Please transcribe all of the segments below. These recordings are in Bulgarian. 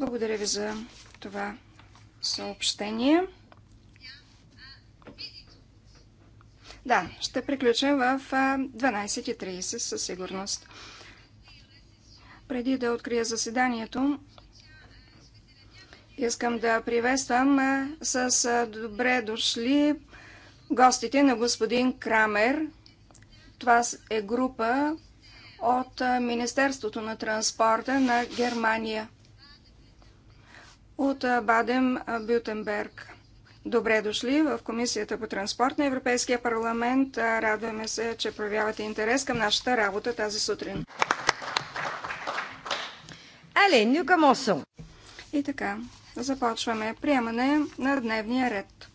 Благодаря ви за това съобщение. Да, ще приключа в 12.30 със сигурност. Преди да открия заседанието, искам да приветствам с добре дошли гостите на господин Крамер. Това е група от Министерството на транспорта на Германия от Бадем бютенберг Добре дошли в Комисията по транспорт на Европейския парламент. Радваме се, че проявявате интерес към нашата работа тази сутрин. Але, Нюкамосо. И така, започваме приемане на дневния ред.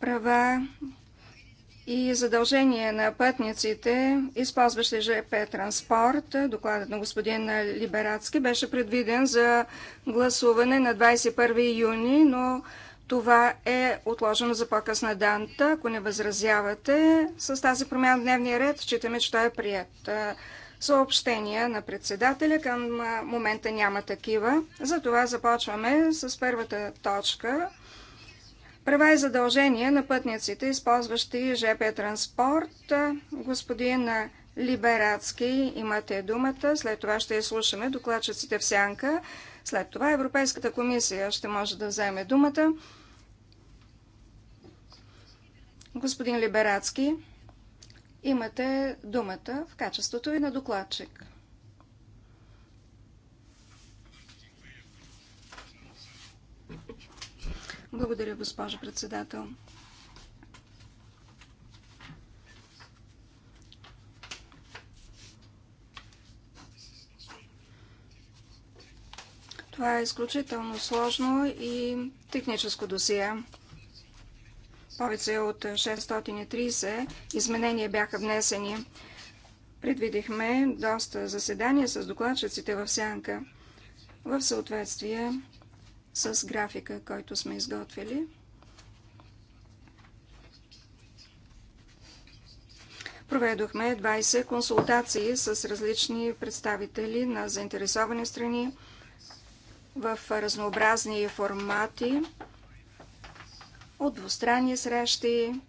Права и задължение на пътниците, използващи ЖП транспорт. Докладът на господин Либерацки беше предвиден за гласуване на 21 юни, но това е отложено за по-късна данта. Ако не възразявате, с тази промяна в дневния ред считаме, че той е прият. Съобщения на председателя към момента няма такива. Затова започваме с първата точка Права и задължения на пътниците, използващи ЖП транспорт. Господин Либерацки, имате думата. След това ще изслушаме докладчиците в сянка. След това Европейската комисия ще може да вземе думата. Господин Либерацки, имате думата в качеството ви на докладчик. Благодаря, госпожо председател. Това е изключително сложно и техническо досие. Повече от 630 изменения бяха внесени. Предвидихме доста заседания с докладчиците в сянка в съответствие с графика, който сме изготвили. Проведохме 20 консултации с различни представители на заинтересовани страни в разнообразни формати, от двустранни срещи.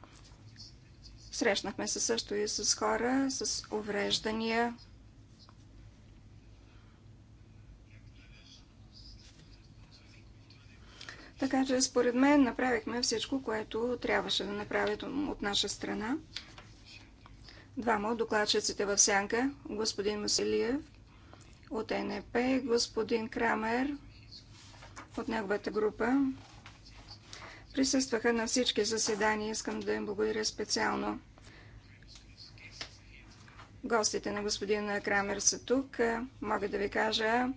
Срещнахме се също и с хора с увреждания, Така че, според мен, направихме всичко, което трябваше да направят от наша страна. Двама от докладчиците в сянка, господин Масилиев от НП, господин Крамер от неговата група, присъстваха на всички заседания. Искам да им благодаря специално. Гостите на господин Крамер са тук. Мога да ви кажа,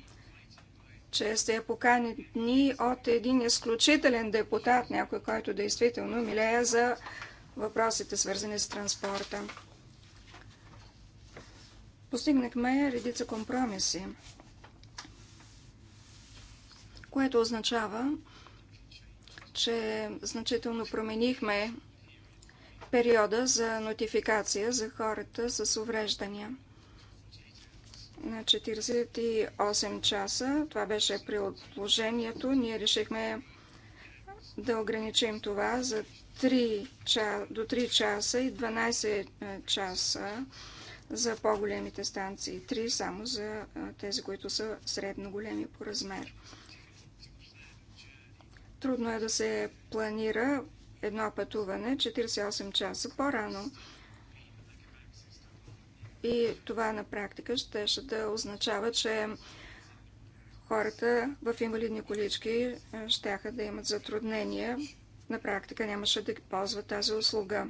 че сте поканени от един изключителен депутат, някой, който действително милее за въпросите, свързани с транспорта. Постигнахме редица компромиси, което означава, че значително променихме периода за нотификация за хората с увреждания на 48 часа. Това беше отложението. Ние решихме да ограничим това за 3 ча... до 3 часа и 12 е, часа за по-големите станции. 3 само за е, тези, които са средно големи по размер. Трудно е да се планира едно пътуване 48 часа по-рано. И това на практика ще, ще да означава, че хората в инвалидни колички ще да имат затруднения. На практика нямаше да ползват тази услуга.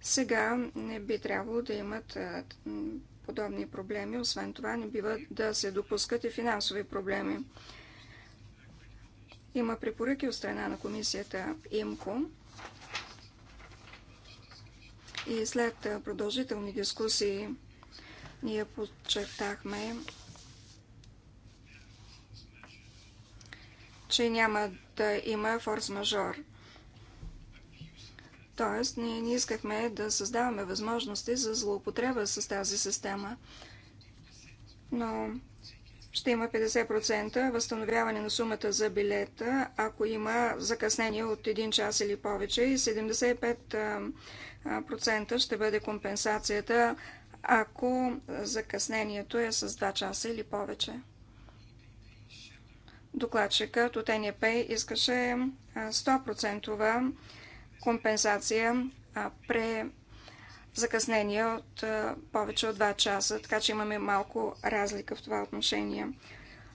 Сега не би трябвало да имат е, подобни проблеми. Освен това, не бива да се допускат и финансови проблеми. Има препоръки от страна на комисията ИМКО. И след е, продължителни дискусии ние подчертахме, че няма да има форс-мажор. Тоест, ние не искахме да създаваме възможности за злоупотреба с тази система. Но ще има 50% възстановяване на сумата за билета, ако има закъснение от 1 час или повече и 75% ще бъде компенсацията, ако закъснението е с 2 часа или повече. Докладчикът от НЕП искаше 100% компенсация при закъснение от повече от 2 часа, така че имаме малко разлика в това отношение.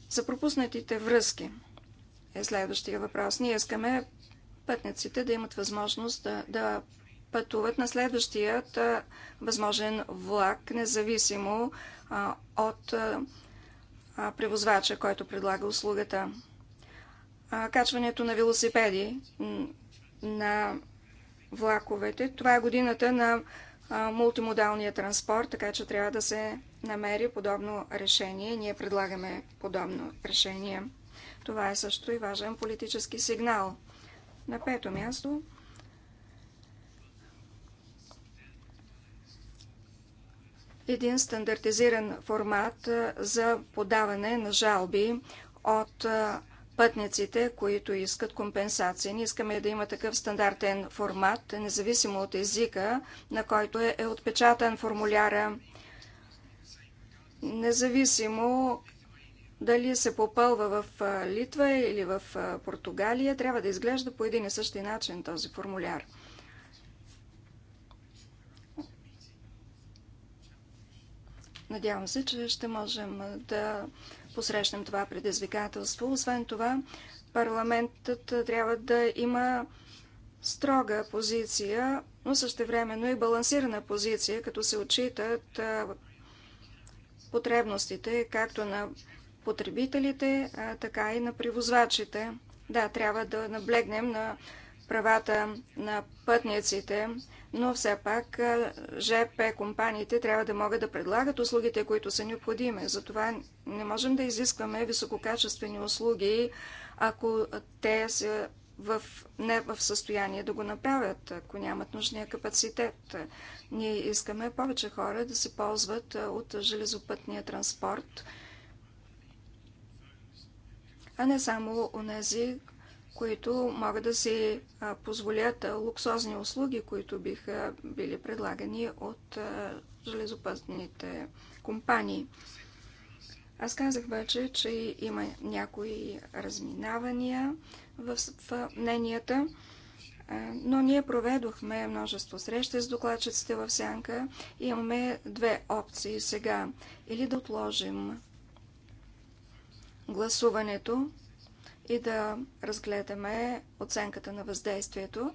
За пропуснатите връзки е следващия въпрос. Ние искаме пътниците да имат възможност да, да пътуват на следващият възможен влак, независимо от превозвача, който предлага услугата. Качването на велосипеди на влаковете. Това е годината на мултимодалния транспорт, така че трябва да се намери подобно решение. Ние предлагаме подобно решение. Това е също и важен политически сигнал. На пето място един стандартизиран формат за подаване на жалби от пътниците, които искат компенсации. Ние искаме да има такъв стандартен формат, независимо от езика, на който е, е отпечатан формуляра, независимо дали се попълва в Литва или в Португалия, трябва да изглежда по един и същи начин този формуляр. Надявам се, че ще можем да посрещнем това предизвикателство. Освен това, парламентът трябва да има строга позиция, но същевременно и балансирана позиция, като се отчитат потребностите както на потребителите, така и на превозвачите. Да, трябва да наблегнем на правата на пътниците но все пак ЖП компаниите трябва да могат да предлагат услугите, които са необходими. Затова не можем да изискваме висококачествени услуги, ако те са в, не в състояние да го направят, ако нямат нужния капацитет. Ние искаме повече хора да се ползват от железопътния транспорт, а не само у нези, които могат да си позволят луксозни услуги, които биха били предлагани от железопътните компании. Аз казах вече, че има някои разминавания в мненията, но ние проведохме множество срещи с докладчиците в Сянка и имаме две опции сега. Или да отложим гласуването и да разгледаме оценката на въздействието,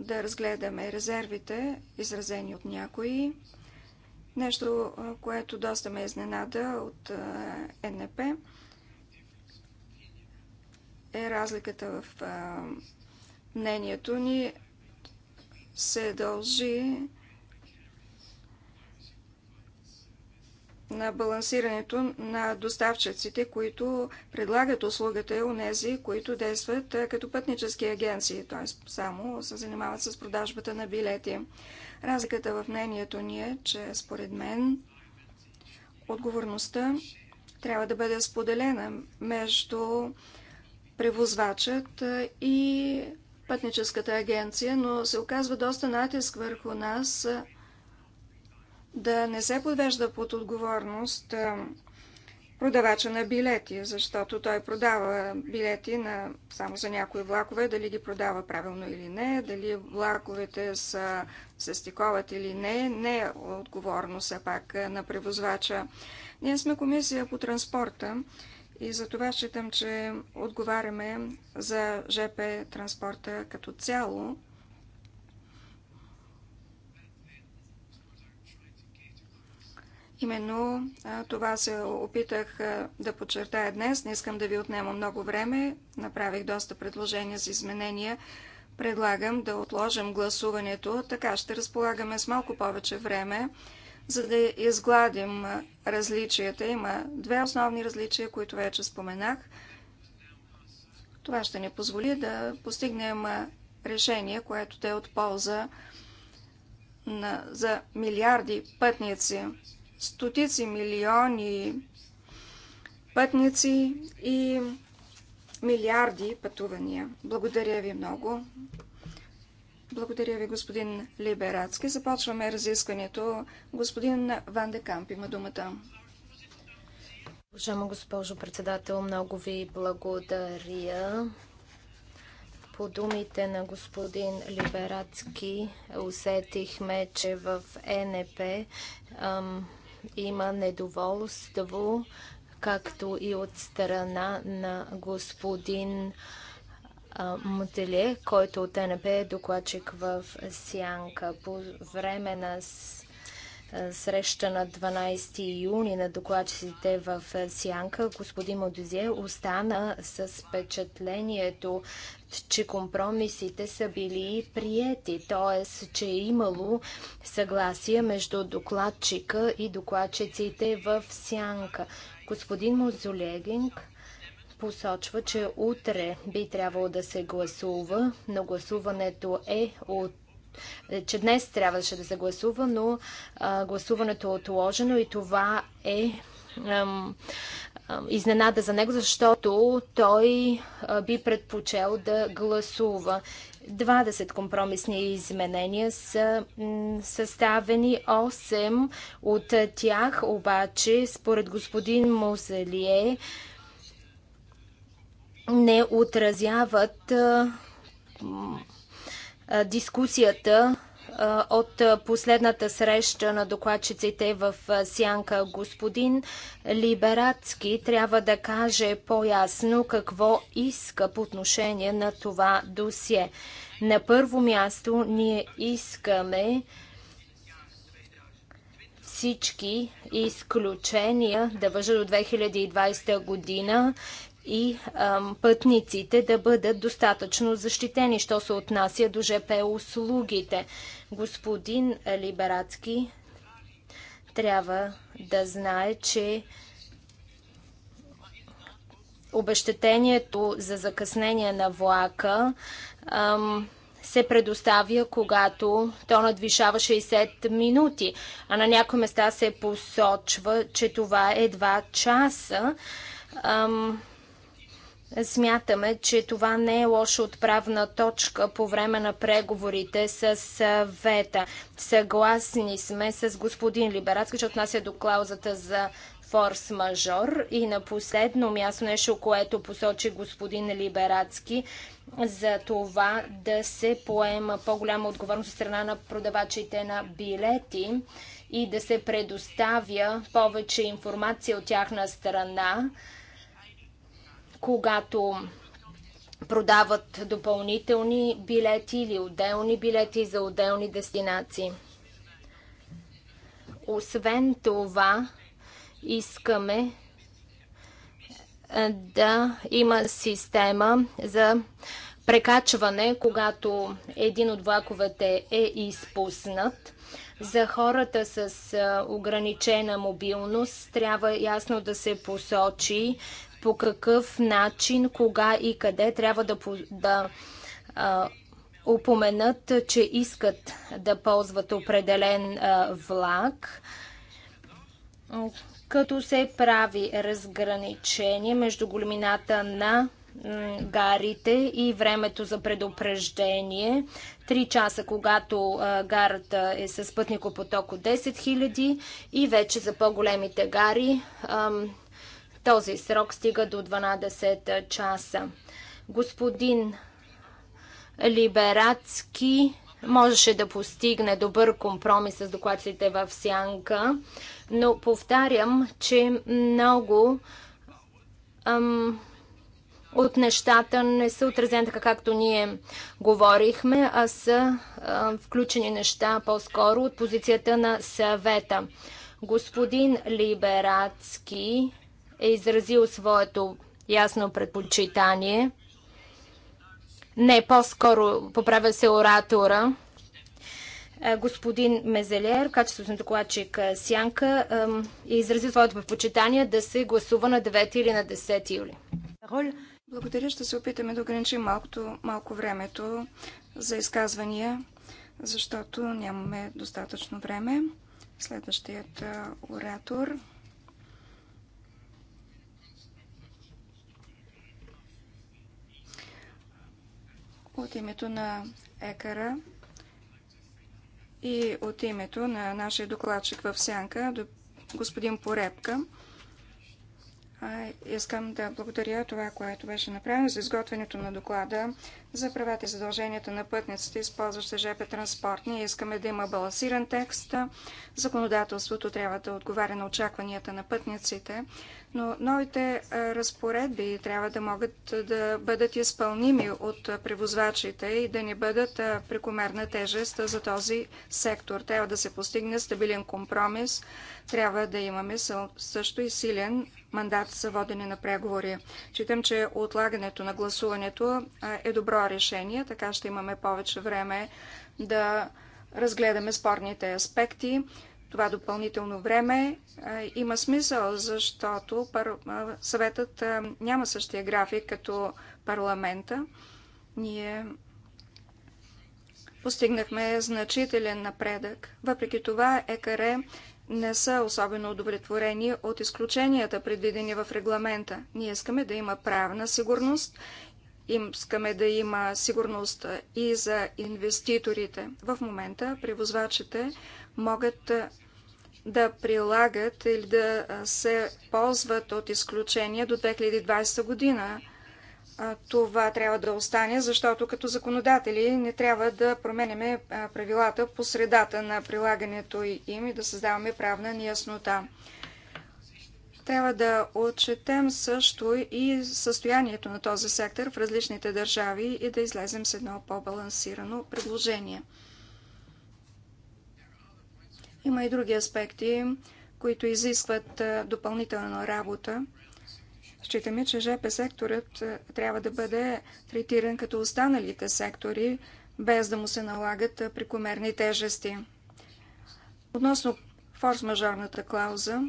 да разгледаме резервите, изразени от някои. Нещо, което доста ме изненада от НП, е разликата в мнението ни се дължи на балансирането на доставчиците, които предлагат услугата и е унези, които действат като пътнически агенции, т.е. само се занимават с продажбата на билети. Разликата в мнението ни е, че според мен отговорността трябва да бъде споделена между превозвачът и пътническата агенция, но се оказва доста натиск върху нас да не се подвежда под отговорност продавача на билети, защото той продава билети на, само за някои влакове, дали ги продава правилно или не, дали влаковете са, се стиковат или не, не е отговорно все пак на превозвача. Ние сме комисия по транспорта и за това считам, че отговаряме за ЖП транспорта като цяло Именно това се опитах да подчертая днес. Не искам да ви отнема много време. Направих доста предложения за изменения. Предлагам да отложим гласуването. Така ще разполагаме с малко повече време, за да изгладим различията. Има две основни различия, които вече споменах. Това ще ни позволи да постигнем решение, което те е от полза на, за милиарди пътници стотици милиони пътници и милиарди пътувания. Благодаря ви много. Благодаря ви, господин Либерацки. Започваме разискването. Господин Ван де Камп има думата. Уважаема госпожо председател, много ви благодаря. По думите на господин Либерацки усетихме, че в ЕНП ам, има недоволство, както и от страна на господин Мотеле, който от ТНП е, е докладчик в Сянка. По време на е, среща на 12 юни на докладчиците в е, Сянка, господин Модузе остана с впечатлението, че компромисите са били приети, т.е. че е имало съгласие между докладчика и докладчиците в Сянка. Господин Мозолегинг посочва, че утре би трябвало да се гласува, но гласуването е от е, че днес трябваше да се гласува, но а, гласуването е отложено и това е ам, ам, изненада за него, защото той а, би предпочел да гласува. 20 компромисни изменения са съставени, 8 от тях обаче според господин Мозелие не отразяват дискусията от последната среща на докладчиците в Сянка господин Либерацки трябва да каже по-ясно какво иска по отношение на това досие. На първо място ние искаме всички изключения да въжат до 2020 година и ам, пътниците да бъдат достатъчно защитени, що се отнася до ЖП услугите. Господин Либерацки трябва да знае, че обещетението за закъснение на влака ам, се предоставя, когато то надвишава 60 минути, а на някои места се посочва, че това е 2 часа. Ам, Смятаме, че това не е лоша отправна точка по време на преговорите с Вета. Съгласни сме с господин Либерацки, че отнася до клаузата за форс-мажор. И на последно място нещо, което посочи господин Либерацки, за това да се поема по-голяма отговорност от страна на продавачите на билети и да се предоставя повече информация от тяхна страна когато продават допълнителни билети или отделни билети за отделни дестинации. Освен това, искаме е, да има система за прекачване, когато един от влаковете е изпуснат. За хората с е, ограничена мобилност трябва ясно да се посочи по какъв начин, кога и къде трябва да, да а, упоменат, че искат да ползват определен а, влак, като се прави разграничение между големината на гарите и времето за предупреждение. 3 часа, когато а, гарата е с пътникопоток от 10 000 и вече за по-големите гари този срок стига до 12 часа. Господин Либерацки можеше да постигне добър компромис с докладците в сянка, но повтарям, че много ам, от нещата не са отразени така, както ние говорихме, а са а, включени неща по-скоро от позицията на съвета. Господин Либерацки е изразил своето ясно предпочитание. Не, по-скоро поправя се оратора. Е, господин Мезелер, качеството на докладчик е, Сянка, е изразил своето предпочитание да се гласува на 9 или на 10 юли. Благодаря, ще се опитаме да ограничим малкото, малко времето за изказвания, защото нямаме достатъчно време. Следващият е, оратор. От името на ЕКАРА и от името на нашия докладчик в Сянка, господин Порепка, искам да благодаря това, което беше направено за изготвянето на доклада за правата и задълженията на пътниците, използващи ЖП транспорт. искаме да има балансиран текст. Законодателството трябва да отговаря на очакванията на пътниците но новите е, разпоредби трябва да могат да бъдат изпълними от е, превозвачите и да не бъдат е, прекомерна тежест за този сектор. Трябва да се постигне стабилен компромис, трябва да имаме също и силен мандат за водене на преговори. Читам, че отлагането на гласуването е добро решение, така ще имаме повече време да разгледаме спорните аспекти това допълнително време има смисъл, защото съветът няма същия график като парламента. Ние постигнахме значителен напредък. Въпреки това ЕКР не са особено удовлетворени от изключенията, предвидени в регламента. Ние искаме да има правна сигурност, искаме да има сигурност и за инвеститорите. В момента превозвачите могат да прилагат или да се ползват от изключения до 2020 година. Това трябва да остане, защото като законодатели не трябва да променяме правилата по средата на прилагането им и да създаваме правна неяснота. Трябва да отчетем също и състоянието на този сектор в различните държави и да излезем с едно по-балансирано предложение. Има и други аспекти, които изискват допълнителна работа. Считаме, че ЖП секторът трябва да бъде третиран като останалите сектори, без да му се налагат прекомерни тежести. Относно форс-мажорната клауза,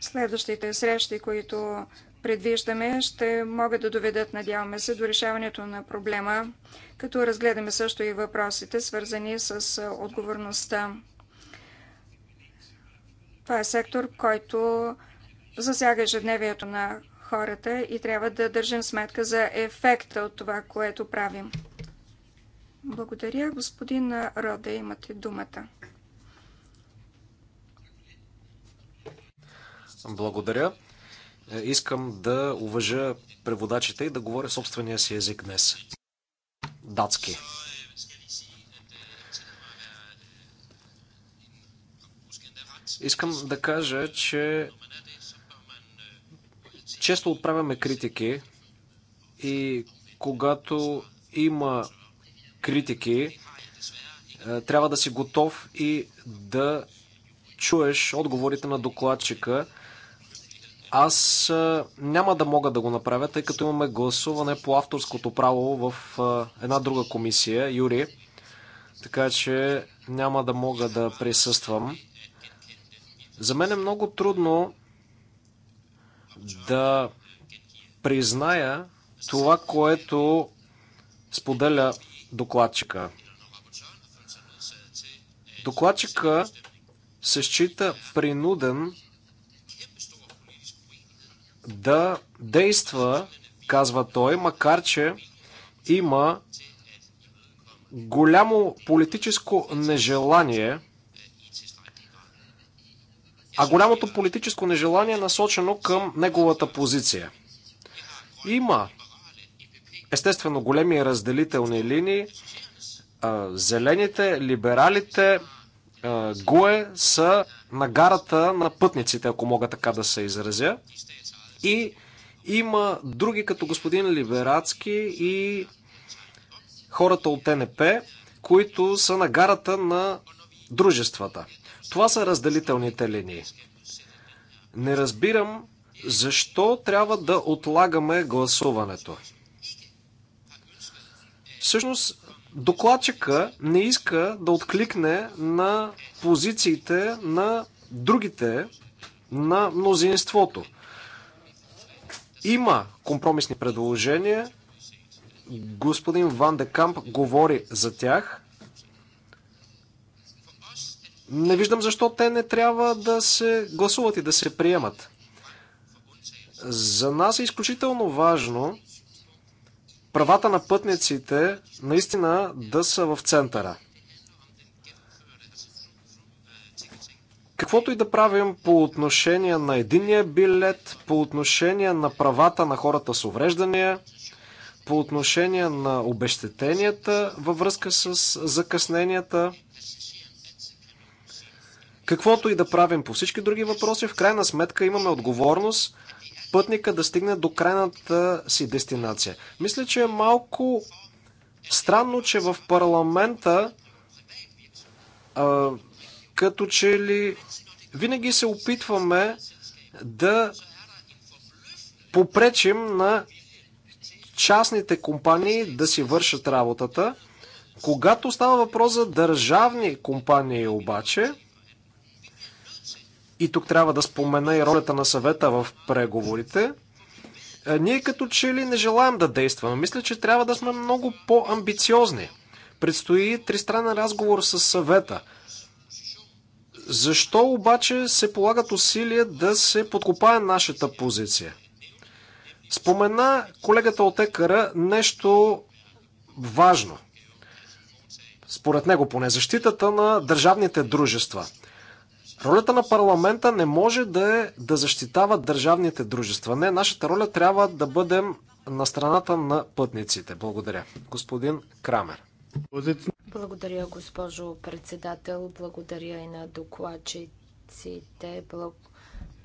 следващите срещи, които предвиждаме, ще могат да доведат, надяваме се, до решаването на проблема, като разгледаме също и въпросите, свързани с отговорността. Това е сектор, който засяга ежедневието на хората и трябва да държим сметка за ефекта от това, което правим. Благодаря, господин Роде, имате думата. Благодаря. Е, искам да уважа преводачите и да говоря собствения си език днес. Датски. Искам да кажа, че често отправяме критики и когато има критики, е, трябва да си готов и да чуеш отговорите на докладчика аз няма да мога да го направя, тъй като имаме гласуване по авторското право в една друга комисия, Юри. Така че няма да мога да присъствам. За мен е много трудно да призная това, което споделя докладчика. Докладчика се счита принуден да действа, казва той, макар че има голямо политическо нежелание, а голямото политическо нежелание е насочено към неговата позиция. Има, естествено, големи разделителни линии. Зелените, либералите, ГУЕ са на гарата на пътниците, ако мога така да се изразя. И има други като господин Либерацки и хората от ТНП, които са на гарата на дружествата. Това са разделителните линии. Не разбирам защо трябва да отлагаме гласуването. Всъщност, докладчика не иска да откликне на позициите на другите, на мнозинството. Има компромисни предложения. Господин Ван де Камп говори за тях. Не виждам защо те не трябва да се гласуват и да се приемат. За нас е изключително важно правата на пътниците наистина да са в центъра. Каквото и да правим по отношение на единния билет, по отношение на правата на хората с увреждания, по отношение на обещетенията във връзка с закъсненията, каквото и да правим по всички други въпроси, в крайна сметка имаме отговорност пътника да стигне до крайната си дестинация. Мисля, че е малко странно, че в парламента като че ли винаги се опитваме да попречим на частните компании да си вършат работата. Когато става въпрос за държавни компании обаче, и тук трябва да спомена и ролята на съвета в преговорите, е, ние като че ли не желаем да действаме. Мисля, че трябва да сме много по-амбициозни. Предстои тристранен разговор с съвета. Защо обаче се полагат усилия да се подкопае нашата позиция? Спомена колегата от Екара нещо важно. Според него поне защитата на държавните дружества. Ролята на парламента не може да е да защитава държавните дружества. Не, нашата роля трябва да бъдем на страната на пътниците. Благодаря. Господин Крамер. Благодаря, госпожо председател. Благодаря и на докладчиците.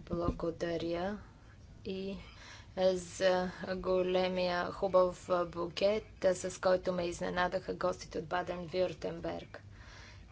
Благодаря и за големия хубав букет, с който ме изненадаха гостите от Баден-Вюртенберг.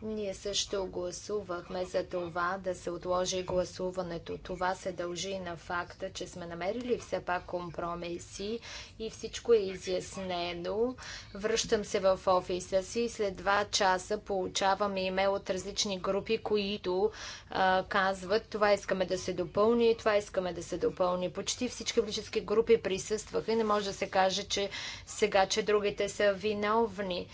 Ние също гласувахме за това да се отложи гласуването. Това се дължи на факта, че сме намерили все пак компромиси и всичко е изяснено. Връщам се в офиса си и след два часа получавам имейл от различни групи, които а, казват това искаме да се допълни, това искаме да се допълни. Почти всички политически групи присъстваха и не може да се каже, че сега, че другите са виновни.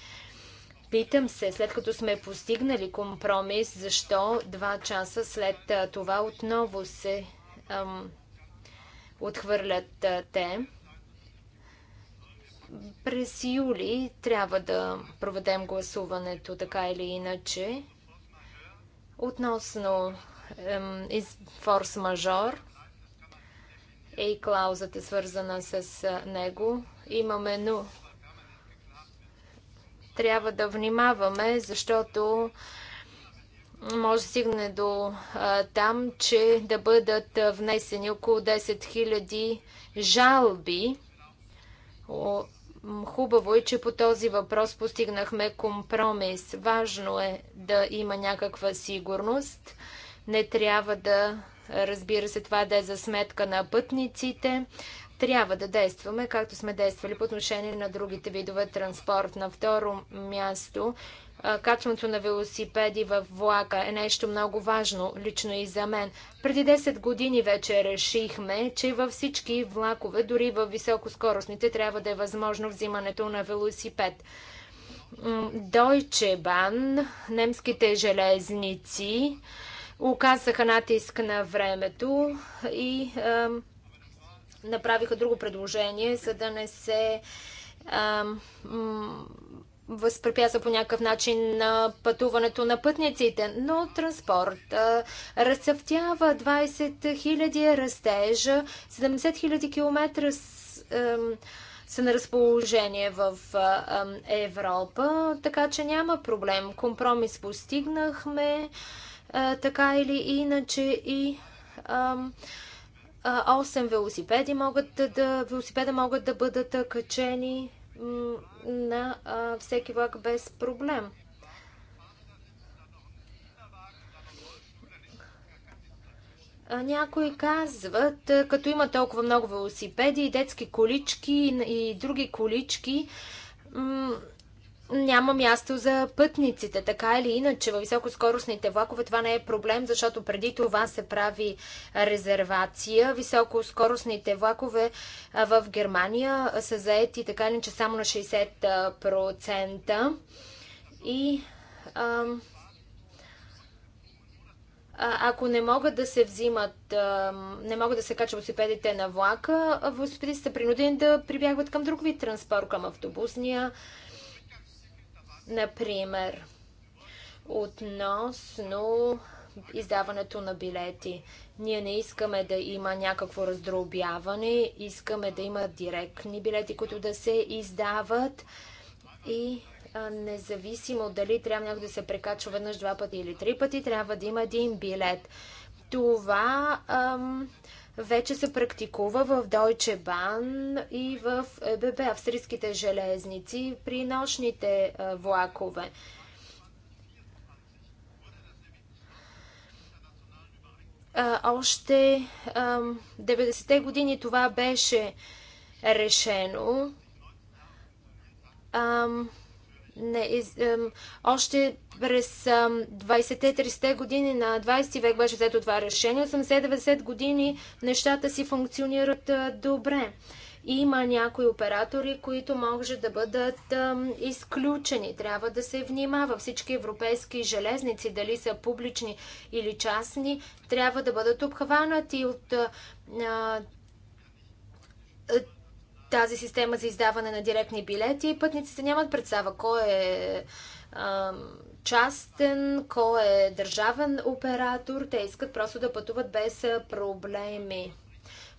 Питам се, след като сме постигнали компромис, защо два часа след това отново се ам, отхвърлят а, те. През юли трябва да проведем гласуването, така или иначе, относно из, форс-мажор и клаузата свързана с него. Имаме но трябва да внимаваме, защото може да стигне до а, там, че да бъдат внесени около 10 000 жалби. О, хубаво е, че по този въпрос постигнахме компромис. Важно е да има някаква сигурност. Не трябва да, разбира се, това да е за сметка на пътниците трябва да действаме, както сме действали по отношение на другите видове транспорт. На второ място, качването на велосипеди в влака е нещо много важно, лично и за мен. Преди 10 години вече решихме, че във всички влакове, дори във високоскоростните, трябва да е възможно взимането на велосипед. Deutsche Bahn, немските железници, оказаха натиск на времето и ам, направиха друго предложение, за да не се възпрепятства по някакъв начин на пътуването на пътниците, но транспорт разцъфтява 20 000 растежа, 70 000 километра са на разположение в Европа, така че няма проблем. Компромис постигнахме, така или иначе и 8 велосипеди могат да, велосипеда могат да бъдат качени на всеки влак без проблем. Някои казват, като има толкова много велосипеди и детски колички и други колички, няма място за пътниците. Така или иначе, във високоскоростните влакове това не е проблем, защото преди това се прави резервация. Високоскоростните влакове в Германия са заети така иначе само на 60%. И ако не могат да се взимат, не могат да се качат велосипедите на влака, велосипедистите са принудени да прибягват към друг вид транспорт, към автобусния, Например, относно издаването на билети. Ние не искаме да има някакво раздробяване, искаме да има директни билети, които да се издават и независимо дали трябва някой да се прекачва веднъж два пъти или три пъти, трябва да има един билет. Това ам, вече се практикува в Deutsche Bahn и в ЕББ, австрийските железници, при нощните влакове. Още 90-те години това беше решено. Не, още през 20-30 години на 20 век беше взето това решение. 80-90 години нещата си функционират добре. Има някои оператори, които може да бъдат изключени. Трябва да се внимава. Всички европейски железници, дали са публични или частни, трябва да бъдат обхванати от тази система за издаване на директни билети, пътниците нямат представа кой е частен, кой е държавен оператор. Те искат просто да пътуват без проблеми.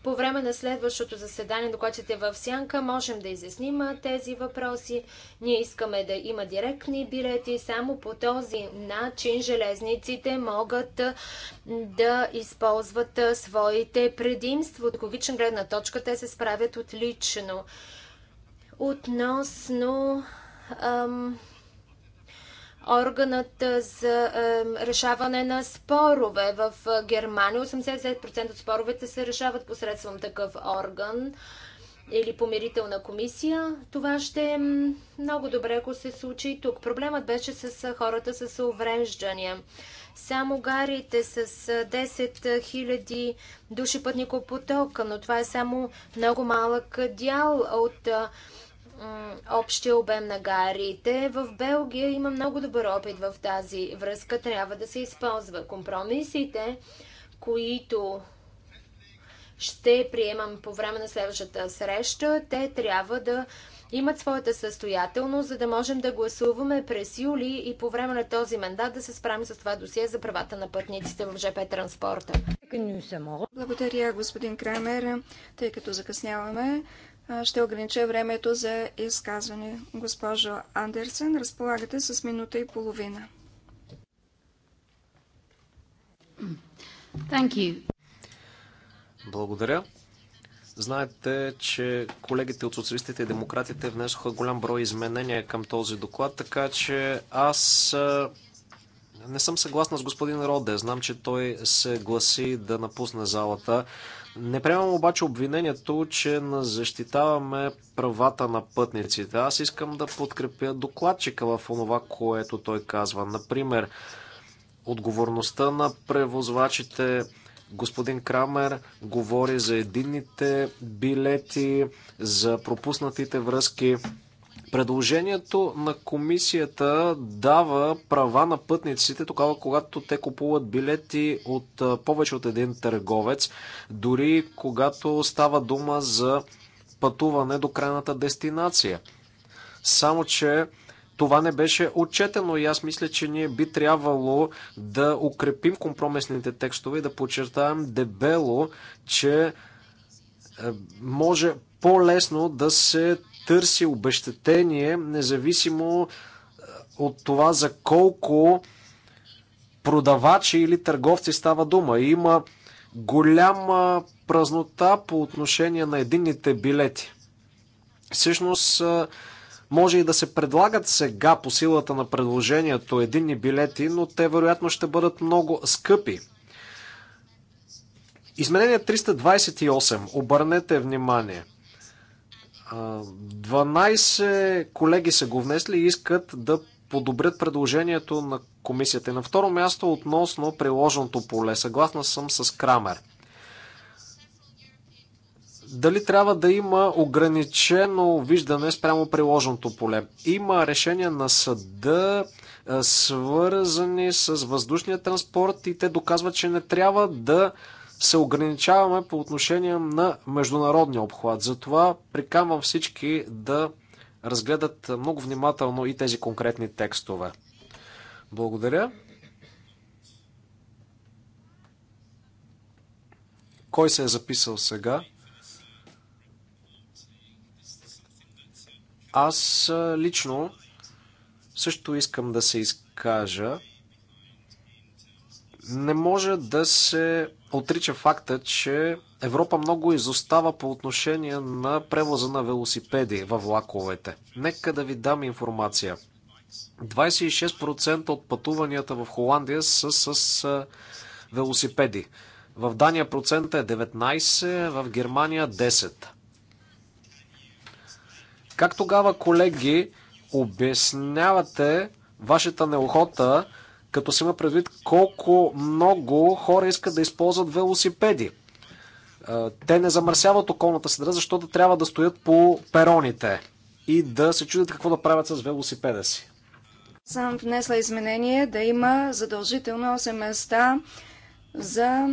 По време на следващото заседание, е в Сянка, можем да изясним тези въпроси. Ние искаме да има директни билети. Само по този начин железниците могат да използват своите предимства. От логична гледна точка те се справят отлично. Относно ам, органът за решаване на спорове. В Германия 80% от споровете се решават посредством такъв орган или помирителна комисия. Това ще е много добре, ако се случи и тук. Проблемът беше с хората с увреждания. Само гарите с 10 000 души пътникопотока, но това е само много малък дял от общия обем на гарите. В Белгия има много добър опит в тази връзка. Трябва да се използва компромисите, които ще приемам по време на следващата среща. Те трябва да имат своята състоятелност, за да можем да гласуваме през юли и по време на този мандат да се справим с това досие за правата на пътниците в ЖП транспорта. Благодаря, господин Крамер. Тъй като закъсняваме, ще огранича времето за изказване. Госпожо Андерсен, разполагате с минута и половина. Благодаря. Знаете, че колегите от социалистите и демократите внесоха голям брой изменения към този доклад, така че аз не съм съгласна с господин Роде. Знам, че той се гласи да напусне залата. Не приемам обаче обвинението, че защитаваме правата на пътниците. Аз искам да подкрепя докладчика в онова, което той казва. Например, отговорността на превозвачите. Господин Крамер говори за единните билети, за пропуснатите връзки. Предложението на комисията дава права на пътниците тогава, когато те купуват билети от повече от един търговец, дори когато става дума за пътуване до крайната дестинация. Само, че това не беше отчетено и аз мисля, че ние би трябвало да укрепим компромисните текстове и да подчертаем дебело, че е, може по-лесно да се търси обещетение, независимо е, от това за колко продавачи или търговци става дума. Има голяма празнота по отношение на единните билети. Всъщност, е, може и да се предлагат сега по силата на предложението единни билети, но те вероятно ще бъдат много скъпи. Изменение 328. Обърнете внимание – 12 колеги са го внесли и искат да подобрят предложението на комисията. И на второ място относно приложеното поле. Съгласна съм с Крамер. Дали трябва да има ограничено виждане спрямо приложеното поле? Има решения на съда, свързани с въздушния транспорт и те доказват, че не трябва да се ограничаваме по отношение на международния обхват. Затова приканвам всички да разгледат много внимателно и тези конкретни текстове. Благодаря. Кой се е записал сега? Аз лично също искам да се изкажа. Не може да се отрича факта, че Европа много изостава по отношение на превоза на велосипеди във влаковете. Нека да ви дам информация. 26% от пътуванията в Холандия са с велосипеди. В Дания процента е 19, в Германия 10. Как тогава, колеги, обяснявате вашата неохота като се има предвид колко много хора искат да използват велосипеди. Те не замърсяват околната среда, защото трябва да стоят по пероните и да се чудят какво да правят с велосипеда си. Съм внесла изменение да има задължително 8 места за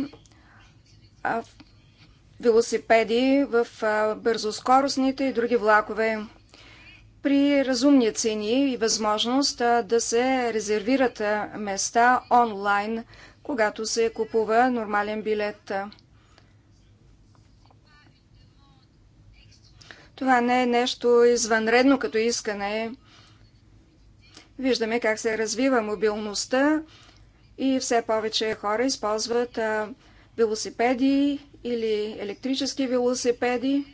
велосипеди в бързоскоростните и други влакове при разумни цени и възможност да се резервират места онлайн, когато се купува нормален билет. Това не е нещо извънредно като искане. Виждаме как се развива мобилността и все повече хора използват велосипеди или електрически велосипеди.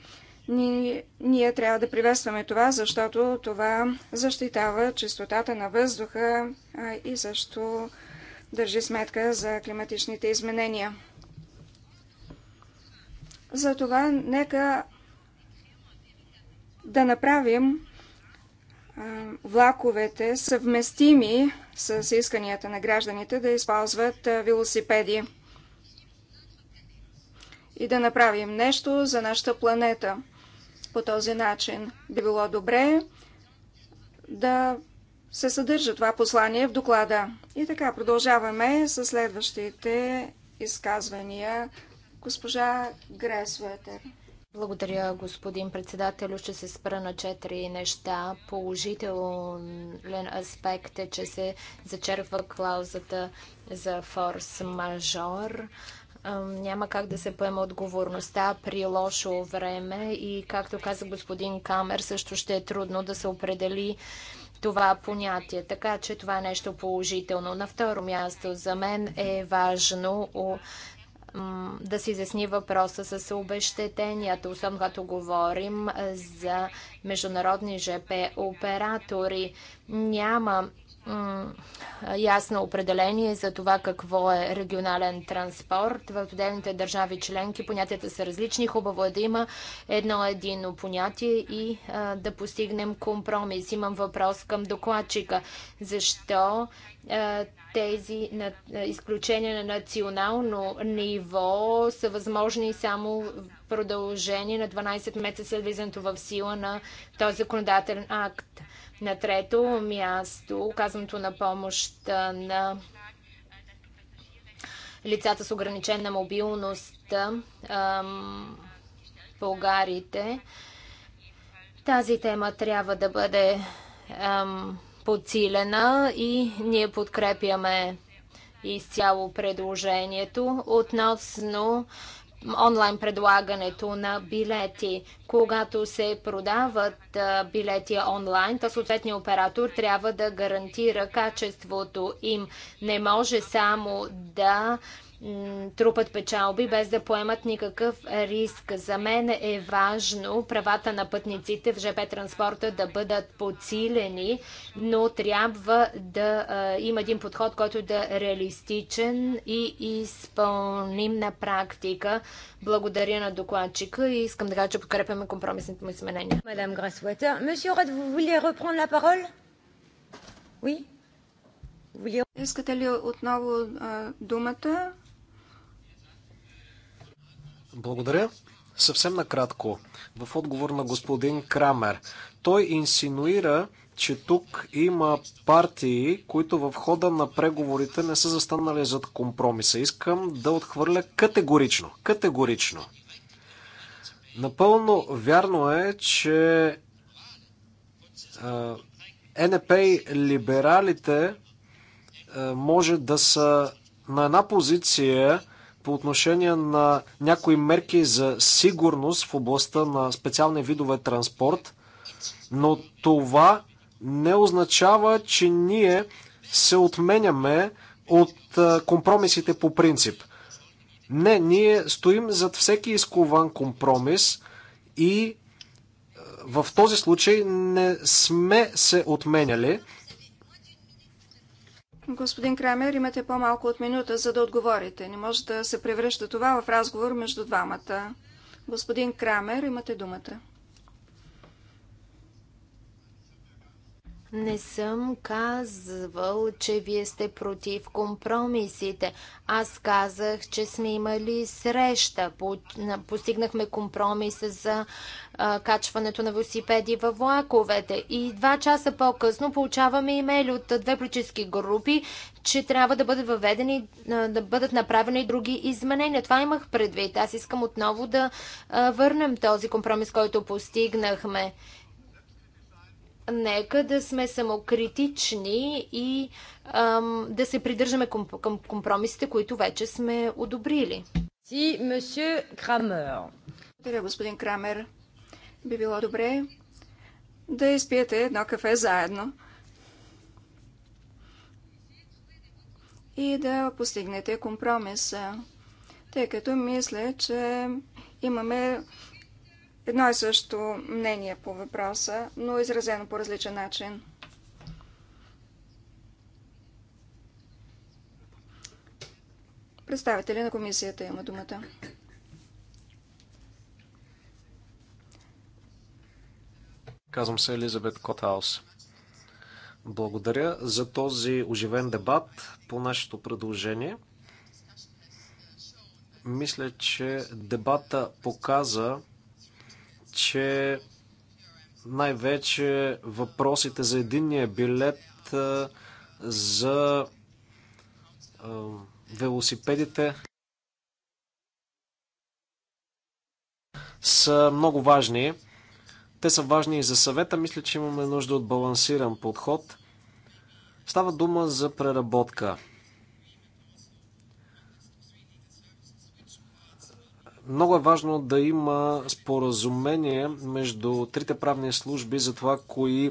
Ние, ние трябва да приветстваме това, защото това защитава чистотата на въздуха и също държи сметка за климатичните изменения. Затова нека да направим влаковете съвместими с исканията на гражданите да използват велосипеди и да направим нещо за нашата планета – по този начин. Би било добре да се съдържа това послание в доклада. И така, продължаваме с следващите изказвания. Госпожа Гресветер. Благодаря, господин председател. Ще се спра на четири неща. Положителен аспект е, че се зачерва клаузата за форс-мажор няма как да се поема отговорността при лошо време и, както каза господин Камер, също ще е трудно да се определи това понятие. Така че това е нещо положително. На второ място за мен е важно да се изясни въпроса с обещетенията, особено когато говорим за международни ЖП оператори. Няма ясно определение за това какво е регионален транспорт. В отделните държави членки понятията са различни. Хубаво е да има едно едино понятие и да постигнем компромис. Имам въпрос към докладчика. Защо тези изключения на национално ниво са възможни само в продължение на 12 месеца след влизането в сила на този законодателен акт? На трето място, оказването на помощ на лицата с ограничена мобилност, българите. Тази тема трябва да бъде подсилена и ние подкрепяме изцяло предложението относно онлайн предлагането на билети. Когато се продават билети онлайн, то съответния оператор трябва да гарантира качеството им. Не може само да трупат печалби без да поемат никакъв риск. За мен е важно правата на пътниците в ЖП транспорта да бъдат подсилени, но трябва да има един подход, който да е реалистичен и изпълним на практика. Благодаря на докладчика и искам да кажа, че подкрепяме компромисните му изменения. Мадам Грасуета, месье Ред, ви voulez reprendre la Oui? Искате ли отново а, думата? Благодаря. Съвсем накратко, в отговор на господин Крамер. Той инсинуира, че тук има партии, които в хода на преговорите не са застанали зад компромиса. Искам да отхвърля категорично. Категорично. Напълно вярно е, че НП и либералите може да са на една позиция по отношение на някои мерки за сигурност в областта на специални видове транспорт, но това не означава, че ние се отменяме от компромисите по принцип. Не, ние стоим зад всеки изкован компромис и в този случай не сме се отменяли. Господин Крамер, имате по-малко от минута, за да отговорите. Не може да се превръща това в разговор между двамата. Господин Крамер, имате думата. Не съм казвал, че вие сте против компромисите. Аз казах, че сме имали среща. постигнахме компромис за а, качването на велосипеди във влаковете. И два часа по-късно получаваме имейли от две политически групи, че трябва да бъдат въведени, да бъдат направени други изменения. Това имах предвид. Аз искам отново да а, върнем този компромис, който постигнахме нека да сме самокритични и ам, да се придържаме към, към компромисите, които вече сме одобрили. Си, месье Крамер. Благодаря, господин Крамер. Би било добре да изпиете едно кафе заедно и да постигнете компромис, тъй като мисля, че имаме едно и също мнение по въпроса, но изразено по различен начин. Представители на комисията има думата. Казвам се Елизабет Котхаус. Благодаря за този оживен дебат по нашето предложение. Мисля, че дебата показа, че най-вече въпросите за единния билет, за велосипедите са много важни. Те са важни и за съвета. Мисля, че имаме нужда от балансиран подход. Става дума за преработка. Много е важно да има споразумение между трите правни служби за това, кои е,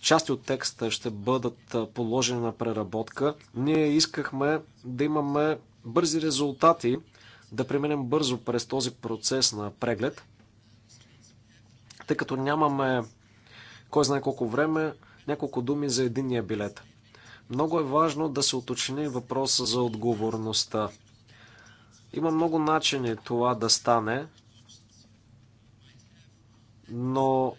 части от текста ще бъдат е, положени на преработка. Ние искахме да имаме бързи резултати, да преминем бързо през този процес на преглед. Тъй като нямаме кой знае колко време, няколко думи за единния билет. Много е важно да се уточни въпроса за отговорността. Има много начини това да стане, но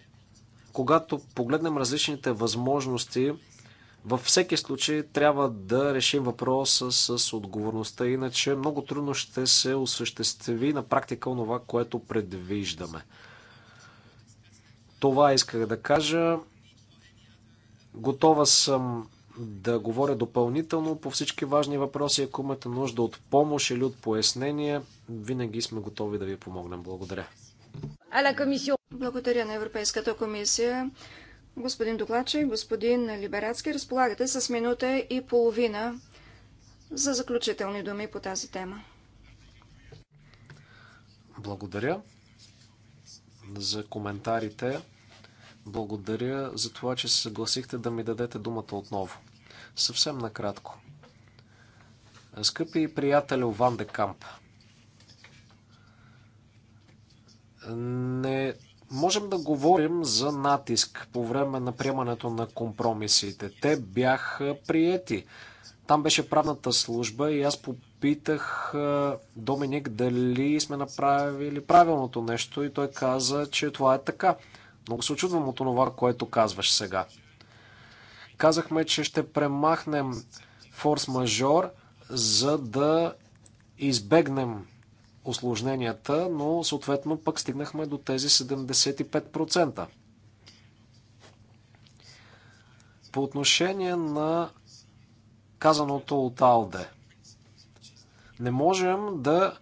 когато погледнем различните възможности, във всеки случай трябва да решим въпроса с отговорността, иначе много трудно ще се осъществи на практика това, което предвиждаме. Това исках да кажа. Готова съм да говоря допълнително по всички важни въпроси. Ако имате нужда от помощ или от пояснение, винаги сме готови да ви помогнем. Благодаря. Благодаря на Европейската комисия. Господин Доклаче, господин Либерацки, разполагате с минута и половина за заключителни думи по тази тема. Благодаря за коментарите. Благодаря за това, че се съгласихте да ми дадете думата отново. Съвсем накратко. Скъпи приятелю Ван де Камп, не можем да говорим за натиск по време на приемането на компромисите. Те бяха приети. Там беше правната служба и аз попитах Доминик дали сме направили правилното нещо и той каза, че това е така. Много се очудвам от това, което казваш сега. Казахме, че ще премахнем форс-мажор, за да избегнем осложненията, но съответно пък стигнахме до тези 75%. По отношение на казаното от Алде, не можем да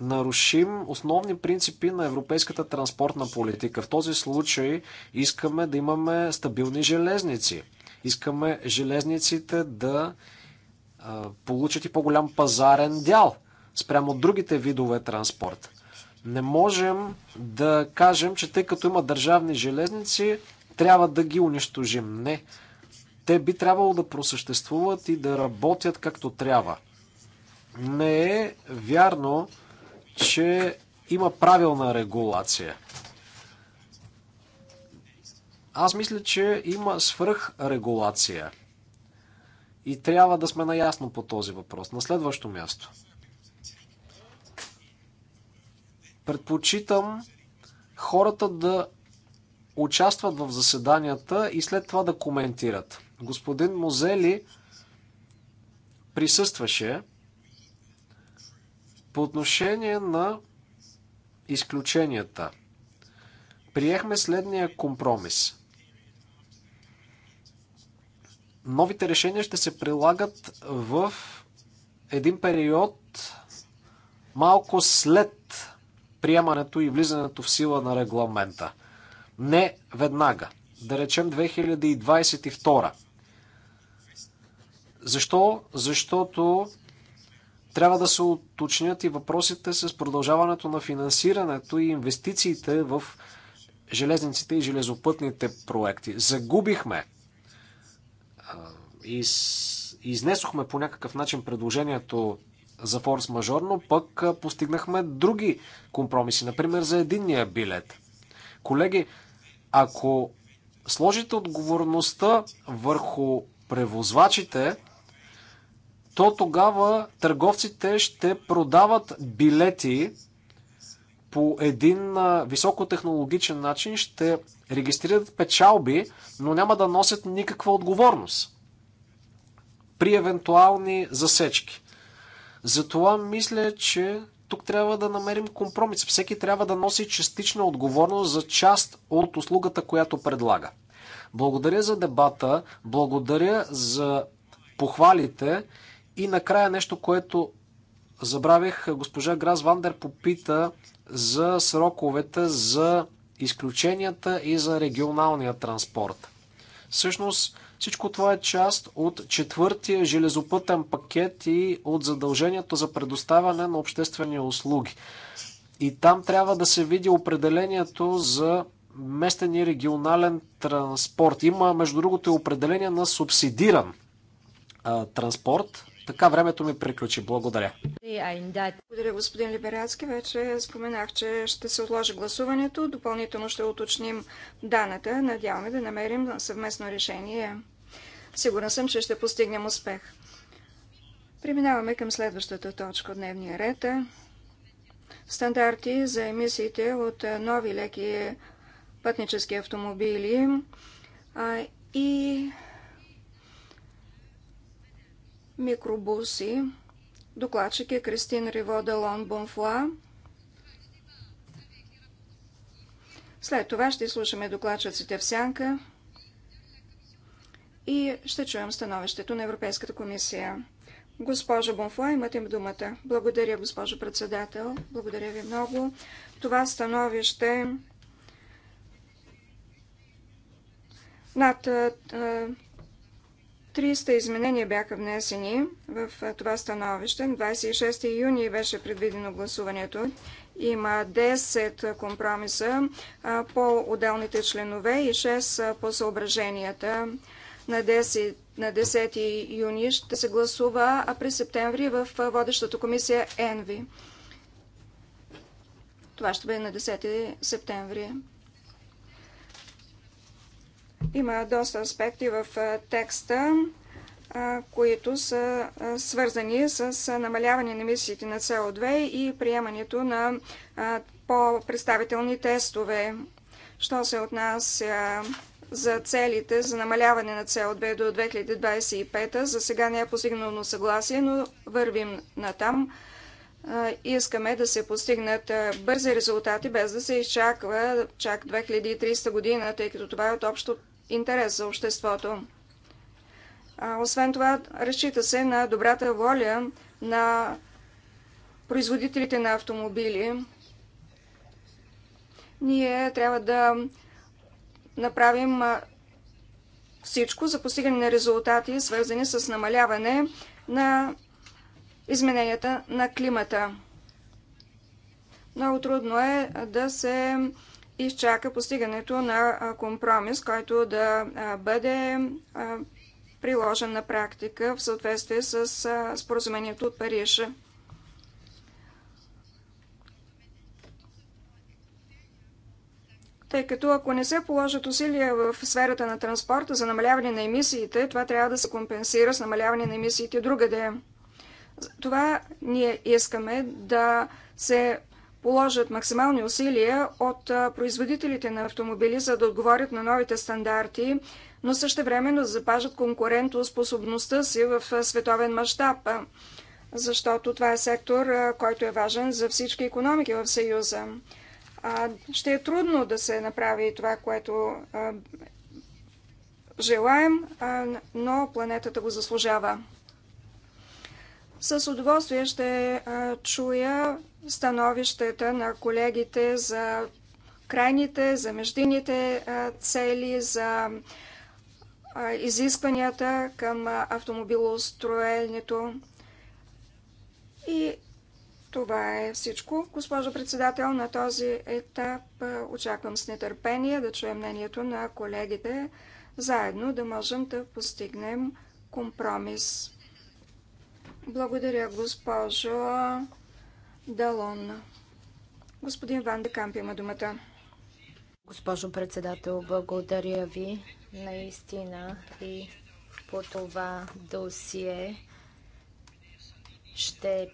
нарушим основни принципи на европейската транспортна политика. В този случай искаме да имаме стабилни железници. Искаме железниците да получат и по-голям пазарен дял спрямо другите видове транспорт. Не можем да кажем, че тъй като има държавни железници, трябва да ги унищожим. Не. Те би трябвало да просъществуват и да работят както трябва. Не е вярно, че има правилна регулация. Аз мисля, че има свръхрегулация. И трябва да сме наясно по този въпрос. На следващо място. Предпочитам хората да участват в заседанията и след това да коментират. Господин Мозели присъстваше по отношение на изключенията, приехме следния компромис. Новите решения ще се прилагат в един период малко след приемането и влизането в сила на регламента. Не веднага. Да речем 2022. Защо? Защото трябва да се уточнят и въпросите с продължаването на финансирането и инвестициите в железниците и железопътните проекти. Загубихме и изнесохме по някакъв начин предложението за форс-мажор, но пък постигнахме други компромиси, например за единния билет. Колеги, ако сложите отговорността върху превозвачите, то тогава търговците ще продават билети по един високотехнологичен начин, ще регистрират печалби, но няма да носят никаква отговорност при евентуални засечки. Затова мисля, че тук трябва да намерим компромис. Всеки трябва да носи частична отговорност за част от услугата, която предлага. Благодаря за дебата, благодаря за похвалите и накрая нещо, което забравих, госпожа Грас Вандер попита за сроковете за изключенията и за регионалния транспорт. Всъщност всичко това е част от четвъртия железопътен пакет и от задължението за предоставяне на обществени услуги. И там трябва да се види определението за местен и регионален транспорт. Има, между другото, определение на субсидиран а, транспорт, така времето ми приключи. Благодаря. Благодаря, господин Либерацки. Вече споменах, че ще се отложи гласуването. Допълнително ще уточним даната. Надяваме да намерим съвместно решение. Сигурна съм, че ще постигнем успех. Преминаваме към следващата точка от дневния ред. Стандарти за емисиите от нови леки пътнически автомобили и микробуси. Докладчик е Кристин Риво Делон Бонфла. След това ще слушаме докладчиците в сянка и ще чуем становището на Европейската комисия. Госпожо Бонфла, имате им думата. Благодаря, госпожо председател. Благодаря ви много. Това становище над 300 изменения бяха внесени в това становище. 26 юни беше предвидено гласуването. Има 10 компромиса по отделните членове и 6 по съображенията. На 10, на 10 юни ще се гласува, а през септември в водещата комисия ЕНВИ. Това ще бъде на 10 септември. Има доста аспекти в текста, които са свързани с намаляване на емисиите на СО2 и приемането на по-представителни тестове. Що се отнася за целите за намаляване на СО2 до 2025, за сега не е постигнано съгласие, но вървим натам. Искаме да се постигнат бързи резултати, без да се изчаква чак 2300 година, тъй като това е от общо интерес за обществото. Освен това, разчита се на добрата воля на производителите на автомобили. Ние трябва да направим всичко за постигане на резултати, свързани с намаляване на измененията на климата. Много трудно е да се изчака постигането на компромис, който да бъде приложен на практика в съответствие с споразумението от Париж. Тъй като ако не се положат усилия в сферата на транспорта за намаляване на емисиите, това трябва да се компенсира с намаляване на емисиите другаде. Това ние искаме да се положат максимални усилия от производителите на автомобили, за да отговорят на новите стандарти, но също времено да запажат конкурентоспособността си в световен мащаб, защото това е сектор, който е важен за всички економики в Съюза. Ще е трудно да се направи това, което желаем, но планетата го заслужава. С удоволствие ще чуя становищата на колегите за крайните, за междинните цели, за изискванията към автомобилостроенето. И това е всичко. Госпожо председател, на този етап очаквам с нетърпение да чуем мнението на колегите, заедно да можем да постигнем компромис. Благодаря, госпожо Далон. Господин Ван Декамп има думата. Госпожо председател, благодаря ви наистина и по това досие ще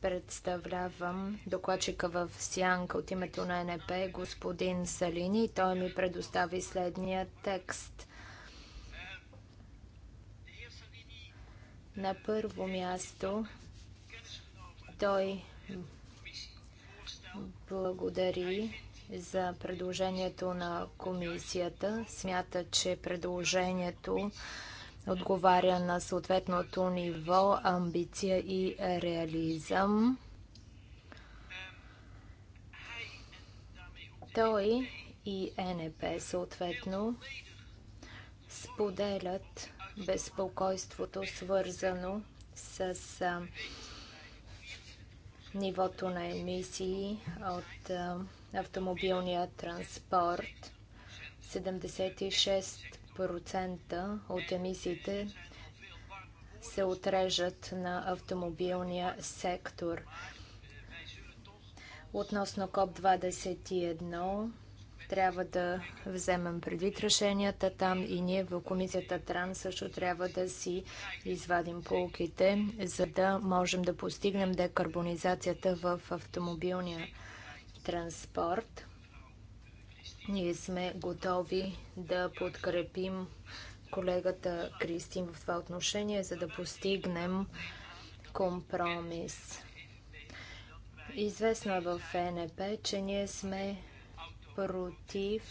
представлявам докладчика в Сянка от името на НП, господин Салини. Той ми предостави следния текст. На първо място той благодари за предложението на комисията. Смята, че предложението отговаря на съответното ниво амбиция и реализъм. Той и НП съответно споделят безпокойството, свързано с нивото на емисии от автомобилния транспорт. 76% от емисиите се отрежат на автомобилния сектор. Относно КОП 21, трябва да вземем предвид решенията там и ние в комисията Тран също трябва да си извадим полките, за да можем да постигнем декарбонизацията в автомобилния транспорт. Ние сме готови да подкрепим колегата Кристин в това отношение, за да постигнем компромис. Известно е в ФНП, е че ние сме против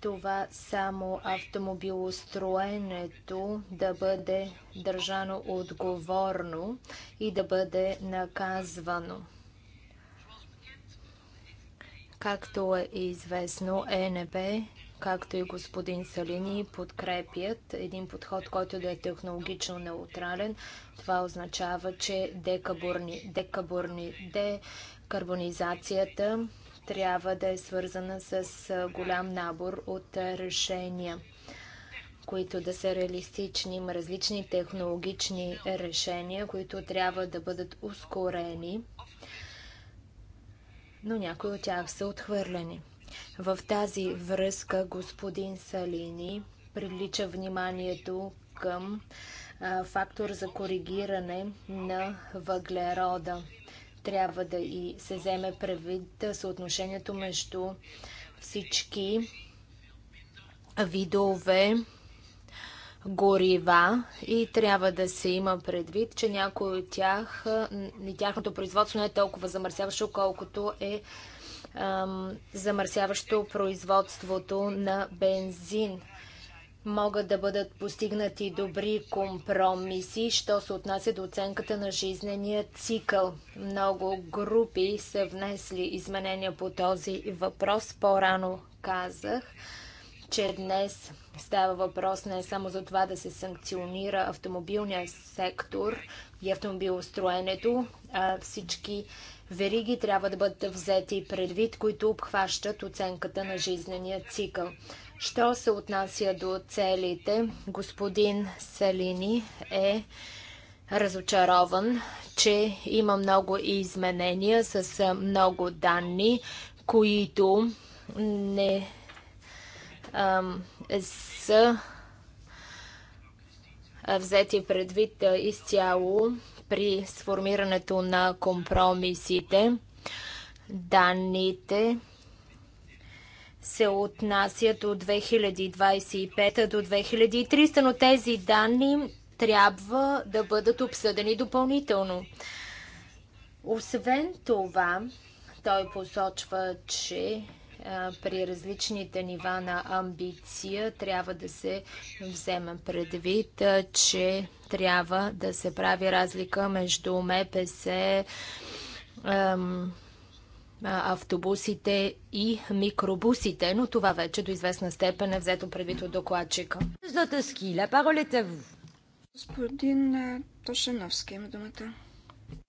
това само автомобилостроенето да бъде държано отговорно и да бъде наказвано. Както е известно, ЕНБ, както и господин Салини, подкрепят един подход, който да е технологично неутрален. Това означава, че декабурни, декарбонизацията трябва да е свързана с голям набор от решения, които да са реалистични. Има различни технологични решения, които трябва да бъдат ускорени, но някои от тях са отхвърлени. В тази връзка господин Салини привлича вниманието към фактор за коригиране на въглерода трябва да и се вземе предвид съотношението между всички видове горива и трябва да се има предвид, че някои от тях и тяхното производство не е толкова замърсяващо, колкото е замърсяващо производството на бензин могат да бъдат постигнати добри компромиси, що се отнася до оценката на жизнения цикъл. Много групи са внесли изменения по този въпрос. По-рано казах, че днес става въпрос не само за това да се санкционира автомобилния сектор и автомобилостроенето, а всички вериги трябва да бъдат взети предвид, които обхващат оценката на жизнения цикъл. Що се отнася до целите, господин Салини е разочарован, че има много изменения с много данни, които не ам, са взети предвид изцяло при сформирането на компромисите. Данните се отнасят от 2025 до 2300, но тези данни трябва да бъдат обсъдени допълнително. Освен това, той посочва, че при различните нива на амбиция трябва да се вземе предвид, че трябва да се прави разлика между МПС, автобусите и микробусите, но това вече до известна степен е взето предвид от докладчика. Златъски, la parole Господин Тошановски, има думата.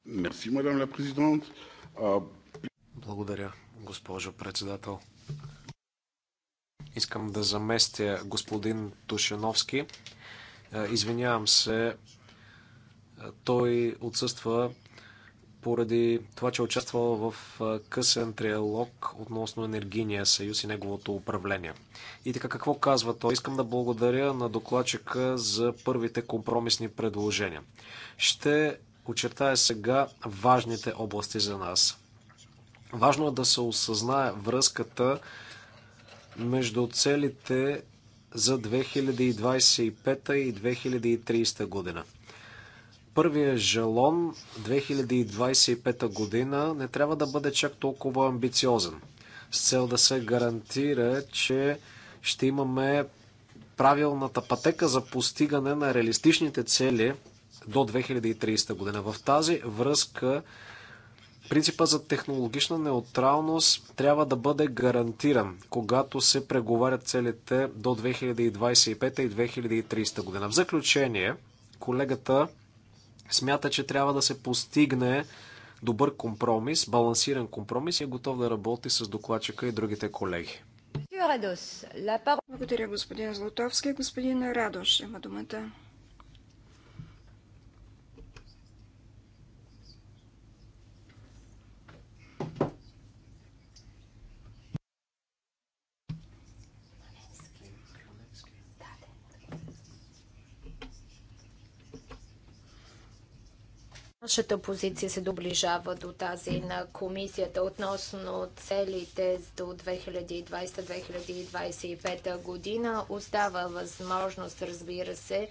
Мерси, мадам ля президент. Благодаря, госпожо председател. Искам да заместя господин Тушеновски. Извинявам се, той отсъства поради това, че е участвал в късен триалог относно енергийния съюз и неговото управление. И така, какво казва той? Искам да благодаря на докладчика за първите компромисни предложения. Ще очертая сега важните области за нас. Важно е да се осъзнае връзката между целите за 2025 и 2030 година първия жалон 2025 година не трябва да бъде чак толкова амбициозен. С цел да се гарантира, че ще имаме правилната пътека за постигане на реалистичните цели до 2030 година. В тази връзка принципа за технологична неутралност трябва да бъде гарантиран, когато се преговарят целите до 2025 и 2030 година. В заключение, колегата смята, че трябва да се постигне добър компромис, балансиран компромис и е готов да работи с докладчика и другите колеги. Благодаря, господин Златовски. Господин Радош има думата. Нашата позиция се доближава до тази на комисията относно целите до 2020-2025 година. Остава възможност, разбира се,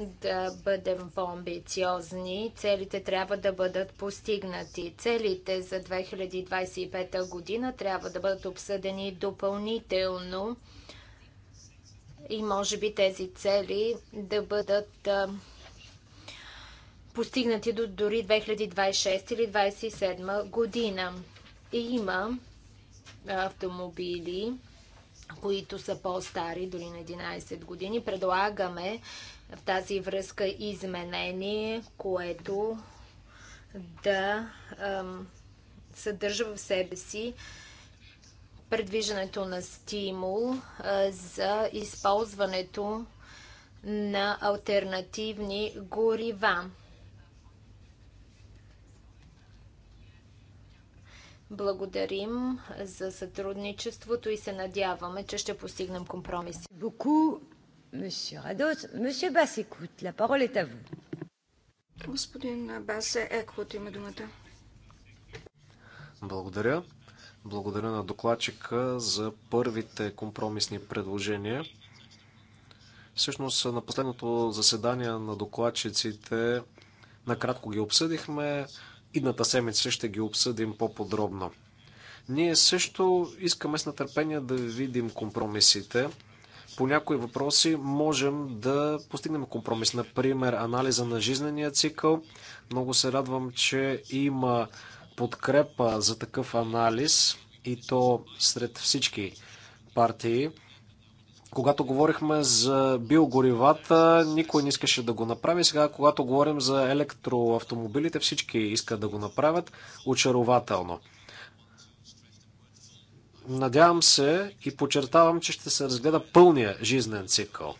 да бъдем по-амбициозни. Целите трябва да бъдат постигнати. Целите за 2025 година трябва да бъдат обсъдени допълнително и може би тези цели да бъдат постигнати до дори 2026 или 2027 година. И има автомобили, които са по-стари, дори на 11 години. Предлагаме в тази връзка изменение, което да ам, съдържа в себе си предвиждането на стимул а, за използването на альтернативни горива. Благодарим за сътрудничеството и се надяваме, че ще постигнем компромис. Beaucoup, monsieur Rados. Господин Бас Еквот има думата. Благодаря. Благодаря на докладчика за първите компромисни предложения. Всъщност на последното заседание на докладчиците накратко ги обсъдихме. Идната седмица ще ги обсъдим по-подробно. Ние също искаме с нетърпение да видим компромисите. По някои въпроси можем да постигнем компромис. Например, анализа на жизнения цикъл. Много се радвам, че има подкрепа за такъв анализ и то сред всички партии. Когато говорихме за биогоривата, никой не искаше да го направи. Сега, когато говорим за електроавтомобилите, всички искат да го направят. Очарователно. Надявам се и подчертавам, че ще се разгледа пълния жизнен цикъл.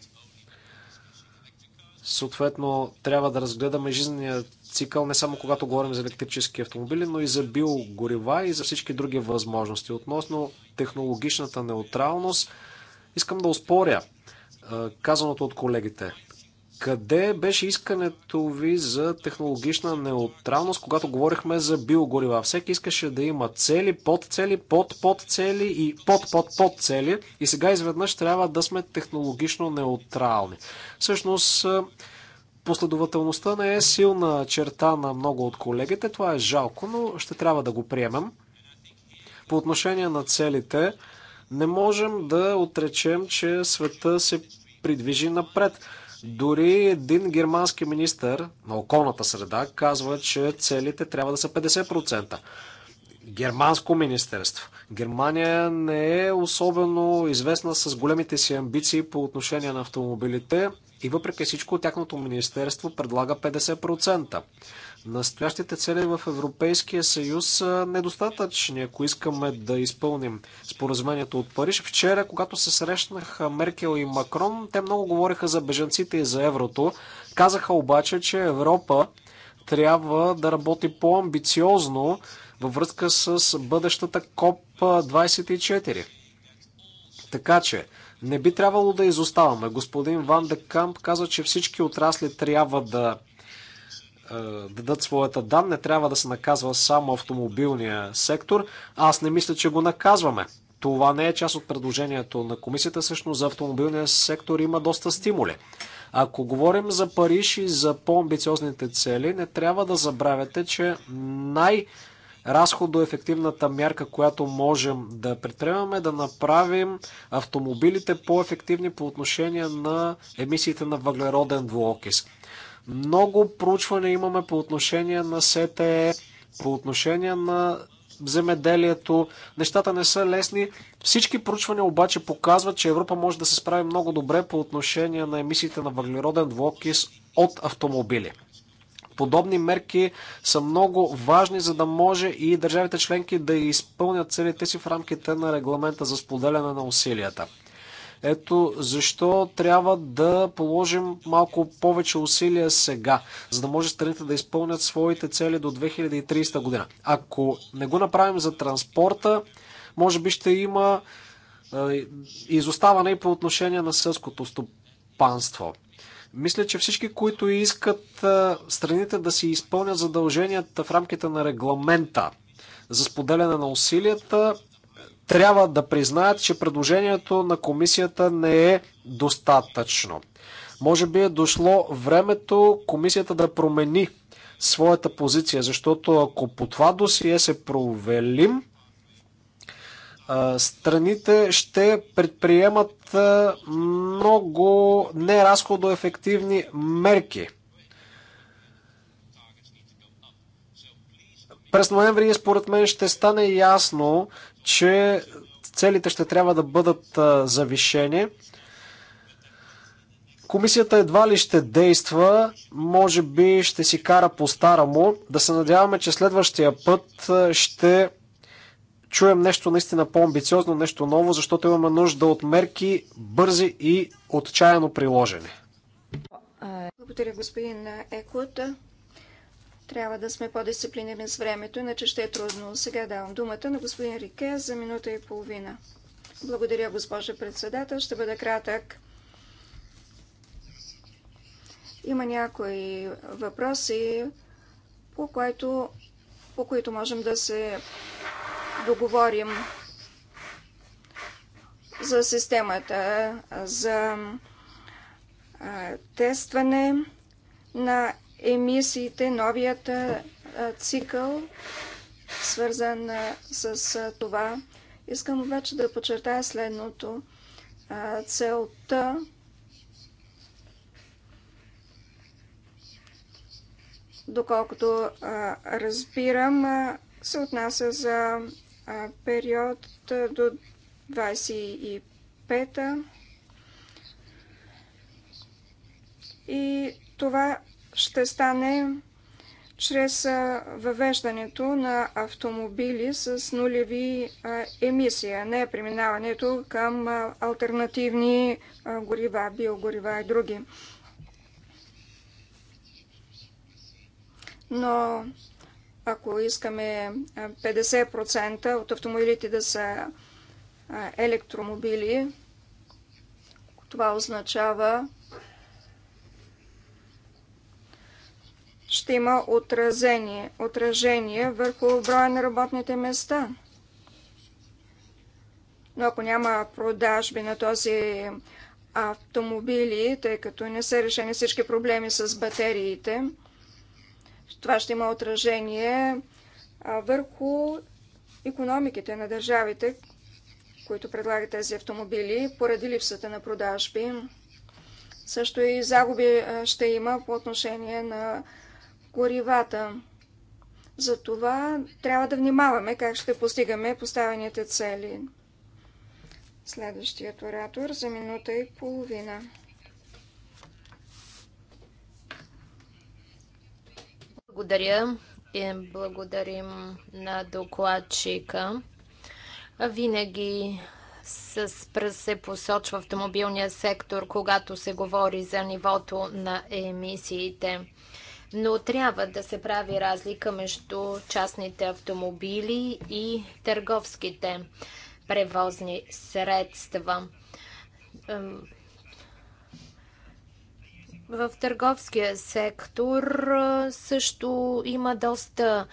Съответно, трябва да разгледаме жизнения цикъл не само когато говорим за електрически автомобили, но и за биогорива и за всички други възможности. Относно технологичната неутралност, Искам да успоря казаното от колегите. Къде беше искането ви за технологична неутралност, когато говорихме за биогорива? Всеки искаше да има цели, подцели, подподцели и подподподцели и сега изведнъж трябва да сме технологично неутрални. Всъщност, последователността не е силна черта на много от колегите, това е жалко, но ще трябва да го приемем. По отношение на целите, не можем да отречем, че света се придвижи напред. Дори един германски министр на околната среда казва, че целите трябва да са 50%. Германско министерство. Германия не е особено известна с големите си амбиции по отношение на автомобилите и въпреки всичко тяхното министерство предлага 50%. Настоящите цели в Европейския съюз са недостатъчни, ако искаме да изпълним споразумението от Париж. Вчера, когато се срещнаха Меркел и Макрон, те много говориха за бежанците и за еврото. Казаха обаче, че Европа трябва да работи по-амбициозно във връзка с бъдещата КОП-24. Така че, не би трябвало да изоставаме. Господин Ван де Камп каза, че всички отрасли трябва да е, дадат своята дан, не трябва да се наказва само автомобилния сектор. Аз не мисля, че го наказваме. Това не е част от предложението на комисията. Всъщност за автомобилния сектор има доста стимули. Ако говорим за Париж и за по-амбициозните цели, не трябва да забравяте, че най- разходоефективната мярка, която можем да предприемаме, е да направим автомобилите по-ефективни по отношение на емисиите на въглероден двуокис. Много проучвания имаме по отношение на СТЕ, по отношение на земеделието. Нещата не са лесни. Всички проучвания обаче показват, че Европа може да се справи много добре по отношение на емисиите на въглероден двуокис от автомобили. Подобни мерки са много важни, за да може и държавите членки да изпълнят целите си в рамките на регламента за споделяне на усилията. Ето защо трябва да положим малко повече усилия сега, за да може страните да изпълнят своите цели до 2030 година. Ако не го направим за транспорта, може би ще има изоставане и по отношение на сълското стопанство. Мисля, че всички, които искат страните да си изпълнят задълженията в рамките на регламента за споделяне на усилията, трябва да признаят, че предложението на комисията не е достатъчно. Може би е дошло времето комисията да промени своята позиция, защото ако по това досие се провелим, страните ще предприемат много неразходоефективни мерки. През ноември, според мен, ще стане ясно, че целите ще трябва да бъдат завишени. Комисията едва ли ще действа, може би ще си кара по-старому. Да се надяваме, че следващия път ще чуем нещо наистина по-амбициозно, нещо ново, защото имаме нужда от мерки бързи и отчаяно приложени. Благодаря, господин Екот. Трябва да сме по-дисциплинирани с времето, иначе ще е трудно. Сега давам думата на господин Рике за минута и половина. Благодаря, госпожа председател. Ще бъда кратък. Има някои въпроси, по, което, по които можем да се договорим за системата за тестване на емисиите, новият цикъл, свързан с това. Искам обаче да подчертая следното. Целта доколкото а, разбирам, а, се отнася за а, период до 25-та. И това ще стане чрез въвеждането на автомобили с нулеви емисия. не преминаването към альтернативни горива, биогорива и други. Но ако искаме 50% от автомобилите да са електромобили, това означава ще има отразение, отражение върху броя на работните места. Но ако няма продажби на този автомобили, тъй като не са решени всички проблеми с батериите, това ще има отражение върху економиките на държавите, които предлагат тези автомобили, поради липсата на продажби. Също и загуби ще има по отношение на горивата. За това трябва да внимаваме как ще постигаме поставените цели. Следващият оратор за минута и половина. Благодаря и благодарим на докладчика. Винаги с пръст се посочва автомобилния сектор, когато се говори за нивото на емисиите но трябва да се прави разлика между частните автомобили и търговските превозни средства. В търговския сектор е, също има доста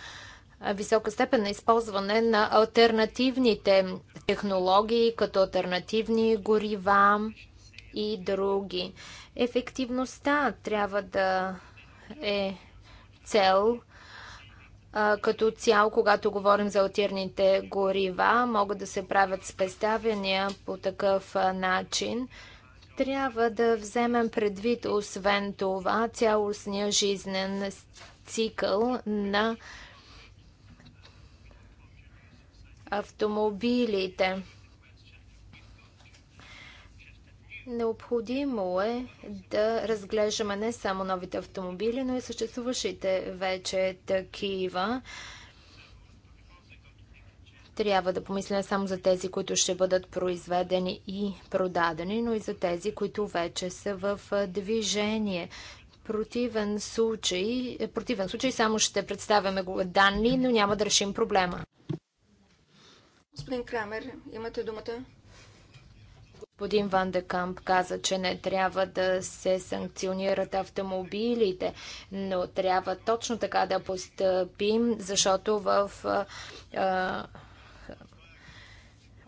е, висока степен на използване на альтернативните технологии, като альтернативни горива и други. Ефективността трябва да е цел като цяло, когато говорим за алтерните горива, могат да се правят спестявания по такъв начин. Трябва да вземем предвид, освен това, цялостния жизнен цикъл на автомобилите. Необходимо е да разглеждаме не само новите автомобили, но и съществуващите вече такива. Трябва да помисля само за тези, които ще бъдат произведени и продадени, но и за тези, които вече са в движение. Противен случай, противен случай само ще представяме данни, но няма да решим проблема. Господин Крамер, имате думата. Господин Ван де Камп каза, че не трябва да се санкционират автомобилите, но трябва точно така да постъпим, защото в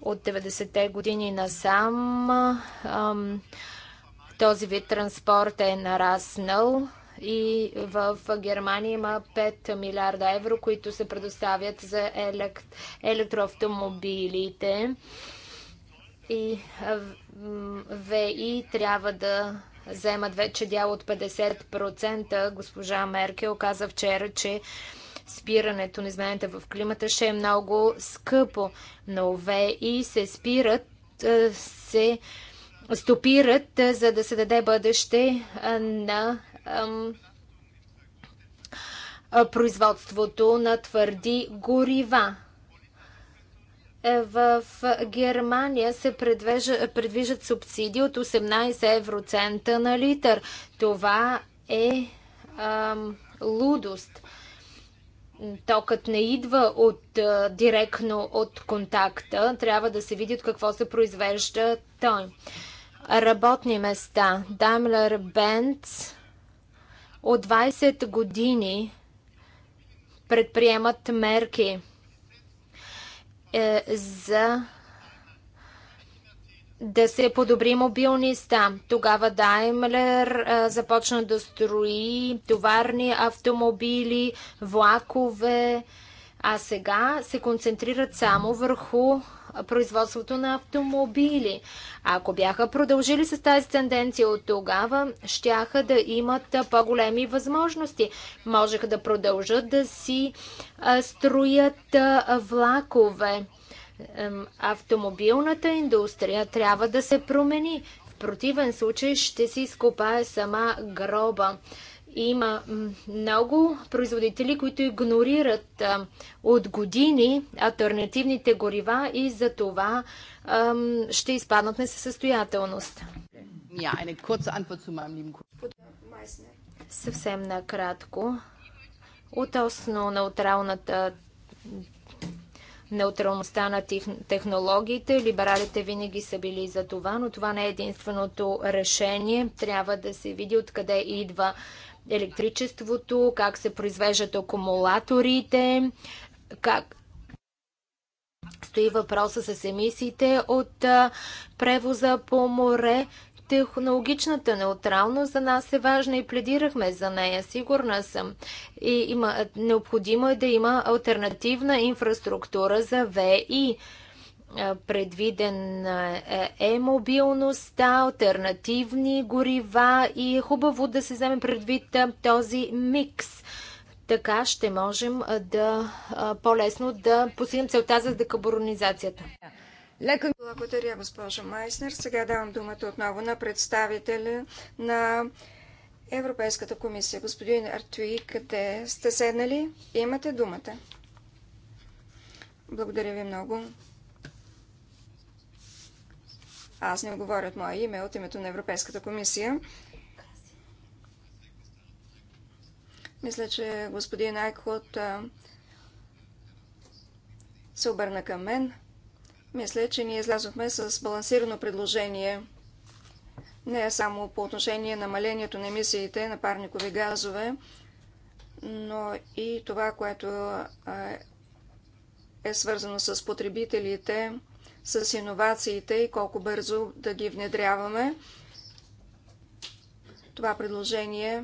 от 90-те години насам този вид транспорт е нараснал и в Германия има 5 милиарда евро, които се предоставят за електроавтомобилите и ВИ трябва да вземат вече дял от 50%. Госпожа Меркел каза вчера, че спирането на измененията в климата ще е много скъпо, но ВИ се спират, се стопират, за да се даде бъдеще на производството на твърди горива. Е, в Германия се предвижат субсидии от 18 евроцента на литър. Това е ам, лудост. Токът не идва от, а, директно от контакта. Трябва да се види от какво се произвежда той. Работни места. Даймлер Бенц от 20 години предприемат мерки – е, за да се подобри мобилността. Тогава Даймлер е, започна да строи товарни автомобили, влакове, а сега се концентрират само върху производството на автомобили. Ако бяха продължили с тази тенденция от тогава, щяха да имат по-големи възможности. Можеха да продължат да си строят влакове. Автомобилната индустрия трябва да се промени. В противен случай ще си изкопае сама гроба. Има много производители, които игнорират от години альтернативните горива и за това ще изпаднат несъстоятелност. Съвсем накратко. Относно неутралната неутралността на технологиите. Либералите винаги са били за това, но това не е единственото решение. Трябва да се види откъде идва електричеството, как се произвеждат акумулаторите, как стои въпроса с емисиите от превоза по море. Технологичната неутралност за нас е важна и пледирахме за нея, сигурна съм. И има, необходимо е да има альтернативна инфраструктура за ВИ предвиден е, е мобилността, альтернативни горива и е хубаво да се вземе предвид този микс. Така ще можем да по-лесно да постигнем целта за декарбонизацията. Леко благодаря, госпожо Майснер. Сега давам думата отново на представителя на Европейската комисия. Господин Артуи, къде сте седнали? Имате думата. Благодаря ви много. Аз не говоря от мое име, от името на Европейската комисия. Мисля, че господин Айкхот се обърна към мен. Мисля, че ние излязохме с балансирано предложение не е само по отношение намалението на емисиите на парникови газове, но и това, което е свързано с потребителите, с иновациите и колко бързо да ги внедряваме. Това предложение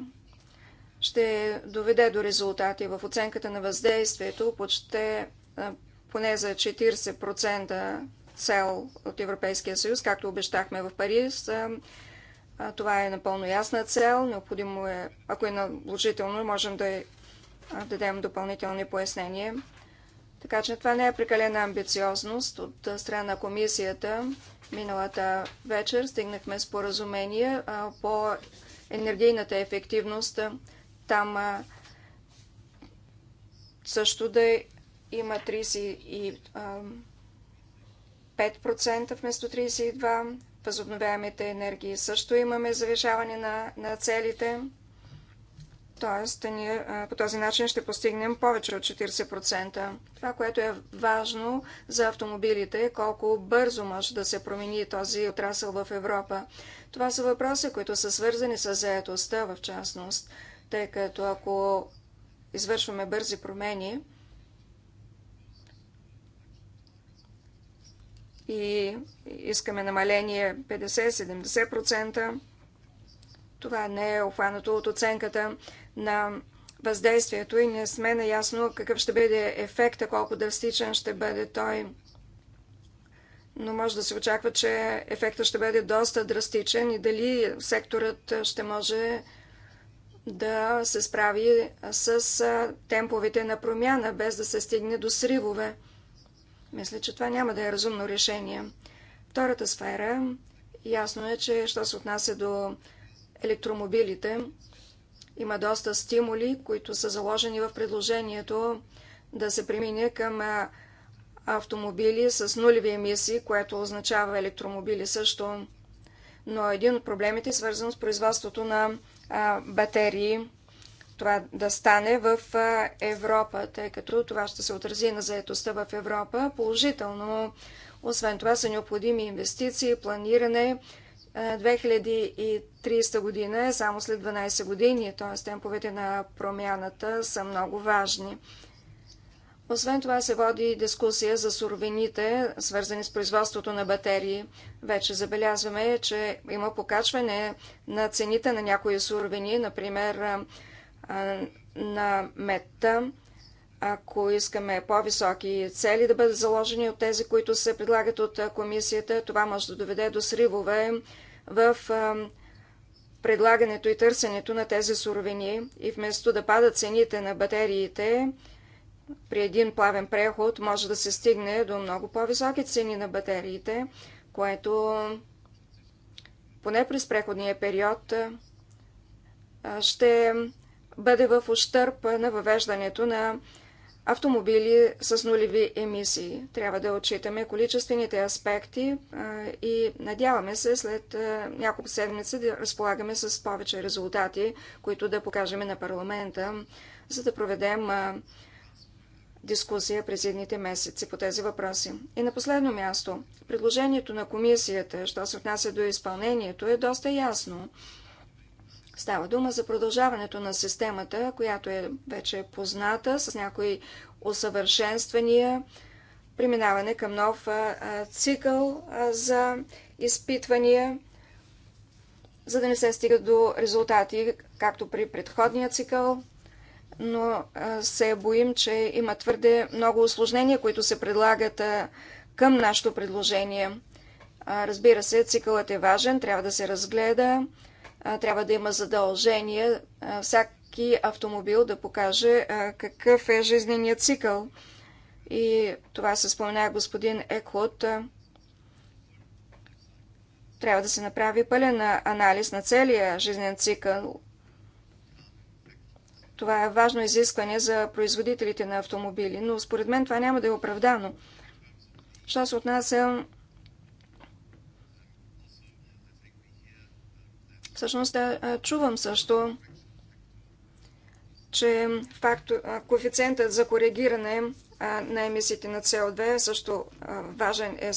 ще доведе до резултати в оценката на въздействието, почти поне за 40% цел от Европейския съюз, както обещахме в Париж. Това е напълно ясна цел. Необходимо е, ако е наложително, можем да дадем допълнителни пояснения. Така че това не е прекалена амбициозност от страна на комисията. Миналата вечер стигнахме споразумение по енергийната ефективност. Там също да има 35% вместо 32%. Възобновяемите енергии също имаме завишаване на, на целите. Тоест, ние по този начин ще постигнем повече от 40%. Това, което е важно за автомобилите, е колко бързо може да се промени този отрасъл в Европа. Това са въпроси, които са свързани с заетостта в частност, тъй като ако извършваме бързи промени и искаме намаление 50-70%, това не е обхванато от оценката на въздействието и не сме наясно какъв ще бъде ефекта, колко драстичен ще бъде той. Но може да се очаква, че ефектът ще бъде доста драстичен и дали секторът ще може да се справи с темповете на промяна, без да се стигне до сривове. Мисля, че това няма да е разумно решение. Втората сфера, ясно е, че що се отнася до електромобилите, има доста стимули, които са заложени в предложението да се премине към автомобили с нулеви емисии, което означава електромобили също. Но един от проблемите е свързан с производството на батерии. Това да стане в Европа, тъй като това ще се отрази на заетостта в Европа положително. Освен това са необходими инвестиции, планиране, 2030 година е само след 12 години, т.е. темповете на промяната са много важни. Освен това се води дискусия за суровините, свързани с производството на батерии. Вече забелязваме, че има покачване на цените на някои суровини, например на метта ако искаме по-високи цели да бъдат заложени от тези, които се предлагат от комисията, това може да доведе до сривове в предлагането и търсенето на тези суровини и вместо да падат цените на батериите, при един плавен преход може да се стигне до много по-високи цени на батериите, което поне през преходния период ще бъде в ущърп на въвеждането на автомобили с нулеви емисии. Трябва да отчитаме количествените аспекти и надяваме се след няколко седмици да разполагаме с повече резултати, които да покажем на парламента, за да проведем дискусия през едните месеци по тези въпроси. И на последно място, предложението на комисията, що се отнася до изпълнението, е доста ясно. Става дума за продължаването на системата, която е вече позната с някои усъвършенствания, преминаване към нов цикъл за изпитвания, за да не се стига до резултати, както при предходния цикъл, но се боим, че има твърде много осложнения, които се предлагат към нашето предложение. Разбира се, цикълът е важен, трябва да се разгледа трябва да има задължение всяки автомобил да покаже какъв е жизненият цикъл. И това се спомена господин Еклот. Трябва да се направи пълен анализ на целия жизнен цикъл. Това е важно изискване за производителите на автомобили, но според мен това няма да е оправдано. Що се отнася Всъщност да чувам също, че коефициентът за коригиране на емисиите на СО2 е също важен е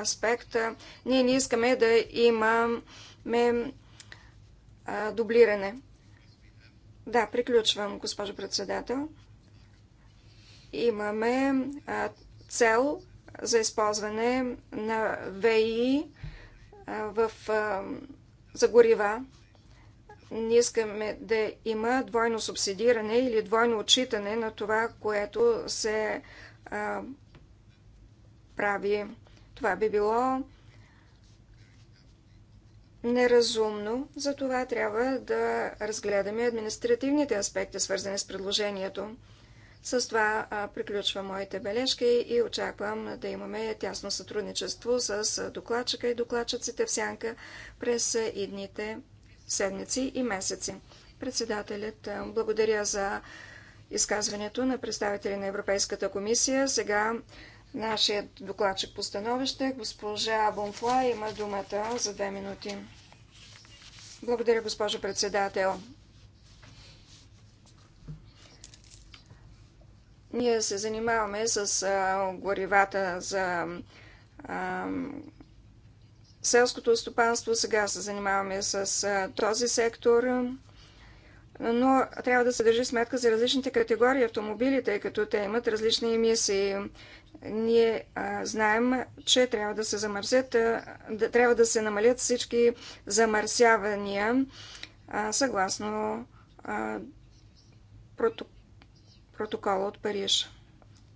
аспект. Ние не искаме да имаме дублиране. Да, приключвам, госпожо председател. Имаме цел за използване на ВИ в за горива. Не искаме да има двойно субсидиране или двойно отчитане на това, което се а, прави. Това би било неразумно, затова трябва да разгледаме административните аспекти, свързани с предложението. С това приключвам моите бележки и очаквам да имаме тясно сътрудничество с докладчика и докладчиците в сянка през идните седмици и месеци. Председателят, благодаря за изказването на представители на Европейската комисия. Сега нашият докладчик по становище, госпожа Бонфла, има думата за две минути. Благодаря, госпожо председател. Ние се занимаваме с горивата за селското стопанство. Сега се занимаваме с този сектор но трябва да се държи сметка за различните категории автомобили, тъй като те имат различни емисии. Ние а, знаем, че трябва да се замърсят, а, да, трябва да се намалят всички замърсявания а, съгласно а, протокол протокола от Париж.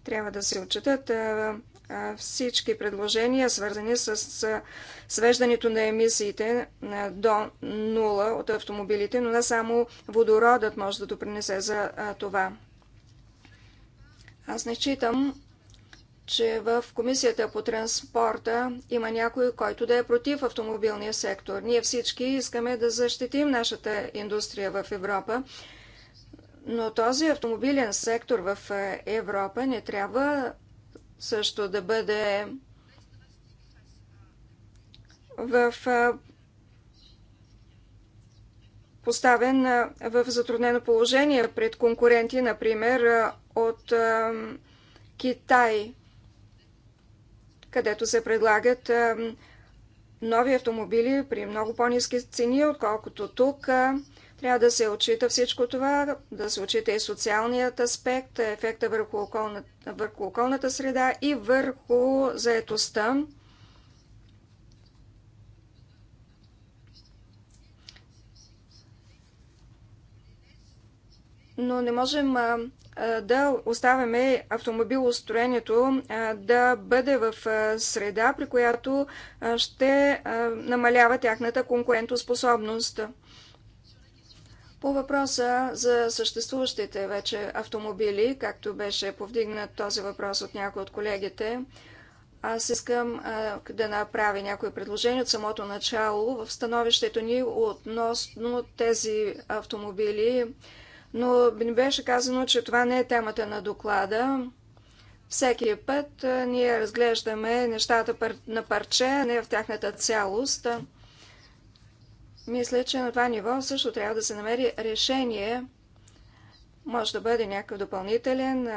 Трябва да се отчитат всички предложения, свързани с свеждането на емисиите до нула от автомобилите, но не само водородът може да допринесе за това. Аз не читам, че в Комисията по транспорта има някой, който да е против автомобилния сектор. Ние всички искаме да защитим нашата индустрия в Европа но този автомобилен сектор в е, Европа не трябва също да бъде в е, поставен е, в затруднено положение пред конкуренти, например, от Китай, където се предлагат нови автомобили при много по-низки цени, отколкото тук. Трябва да се отчита всичко това, да се отчита и социалният аспект, ефекта върху околната, върху околната среда и върху заетостта. но не можем а, да оставяме автомобилостроението а, да бъде в а, среда, при която ще намалява тяхната конкурентоспособност. По въпроса за съществуващите вече автомобили, както беше повдигнат този въпрос от някои от колегите, аз искам а, да направя някои предложения от самото начало в становището ни относно тези автомобили, но ни беше казано, че това не е темата на доклада. Всеки път а, ние разглеждаме нещата на парче, а не в тяхната цялост. Мисля, че на това ниво също трябва да се намери решение. Може да бъде някакъв допълнителен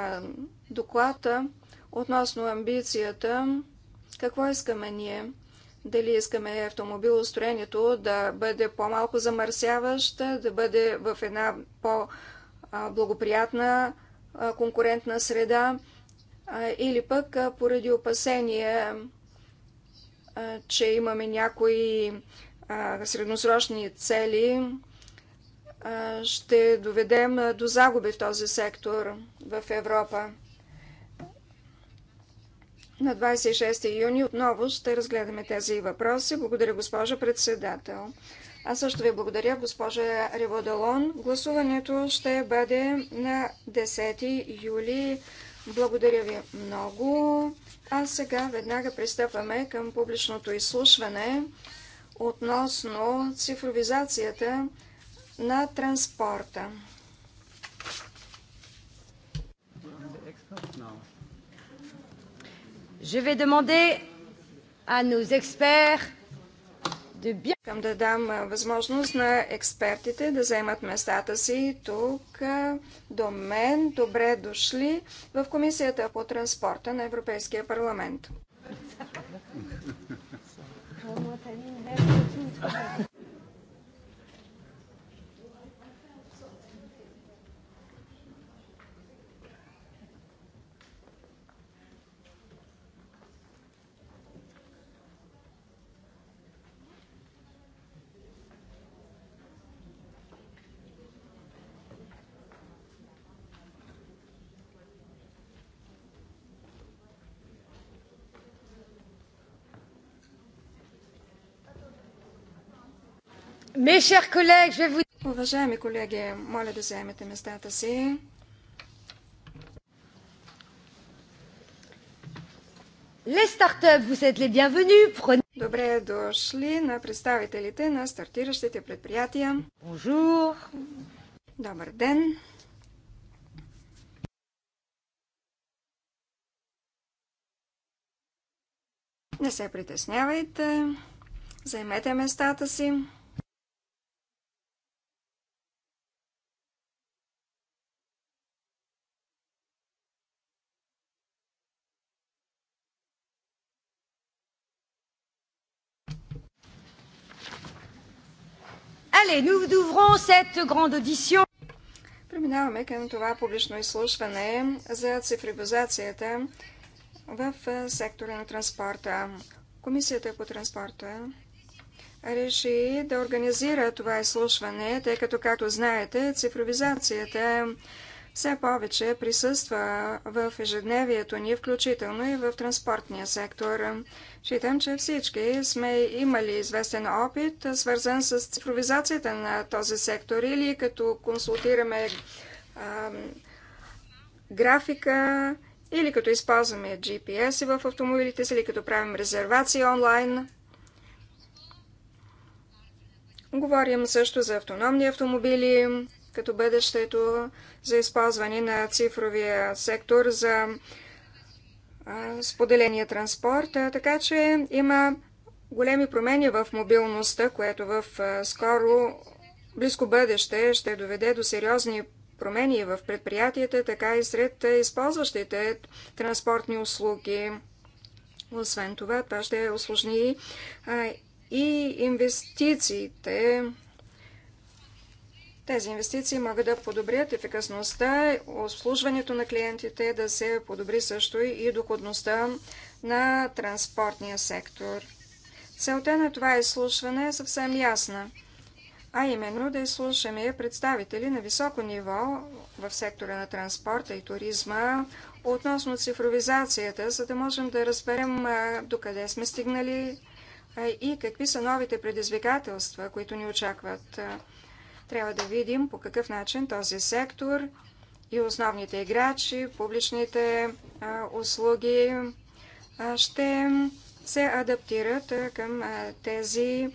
доклад относно амбицията. Какво искаме ние? Дали искаме автомобилостроението да бъде по-малко замърсяваща, да бъде в една по-благоприятна конкурентна среда или пък поради опасение, че имаме някои средносрочни цели, ще доведем до загуби в този сектор в Европа. На 26 юни отново ще разгледаме тези въпроси. Благодаря, госпожа председател. Аз също ви благодаря, госпожа Реводалон. Гласуването ще бъде на 10 юли. Благодаря ви много. А сега веднага пристъпваме към публичното изслушване относно цифровизацията на транспорта. Je vais demander à nos experts de bien... Към да дам възможност на експертите да заемат местата си тук до мен. Добре дошли в Комисията по транспорта на Европейския парламент one more time in the Уважаеми колеги, моля да заемете местата си. Добре дошли на представителите на стартиращите предприятия. Bonjour. Добър ден. Не се притеснявайте. Займете местата си. Allez, nous ouvrons cette grande audition. Преминаваме към това публично изслушване за цифровизацията в сектора на транспорта. Комисията по транспорта реши да организира това изслушване, тъй като, както знаете, цифровизацията все повече присъства в ежедневието ни, включително и в транспортния сектор. Считам, че всички сме имали известен опит, свързан с цифровизацията на този сектор или като консултираме а, графика, или като използваме GPS в автомобилите си, или като правим резервации онлайн. Говорим също за автономни автомобили, като бъдещето за използване на цифровия сектор за споделения транспорт. Така че има големи промени в мобилността, което в скоро близко бъдеще ще доведе до сериозни промени в предприятията, така и сред използващите транспортни услуги. Освен това, това ще осложни и инвестициите тези инвестиции могат да подобрят ефикасността, обслужването на клиентите, да се подобри също и доходността на транспортния сектор. Целта на това изслушване е съвсем ясна, а именно да изслушаме представители на високо ниво в сектора на транспорта и туризма относно цифровизацията, за да можем да разберем докъде сме стигнали и какви са новите предизвикателства, които ни очакват. Трябва да видим по какъв начин този сектор и основните играчи, публичните а, услуги а, ще се адаптират а, към тези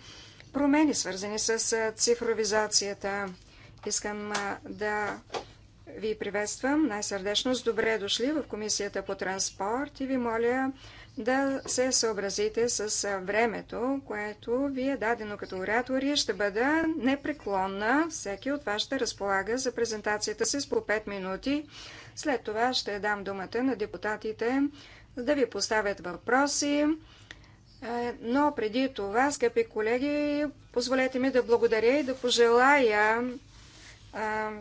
промени, свързани с цифровизацията. Искам да ви приветствам най-сърдечно с добре дошли в Комисията по транспорт и ви моля да се съобразите с времето, което ви е дадено като оратори. Ще бъда непреклонна. Всеки от вас ще разполага за презентацията си с по 5 минути. След това ще дам думата на депутатите да ви поставят въпроси. Е, но преди това, скъпи колеги, позволете ми да благодаря и да пожелая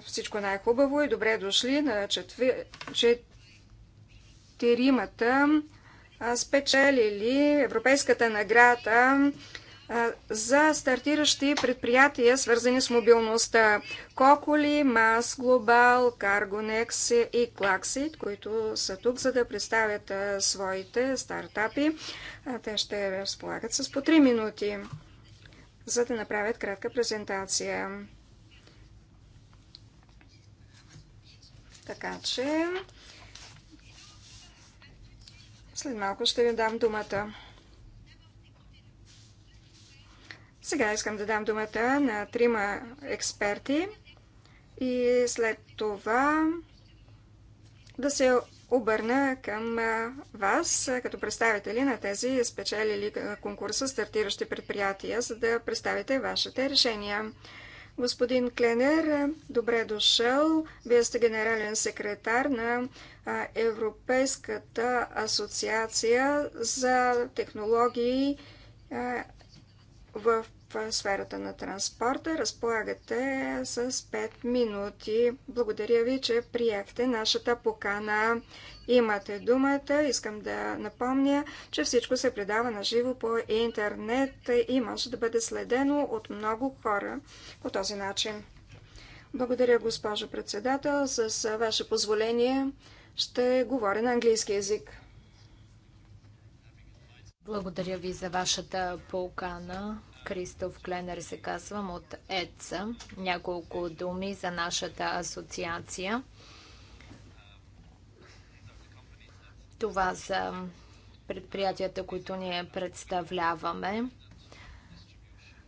всичко най-хубаво и добре дошли на четвъртата спечелили Европейската награда за стартиращи предприятия, свързани с мобилността. Коколи, Мас Глобал, Каргонекс и Клаксит, които са тук, за да представят своите стартапи. Те ще разполагат с по 3 минути, за да направят кратка презентация. Така че след малко ще ви дам думата. Сега искам да дам думата на трима експерти и след това да се обърна към вас като представители на тези спечелили конкурса стартиращи предприятия, за да представите вашите решения. Господин Кленер, добре дошъл. Вие сте генерален секретар на Европейската асоциация за технологии в в сферата на транспорта. Разполагате с 5 минути. Благодаря ви, че приехте нашата покана. Имате думата. Искам да напомня, че всичко се предава на живо по интернет и може да бъде следено от много хора по този начин. Благодаря, госпожо председател. С ваше позволение ще говоря на английски язик. Благодаря ви за вашата покана. Кристоф Кленер се казвам от ЕЦА. Няколко думи за нашата асоциация. Това са предприятията, които ние представляваме.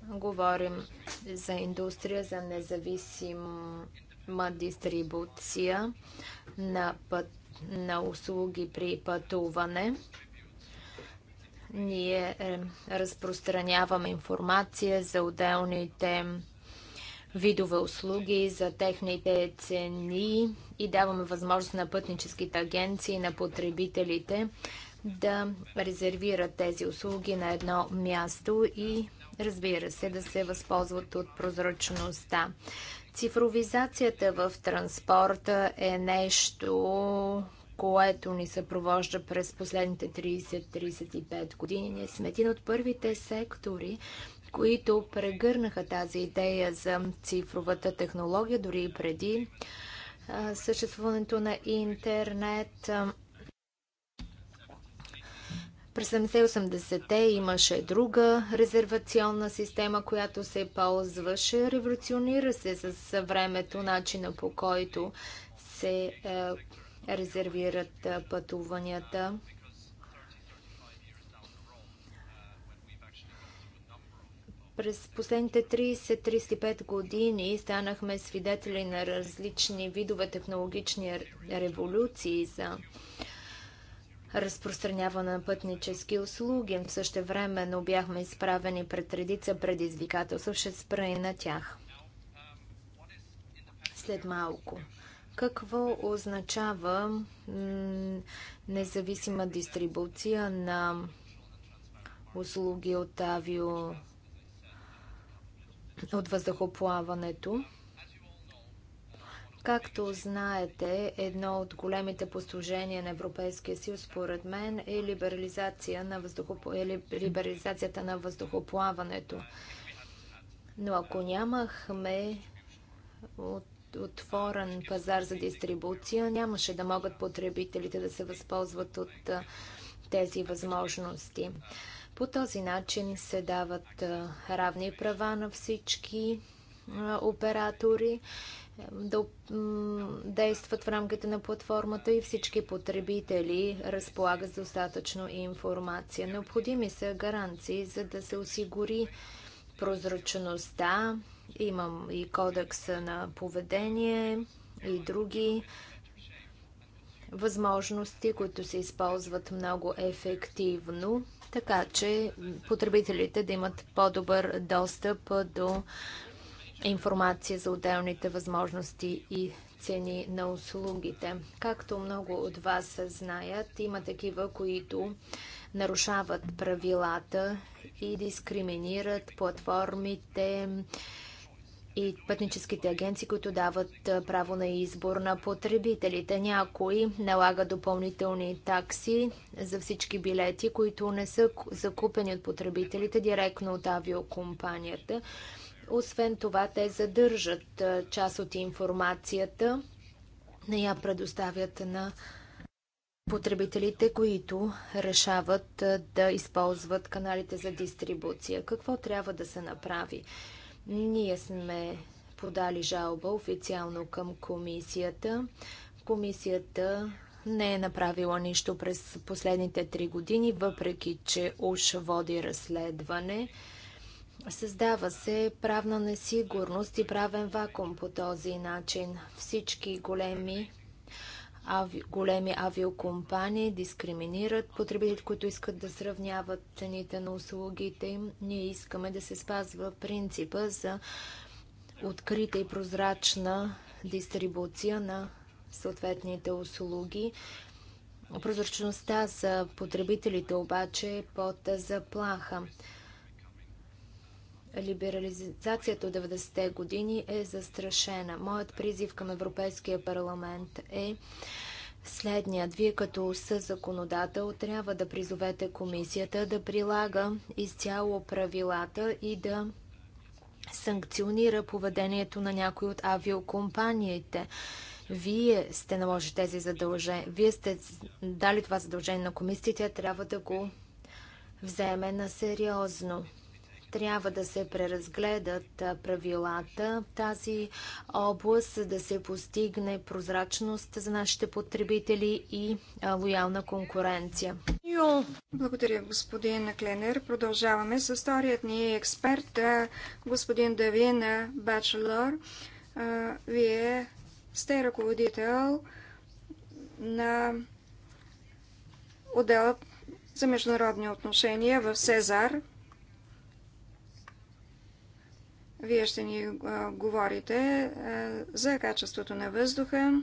Говорим за индустрия, за независима дистрибуция на, път, на услуги при пътуване. Ние е, разпространяваме информация за отделните видове услуги, за техните цени и даваме възможност на пътническите агенции, на потребителите да резервират тези услуги на едно място и разбира се да се възползват от прозрачността. Цифровизацията в транспорта е нещо, което ни съпровожда през последните 30-35 години. Ние сме един от първите сектори, които прегърнаха тази идея за цифровата технология, дори и преди съществуването на интернет. През 70-80-те имаше друга резервационна система, която се ползваше. Революционира се с времето начина по който се е, резервират пътуванията. През последните 30-35 години станахме свидетели на различни видове технологични революции за разпространяване на пътнически услуги. В също времено бяхме изправени пред редица предизвикателства. Ще спра и на тях след малко. Какво означава независима дистрибуция на услуги от авио от въздухоплаването? Както знаете, едно от големите постижения на Европейския съюз, според мен, е либерализация на въздухоп... Е либерализацията на въздухоплаването. Но ако нямахме от отворен пазар за дистрибуция, нямаше да могат потребителите да се възползват от тези възможности. По този начин се дават равни права на всички оператори да действат в рамките на платформата и всички потребители разполагат с достатъчно информация. Необходими са гаранции, за да се осигури прозрачността, Имам и кодекса на поведение и други възможности, които се използват много ефективно, така че потребителите да имат по-добър достъп до информация за отделните възможности и цени на услугите. Както много от вас знаят, има такива, които нарушават правилата и дискриминират платформите, и пътническите агенции, които дават право на избор на потребителите. Някои налага допълнителни такси за всички билети, които не са закупени от потребителите директно от авиокомпанията. Освен това, те задържат част от информацията, не я предоставят на потребителите, които решават да използват каналите за дистрибуция. Какво трябва да се направи? Ние сме подали жалба официално към комисията. Комисията не е направила нищо през последните три години, въпреки че уж води разследване. Създава се правна несигурност и правен вакуум по този начин. Всички големи ави, големи авиокомпании дискриминират потребителите, които искат да сравняват цените на услугите им. Ние искаме да се спазва принципа за открита и прозрачна дистрибуция на съответните услуги. Прозрачността за потребителите обаче е под заплаха. Либерализацията от 90-те години е застрашена. Моят призив към Европейския парламент е следният. Вие като съзаконодател трябва да призовете комисията да прилага изцяло правилата и да санкционира поведението на някои от авиокомпаниите. Вие сте наложили тези задължения. Вие сте дали това задължение на комисията, трябва да го вземе на сериозно. Трябва да се преразгледат правилата в тази област, да се постигне прозрачност за нашите потребители и лоялна конкуренция. Благодаря, господин Кленер. Продължаваме с вторият ни експерт, господин Давин Бачелор. Вие сте ръководител на отдела за международни отношения в Сезар. Вие ще ни говорите за качеството на въздуха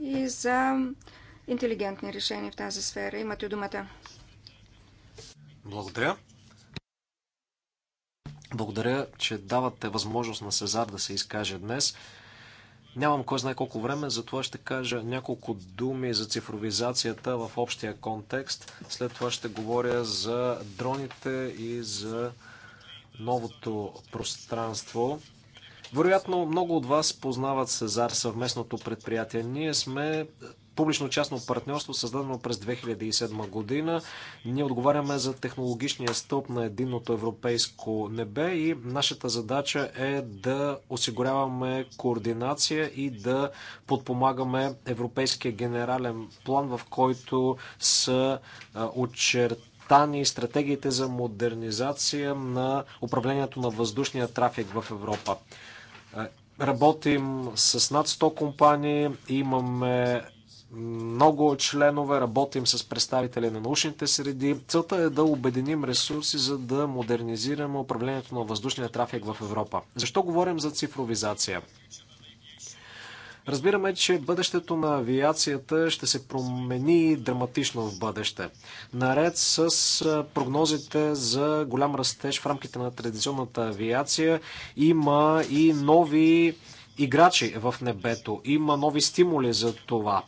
и за интелигентни решения в тази сфера. Имате думата. Благодаря. Благодаря, че давате възможност на Сезар да се изкаже днес. Нямам кой знае колко време, затова ще кажа няколко думи за цифровизацията в общия контекст. След това ще говоря за дроните и за новото пространство. Вероятно, много от вас познават Сезар, съвместното предприятие. Ние сме публично-частно партньорство, създадено през 2007 година. Ние отговаряме за технологичния стълб на единното европейско небе и нашата задача е да осигуряваме координация и да подпомагаме европейския генерален план, в който са очертани и стратегиите за модернизация на управлението на въздушния трафик в Европа. Е, работим с над 100 компании, имаме много членове, работим с представители на научните среди. Целта е да обединим ресурси, за да модернизираме управлението на въздушния трафик в Европа. Защо говорим за цифровизация? Разбираме, че бъдещето на авиацията ще се промени драматично в бъдеще. Наред с прогнозите за голям растеж в рамките на традиционната авиация, има и нови играчи в небето. Има нови стимули за това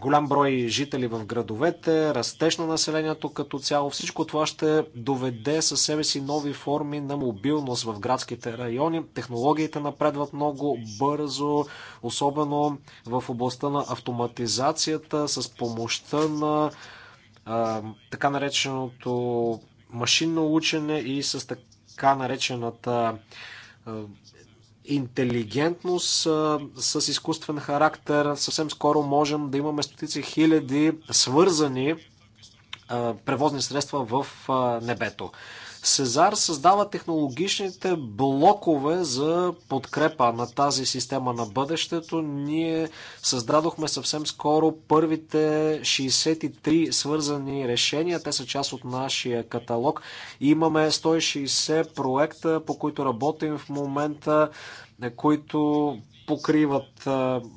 голям брой жители в градовете, растеж на населението като цяло. Всичко това ще доведе със себе си нови форми на мобилност в градските райони. Технологиите напредват много бързо, особено в областта на автоматизацията с помощта на а, така нареченото машинно учене и с така наречената а, интелигентност с изкуствен характер. Съвсем скоро можем да имаме стотици хиляди свързани превозни средства в небето. Сезар създава технологичните блокове за подкрепа на тази система на бъдещето. Ние създадохме съвсем скоро първите 63 свързани решения. Те са част от нашия каталог. Имаме 160 проекта, по които работим в момента, които покриват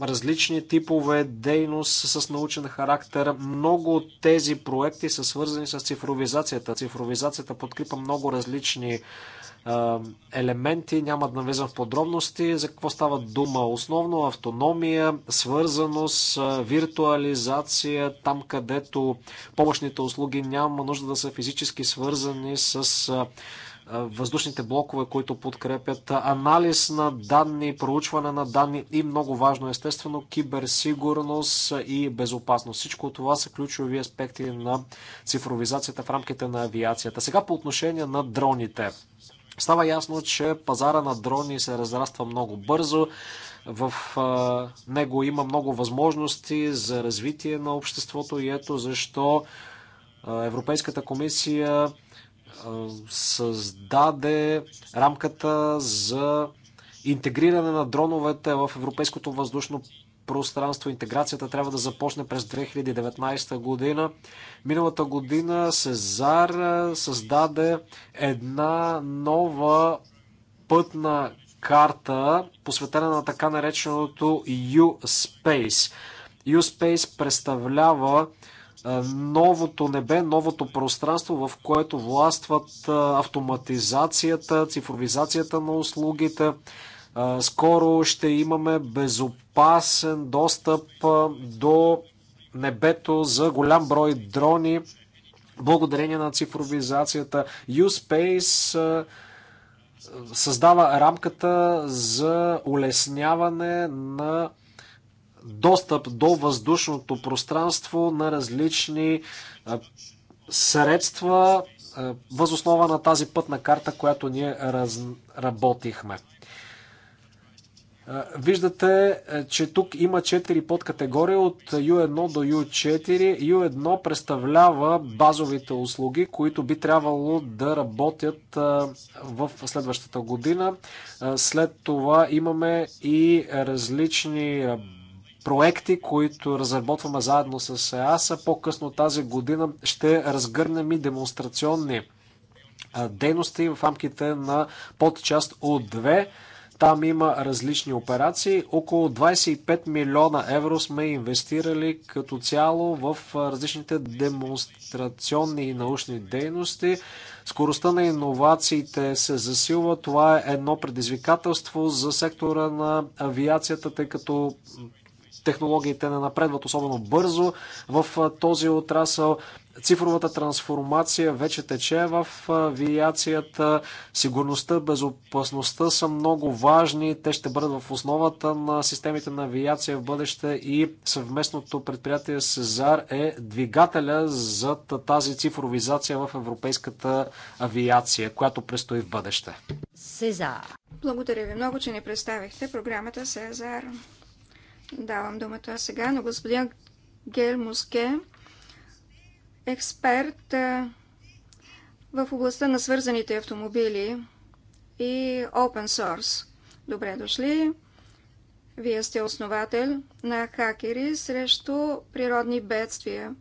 различни типове дейност с научен характер. Много от тези проекти са свързани с цифровизацията. Цифровизацията подкрепа много различни елементи, няма да навлизам в подробности за какво става дума. Основно автономия, свързаност, виртуализация, там където помощните услуги няма нужда да са физически свързани с въздушните блокове, които подкрепят, анализ на данни, проучване на данни и много важно естествено киберсигурност и безопасност. Всичко това са ключови аспекти на цифровизацията в рамките на авиацията. Сега по отношение на дроните. Става ясно, че пазара на дрони се разраства много бързо. В него има много възможности за развитие на обществото и ето защо Европейската комисия създаде рамката за интегриране на дроновете в европейското въздушно пространство. Интеграцията трябва да започне през 2019 година. Миналата година Сезар създаде една нова пътна карта, посветена на така нареченото U-Space. U-Space представлява новото небе, новото пространство, в което властват автоматизацията, цифровизацията на услугите. Скоро ще имаме безопасен достъп до небето за голям брой дрони, благодарение на цифровизацията. U-Space създава рамката за улесняване на достъп до въздушното пространство на различни средства възоснова на тази пътна карта, която ние разработихме. Виждате, че тук има 4 подкатегории от U1 до U4. U1 представлява базовите услуги, които би трябвало да работят в следващата година. След това имаме и различни проекти, които разработваме заедно с ЕАСА. По-късно тази година ще разгърнем и демонстрационни дейности в рамките на подчаст от 2. Там има различни операции. Около 25 милиона евро сме инвестирали като цяло в различните демонстрационни и научни дейности. Скоростта на иновациите се засилва. Това е едно предизвикателство за сектора на авиацията, тъй като технологиите не напредват особено бързо в този отрасъл. Цифровата трансформация вече тече в авиацията. Сигурността, безопасността са много важни. Те ще бъдат в основата на системите на авиация в бъдеще и съвместното предприятие Сезар е двигателя за тази цифровизация в европейската авиация, която предстои в бъдеще. Сезар. Благодаря ви много, че ни представихте програмата Сезар. Давам думата сега на господин Гер Муске, експерт в областта на свързаните автомобили и open source. Добре дошли! Вие сте основател на хакери срещу природни бедствия.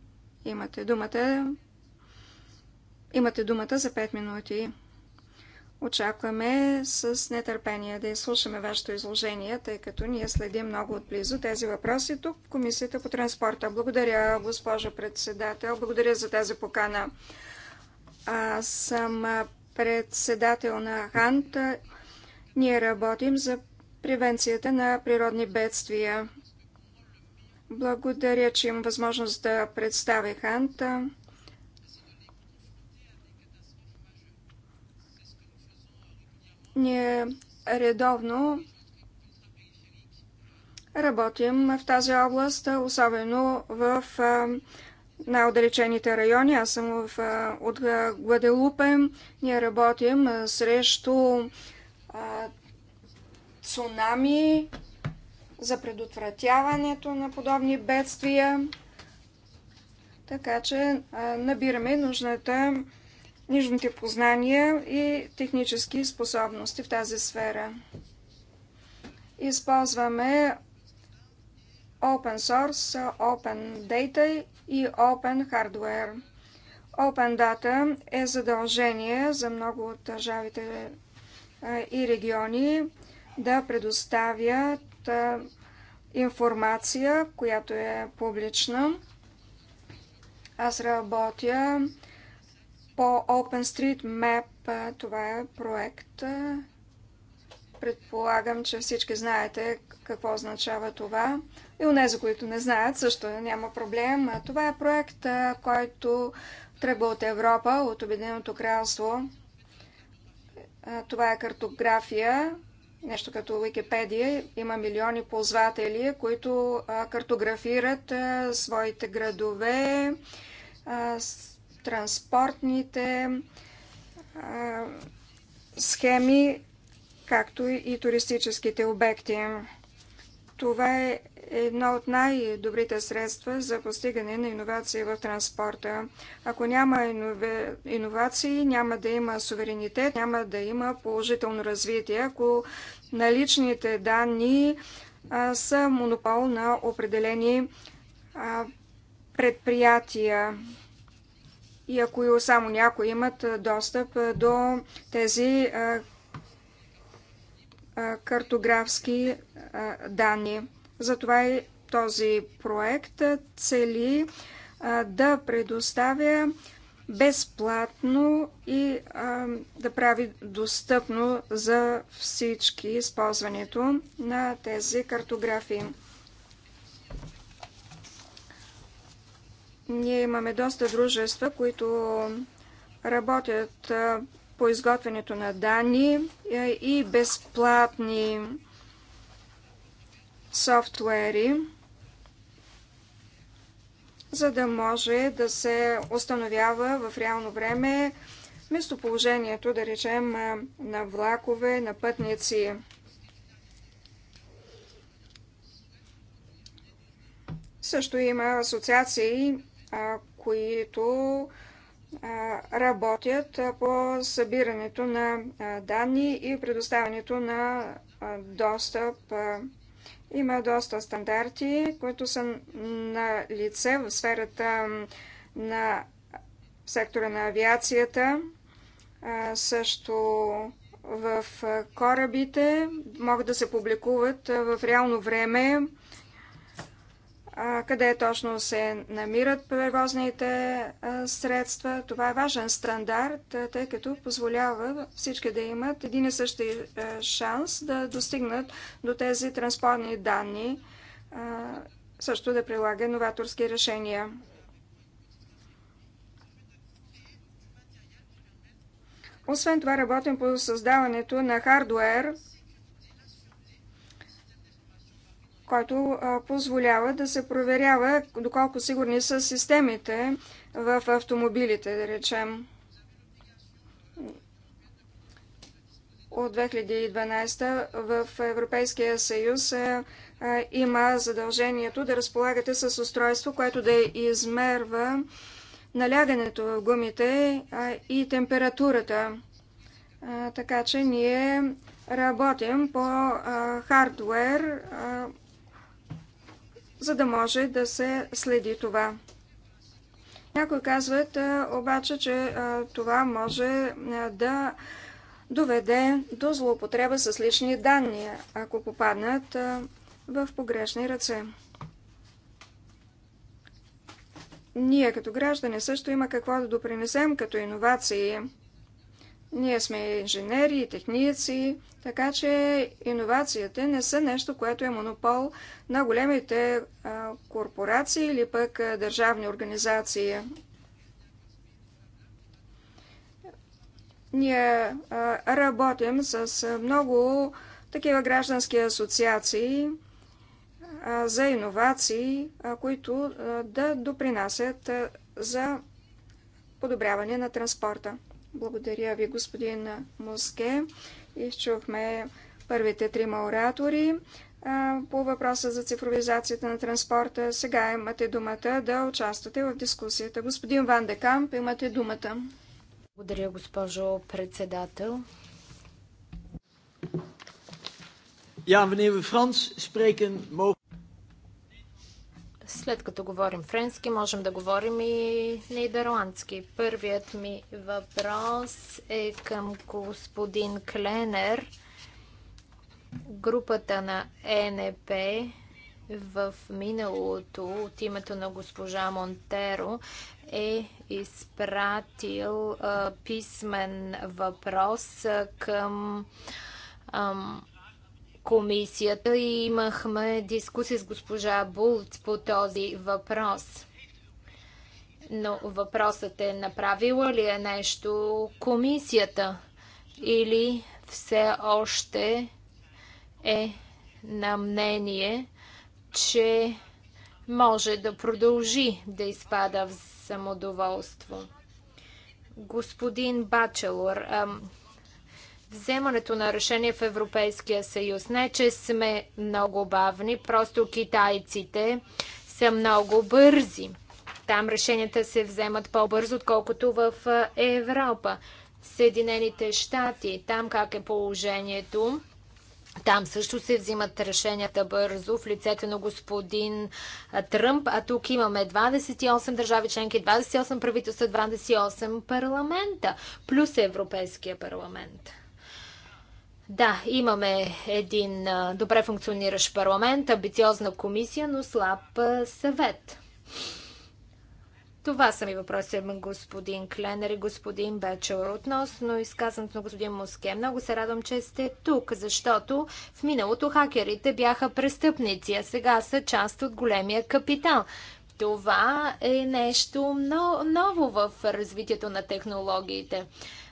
Имате думата. Имате думата за 5 минути. Очакваме с нетърпение да изслушаме вашето изложение, тъй като ние следим много отблизо тези въпроси тук в Комисията по транспорта. Благодаря, госпожо председател. Благодаря за тази покана. Аз съм председател на ХАНТ. Ние работим за превенцията на природни бедствия. Благодаря, че имам възможност да представя ХАНТ. Ние редовно работим в тази област, особено в най-отдалечените райони. Аз съм в, от Гладелупе. Ние работим срещу а, цунами, за предотвратяването на подобни бедствия. Така че а, набираме нужната нижните познания и технически способности в тази сфера. Използваме Open Source, Open Data и Open Hardware. Open Data е задължение за много от държавите и региони да предоставят информация, която е публична. Аз работя по OpenStreetMap. Това е проект. Предполагам, че всички знаете какво означава това. И у нези, които не знаят, също няма проблем. Това е проект, който тръгва от Европа, от Обединеното кралство. Това е картография, нещо като Википедия. Има милиони ползватели, които картографират своите градове, транспортните а, схеми, както и туристическите обекти. Това е едно от най-добрите средства за постигане на иновации в транспорта. Ако няма инове... иновации, няма да има суверенитет, няма да има положително развитие, ако наличните данни а, са монопол на определени а, предприятия и ако само някои имат достъп до тези картографски данни. Затова и този проект цели да предоставя безплатно и да прави достъпно за всички използването на тези картографии. Ние имаме доста дружества, които работят по изготвянето на данни и безплатни софтуери, за да може да се установява в реално време местоположението, да речем, на влакове, на пътници. Също има асоциации които работят по събирането на данни и предоставянето на достъп. Има доста стандарти, които са на лице в сферата на сектора на авиацията, също в корабите. Могат да се публикуват в реално време къде точно се намират превозните средства. Това е важен стандарт, тъй като позволява всички да имат един и същи шанс да достигнат до тези транспортни данни, също да прилага новаторски решения. Освен това работим по създаването на хардуер – който позволява да се проверява доколко сигурни са системите в автомобилите, да речем. От 2012 в Европейския съюз има задължението да разполагате с устройство, което да измерва налягането в гумите и температурата. Така че ние работим по хардвер за да може да се следи това. Някои казват обаче, че това може да доведе до злоупотреба с лични данни, ако попаднат в погрешни ръце. Ние като граждане също има какво да допринесем като иновации – ние сме инженери и техници, така че иновациите не са нещо, което е монопол на големите корпорации или пък държавни организации. Ние работим с много такива граждански асоциации за иновации, които да допринасят за подобряване на транспорта. Благодаря ви, господин Муске. Изчухме първите трима оратори по въпроса за цифровизацията на транспорта. Сега имате думата да участвате в дискусията. Господин Ван Декамп, имате думата. Благодаря, госпожо председател. Ja, wanneer we Frans spreken, mogen. След като говорим френски, можем да говорим и нидерландски. Първият ми въпрос е към господин Кленер. Групата на ЕНП в миналото от името на госпожа Монтеро е изпратил а, писмен въпрос към ам, комисията и имахме дискусия с госпожа Булт по този въпрос. Но въпросът е направила ли е нещо комисията или все още е на мнение, че може да продължи да изпада в самодоволство. Господин Бачелор, вземането на решение в Европейския съюз. Не, че сме много бавни, просто китайците са много бързи. Там решенията се вземат по-бързо, отколкото в Европа. Съединените щати, там как е положението? Там също се взимат решенията бързо в лицето на господин Тръмп, а тук имаме 28 държави членки, 28 правителства, 28 парламента, плюс Европейския парламент. Да, имаме един добре функциониращ парламент, амбициозна комисия, но слаб съвет. Това са ми въпроси, господин Кленер и господин Бечер. Относно изказването на господин Моске, много се радвам, че сте тук, защото в миналото хакерите бяха престъпници, а сега са част от големия капитал. Това е нещо ново в развитието на технологиите.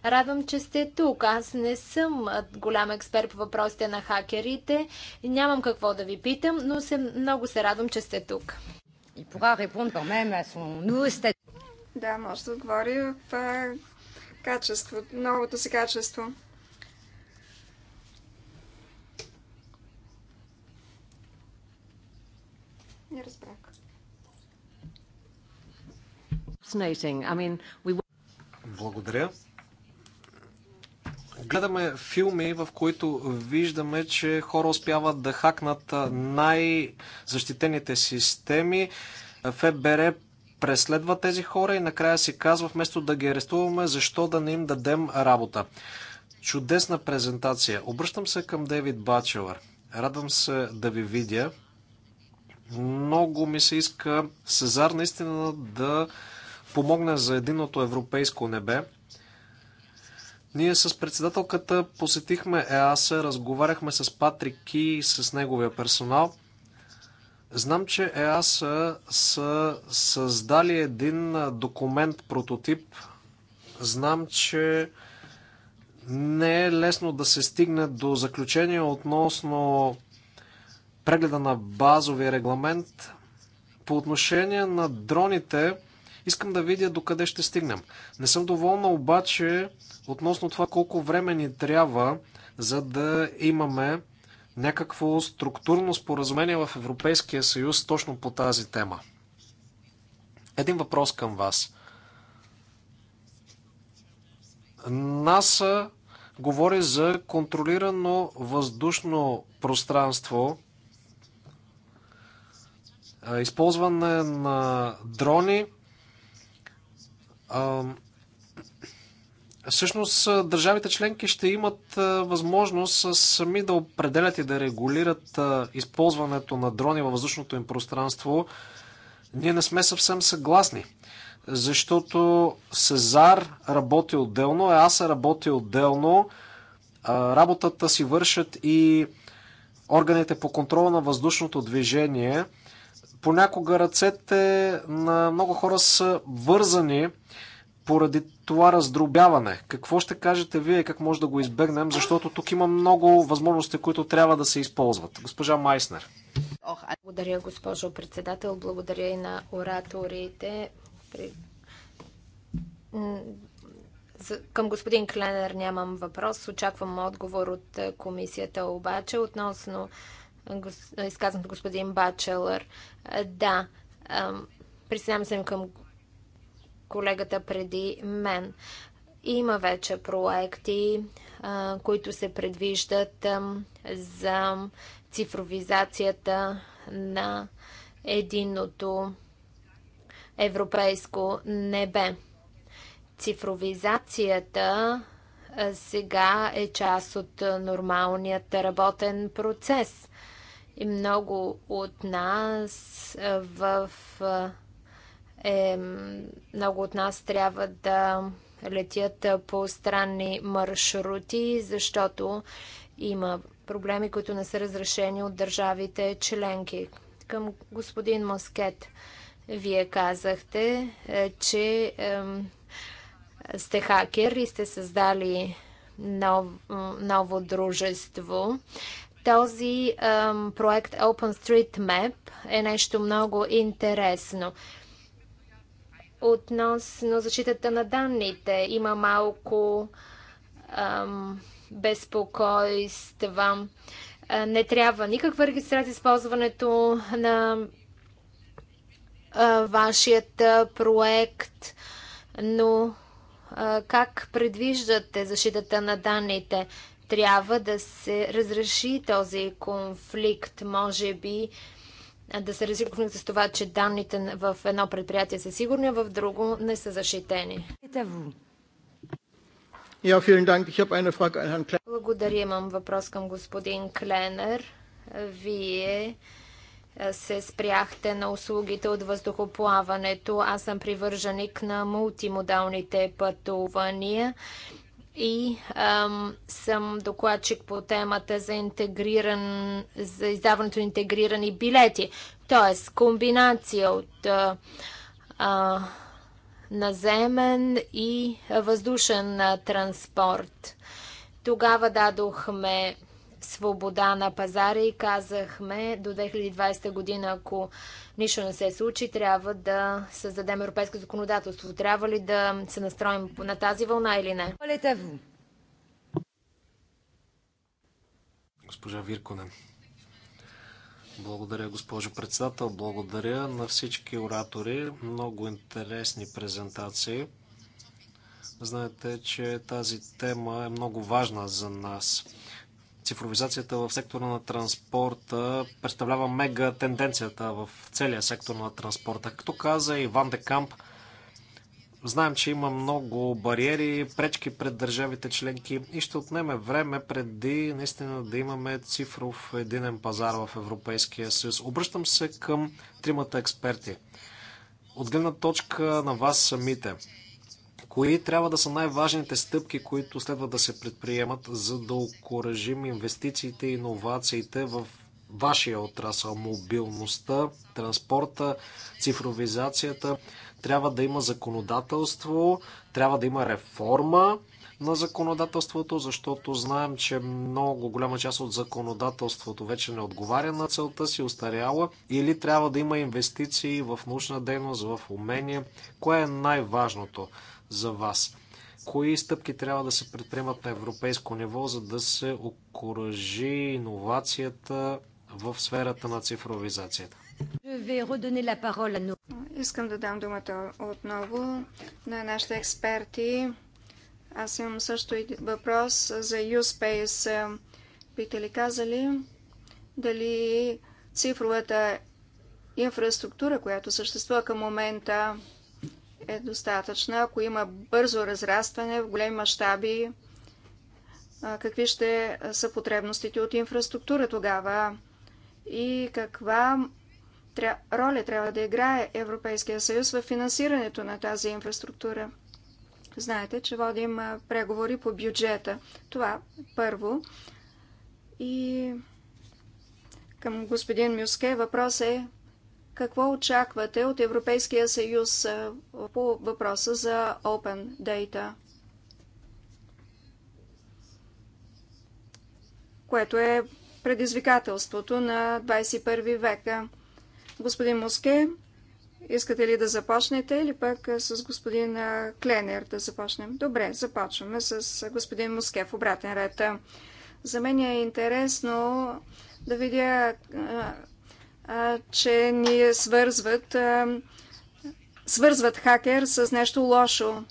Радвам, че сте тук. Аз не съм голям експерт по въпросите на хакерите. Нямам какво да ви питам, но се, много се радвам, че сте тук. И pourra Да, може да отговори в качество, новото си качество. Не разбрах. Благодаря гледаме филми, в които виждаме, че хора успяват да хакнат най-защитените системи. ФБР преследва тези хора и накрая си казва, вместо да ги арестуваме, защо да не им дадем работа. Чудесна презентация. Обръщам се към Дейвид Бачелър. Радвам се да ви видя. Много ми се иска Сезар наистина да помогне за единото европейско небе. Ние с председателката посетихме ЕАСА, разговаряхме с Патрик и с неговия персонал. Знам, че ЕАСА са създали един документ, прототип. Знам, че не е лесно да се стигне до заключение относно прегледа на базовия регламент. По отношение на дроните, Искам да видя докъде ще стигнем. Не съм доволна обаче относно това колко време ни трябва, за да имаме някакво структурно споразумение в Европейския съюз точно по тази тема. Един въпрос към вас. НАСА говори за контролирано въздушно пространство, използване на дрони Всъщност, държавите членки ще имат възможност сами да определят и да регулират използването на дрони във въздушното им пространство. Ние не сме съвсем съгласни, защото Сезар работи отделно, ЕАСА работи отделно, работата си вършат и органите по контрола на въздушното движение – понякога ръцете на много хора са вързани поради това раздробяване. Какво ще кажете вие, как може да го избегнем, защото тук има много възможности, които трябва да се използват. Госпожа Майснер. Ох, благодаря, госпожо председател. Благодаря и на ораторите. Към господин Кленер нямам въпрос. Очаквам отговор от е, комисията обаче относно от господин Бачелър. Е, да, присъединявам се към колегата преди мен. Има вече проекти, които се предвиждат за цифровизацията на единното европейско небе. Цифровизацията сега е част от нормалният работен процес. И много от нас в е, много от нас трябва да летят по странни маршрути, защото има проблеми, които не са разрешени от държавите членки. Към господин Москет, вие казахте, е, че е, сте хакер и сте създали нов, ново дружество. Този ам, проект OpenStreetMap е нещо много интересно. Относно защитата на данните има малко ам, безпокойства. Не трябва никаква регистрация с на а, вашият проект, но а, как предвиждате защитата на данните? трябва да се разреши този конфликт. Може би да се разреши конфликт с това, че данните в едно предприятие са сигурни, а в друго не са защитени. Благодаря. Имам въпрос към господин Кленер. Вие се спряхте на услугите от въздухоплаването. Аз съм привърженик на мултимодалните пътувания и ам, съм докладчик по темата за, интегриран, за издаването на интегрирани билети. Тоест, комбинация от а, а, наземен и въздушен транспорт. Тогава дадохме свобода на пазара и казахме до 2020 година, ако нищо не се случи, трябва да създадем европейско законодателство. Трябва ли да се настроим на тази вълна или не? Госпожа Вирконен. Благодаря, госпожо председател. Благодаря на всички оратори. Много интересни презентации. Знаете, че тази тема е много важна за нас цифровизацията в сектора на транспорта представлява мега тенденцията в целия сектор на транспорта. Като каза Иван Декамп, знаем, че има много бариери, пречки пред държавите членки и ще отнеме време преди наистина да имаме цифров единен пазар в Европейския съюз. Обръщам се към тримата експерти. От гледна точка на вас самите, Кои трябва да са най-важните стъпки, които следва да се предприемат, за да окоръжим инвестициите и иновациите в вашия отрасъл? Мобилността, транспорта, цифровизацията. Трябва да има законодателство, трябва да има реформа на законодателството, защото знаем, че много голяма част от законодателството вече не отговаря на целта си, устаряла, или трябва да има инвестиции в научна дейност, в умения. Кое е най-важното за вас? Кои стъпки трябва да се предприемат на европейско ниво, за да се окоръжи иновацията в сферата на цифровизацията? Искам да дам думата отново на нашите експерти. Аз имам също и въпрос за U-Space. Бихте ли казали дали цифровата инфраструктура, която съществува към момента, е достатъчна, ако има бързо разрастване в големи мащаби, какви ще са потребностите от инфраструктура тогава и каква роля трябва да играе Европейския съюз в финансирането на тази инфраструктура. Знаете, че водим преговори по бюджета. Това първо. И към господин Мюске въпрос е какво очаквате от Европейския съюз по въпроса за Open Data? Което е предизвикателството на 21 века. Господин Муске, искате ли да започнете или пък с господин Кленер да започнем? Добре, започваме с господин Муске в обратен ред. За мен е интересно да видя че ни свързват, свързват хакер с нещо лошо.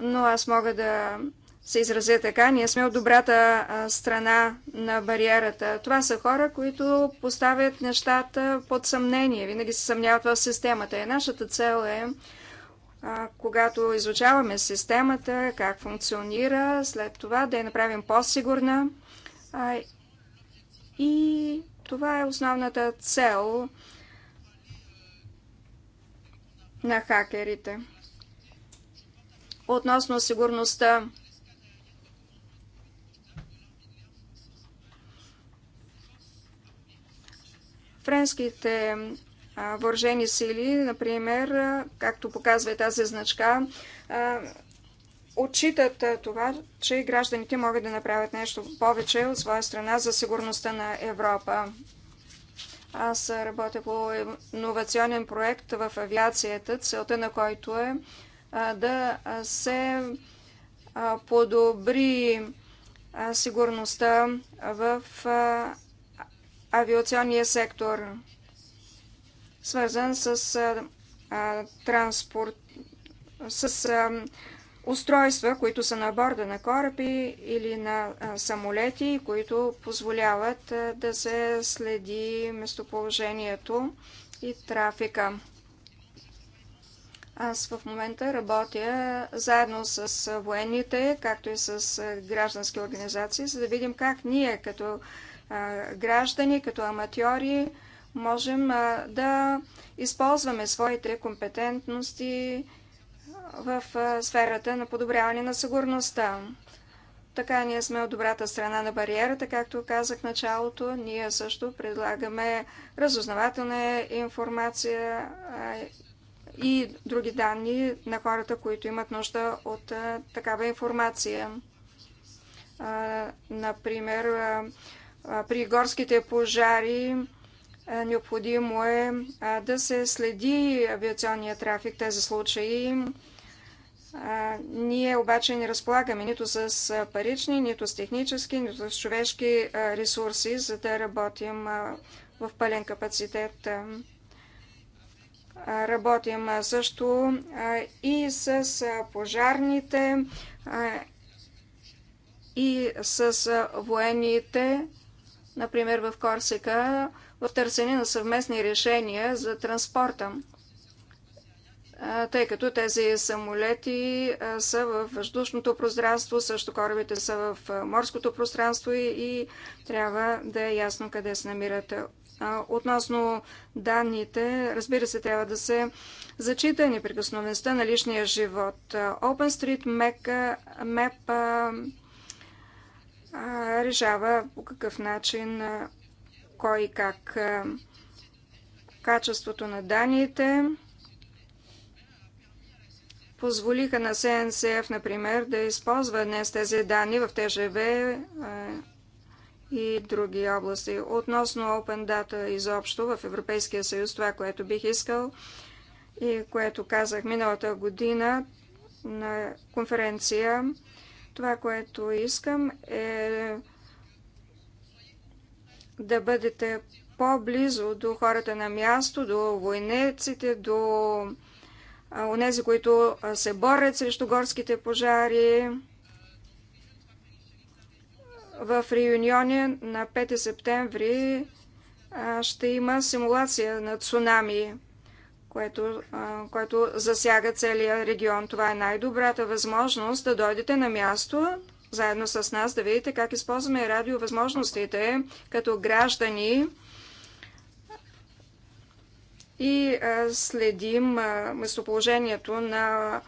Но аз мога да се изразя така. Ние сме от добрата страна на бариерата. Това са хора, които поставят нещата под съмнение. Винаги се съмняват в системата. И нашата цел е, когато изучаваме системата, как функционира, след това да я направим по-сигурна и това е основната цел на хакерите. Относно сигурността, френските въоръжени сили, например, както показва и тази значка, отчитат това, че гражданите могат да направят нещо повече от своя страна за сигурността на Европа. Аз работя по инновационен проект в авиацията, целта на който е да се подобри сигурността в авиационния сектор, свързан с транспорт, с устройства, които са на борда на кораби или на самолети, които позволяват да се следи местоположението и трафика. Аз в момента работя заедно с военните, както и с граждански организации, за да видим как ние като граждани, като аматьори, можем да използваме своите компетентности в сферата на подобряване на сигурността. Така ние сме от добрата страна на бариерата, както казах в началото. Ние също предлагаме разузнавателна информация и други данни на хората, които имат нужда от такава информация. Например, при горските пожари необходимо е да се следи авиационния трафик тези случаи ние обаче не разполагаме нито с парични, нито с технически, нито с човешки ресурси, за да работим в пълен капацитет. Работим също и с пожарните, и с военните, например в Корсика, в търсене на съвместни решения за транспорта тъй като тези самолети са в въздушното пространство, също корабите са в морското пространство и, и трябва да е ясно къде се намират. Относно данните, разбира се, трябва да се зачита неприкосновеността на личния живот. OpenStreetMap решава по какъв начин, кой и как качеството на данните позволиха на СНСФ, например, да използва днес тези данни в ТЖВ е, и други области. Относно Open Data изобщо в Европейския съюз, това, което бих искал и което казах миналата година на конференция, това, което искам е да бъдете по-близо до хората на място, до войнеците, до онези, които се борят срещу горските пожари. В реюниони на 5 септември ще има симулация на цунами, което, което засяга целия регион. Това е най-добрата възможност да дойдете на място, заедно с нас, да видите как използваме радиовъзможностите като граждани, и следим местоположението на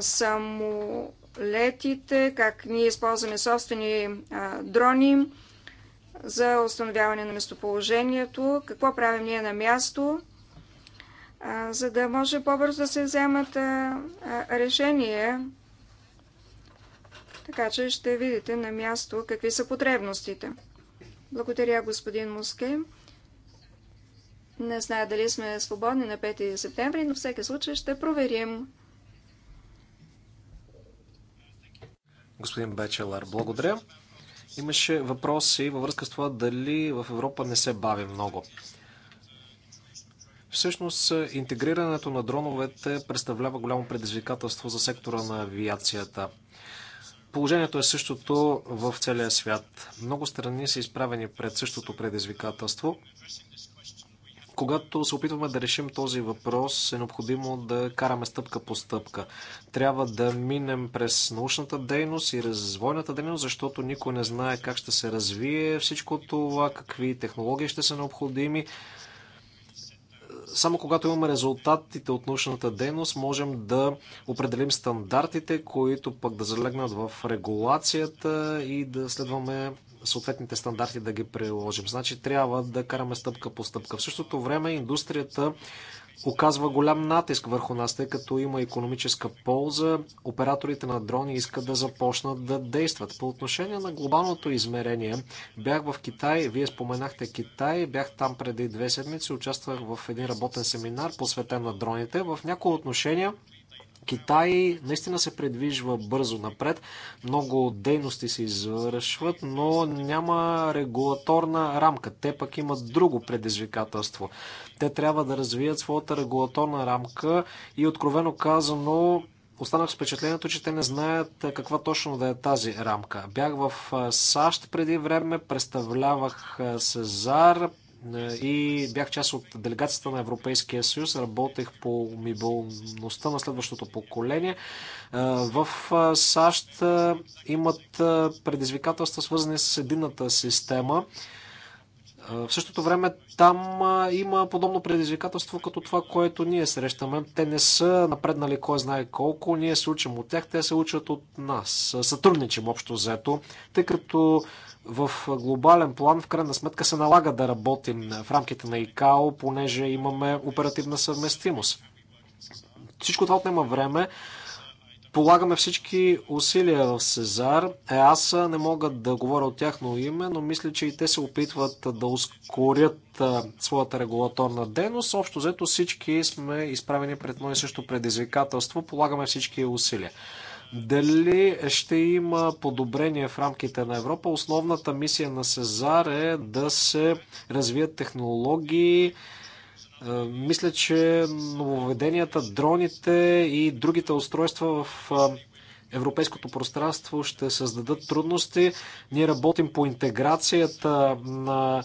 самолетите, как ние използваме собствени дрони за установяване на местоположението, какво правим ние на място, за да може по-бързо да се вземат решения. Така че ще видите на място какви са потребностите. Благодаря, господин Муске. Не зная дали сме свободни на 5 септември, но всеки случай ще проверим. Господин Бечелар, благодаря. Имаше въпроси във връзка с това дали в Европа не се бави много. Всъщност, интегрирането на дроновете представлява голямо предизвикателство за сектора на авиацията. Положението е същото в целия свят. Много страни са изправени пред същото предизвикателство. Когато се опитваме да решим този въпрос, е необходимо да караме стъпка по стъпка. Трябва да минем през научната дейност и развойната дейност, защото никой не знае как ще се развие всичко това, какви технологии ще са необходими. Само когато имаме резултатите от научната дейност, можем да определим стандартите, които пък да залегнат в регулацията и да следваме съответните стандарти да ги приложим. Значи трябва да караме стъпка по стъпка. В същото време индустрията оказва голям натиск върху нас, тъй като има економическа полза. Операторите на дрони искат да започнат да действат. По отношение на глобалното измерение, бях в Китай, вие споменахте Китай, бях там преди две седмици, участвах в един работен семинар, посветен на дроните. В някои отношения Китай наистина се предвижва бързо напред, много дейности се извършват, но няма регулаторна рамка. Те пък имат друго предизвикателство. Те трябва да развият своята регулаторна рамка и откровено казано останах с впечатлението, че те не знаят каква точно да е тази рамка. Бях в САЩ преди време, представлявах Сезар, е, и бях част от делегацията на Европейския съюз, работех по мобилността на следващото поколение. Е, в е, САЩ имат предизвикателства, свързани с единната система. В същото време там има подобно предизвикателство като това, което ние срещаме. Те не са напреднали кой знае колко, ние се учим от тях, те се учат от нас. Сътрудничим общо взето, тъй като в глобален план в крайна сметка се налага да работим в рамките на ИКАО, понеже имаме оперативна съвместимост. Всичко това отнема време. Полагаме всички усилия в Сезар. Е, аз не мога да говоря от тяхно име, но мисля, че и те се опитват да ускорят своята регулаторна дейност. Общо взето всички сме изправени пред едно и също предизвикателство. Полагаме всички усилия. Дали ще има подобрение в рамките на Европа? Основната мисия на Сезар е да се развият технологии. Е, мисля, че нововведенията, дроните и другите устройства в е, европейското пространство ще създадат трудности. Ние работим по интеграцията на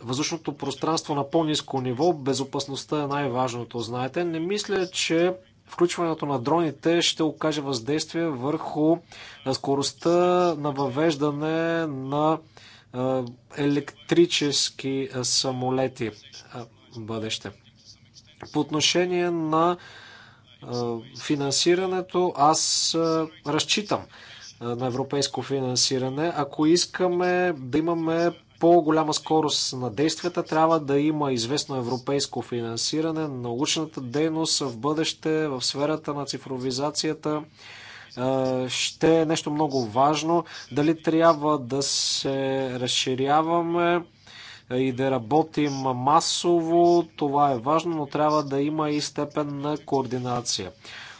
въздушното пространство на по-низко ниво. Безопасността е най-важното, знаете. Не мисля, че Включването на дроните ще окаже въздействие върху скоростта на въвеждане на електрически самолети в бъдеще. По отношение на финансирането, аз разчитам на европейско финансиране. Ако искаме да имаме по-голяма скорост на действията трябва да има известно европейско финансиране. Научната дейност в бъдеще в сферата на цифровизацията ще е нещо много важно. Дали трябва да се разширяваме и да работим масово, това е важно, но трябва да има и степен на координация.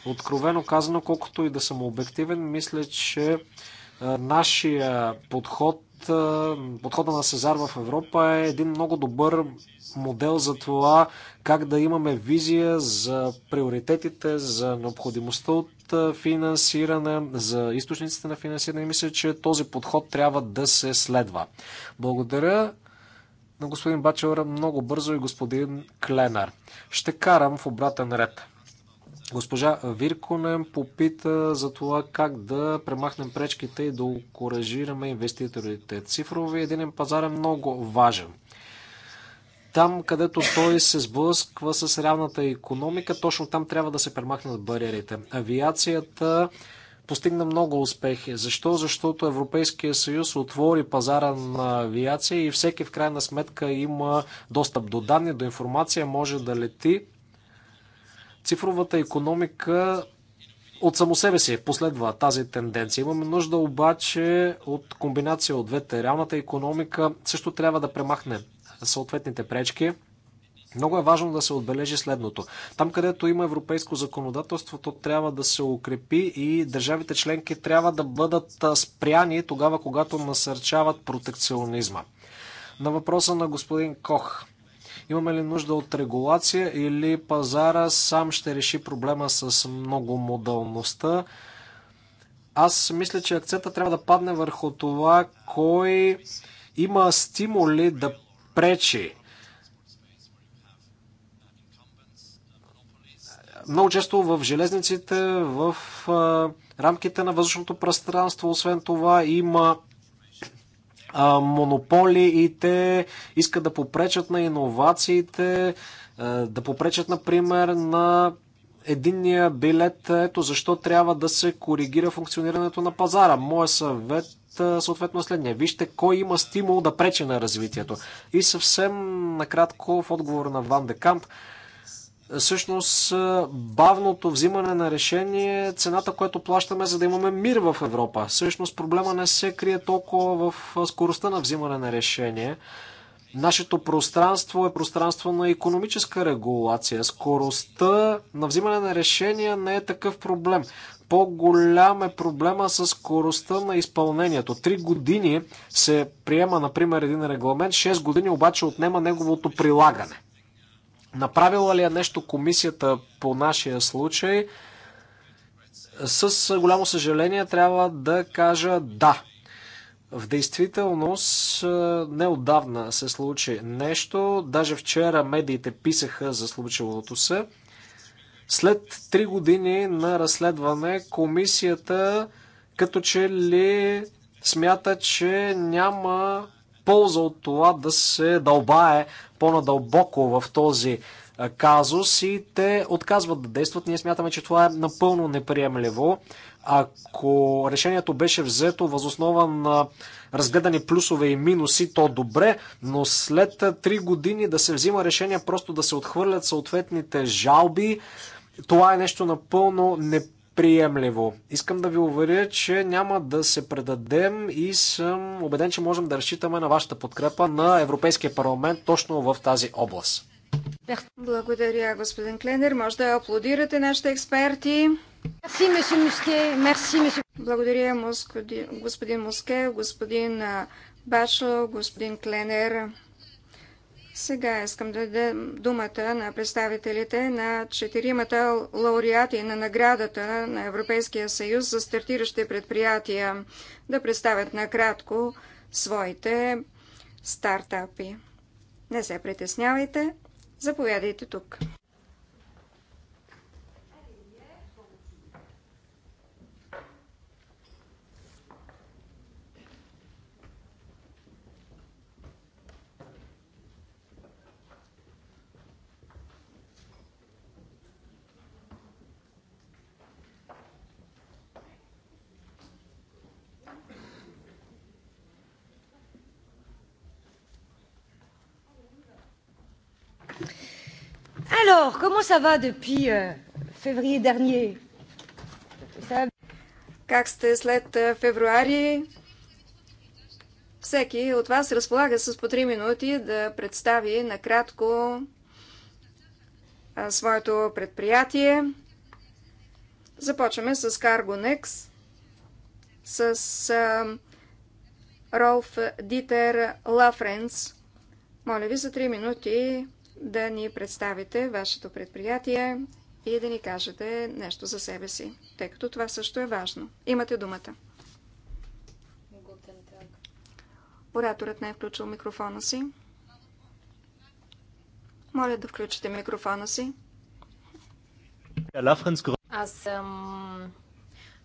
Откровено казано, колкото и да съм обективен, мисля, че нашия подход подхода на Сезар в Европа е един много добър модел за това как да имаме визия за приоритетите, за необходимостта от финансиране, за източниците на финансиране. Мисля, че този подход трябва да се следва. Благодаря на господин Бачелър много бързо и господин Кленар. Ще карам в обратен ред. Госпожа Вирконен попита за това как да премахнем пречките и да окоражираме инвеститорите. Цифрови единен пазар е много важен. Там, където той се сблъсква с реалната економика, точно там трябва да се премахнат бариерите. Авиацията постигна много успехи. Защо? Защото Европейския съюз отвори пазара на авиация и всеки в крайна сметка има достъп до данни, до информация, може да лети Цифровата економика от само себе си е последва тази тенденция. Имаме нужда обаче от комбинация от двете. Реалната економика също трябва да премахне съответните пречки. Много е важно да се отбележи следното. Там, където има европейско законодателство, то трябва да се укрепи и държавите членки трябва да бъдат спряни тогава, когато насърчават протекционизма. На въпроса на господин Кох. Имаме ли нужда от регулация или пазара сам ще реши проблема с много модалността. Аз мисля, че акцента трябва да падне върху това, кой има стимули да пречи. Много често в железниците, в рамките на въздушното пространство, освен това, има монополи и те искат да попречат на иновациите, да попречат, например, на единния билет. Ето защо трябва да се коригира функционирането на пазара. Моя съвет съответно е следния. Вижте кой има стимул да пречи на развитието. И съвсем накратко в отговор на Ван Декамп. Камп всъщност бавното взимане на решение е цената, която плащаме, за да имаме мир в Европа. Всъщност проблема не се крие толкова в скоростта на взимане на решение. Нашето пространство е пространство на економическа регулация. Скоростта на взимане на решения не е такъв проблем. По-голям е проблема с скоростта на изпълнението. Три години се приема, например, един регламент, 6 години обаче отнема неговото прилагане. Направила ли е нещо комисията по нашия случай? С голямо съжаление трябва да кажа да. В действителност е, неодавна се случи нещо. Даже вчера медиите писаха за случилото се. След 3 години на разследване, комисията като че ли смята, че няма полза от това да се дълбае по-надълбоко в този казус и те отказват да действат. Ние смятаме, че това е напълно неприемливо. Ако решението беше взето възоснова на разгледани плюсове и минуси, то добре, но след 3 години да се взима решение просто да се отхвърлят съответните жалби, това е нещо напълно неприемливо приемливо. Искам да ви уверя, че няма да се предадем и съм убеден, че можем да разчитаме на вашата подкрепа на Европейския парламент точно в тази област. Благодаря, господин Кленер. Може да аплодирате нашите експерти. Благодаря, господин Муске, господин Башо, господин Кленер. Сега искам да дадем думата на представителите на четиримата лауреати на наградата на Европейския съюз за стартиращи предприятия да представят накратко своите стартапи. Не се притеснявайте, заповядайте тук. Alors, comment ça va depuis euh, février dernier ça... Как сте след е, февруари? Всеки от вас разполага с по 3 минути да представи накратко е, своето предприятие. Започваме с CargoNex, с uh, Ролф Дитер Лафренс. Моля ви за 3 минути да ни представите вашето предприятие и да ни кажете нещо за себе си, тъй като това също е важно. Имате думата. Ораторът не е включил микрофона си. Моля да включите микрофона си. Аз съм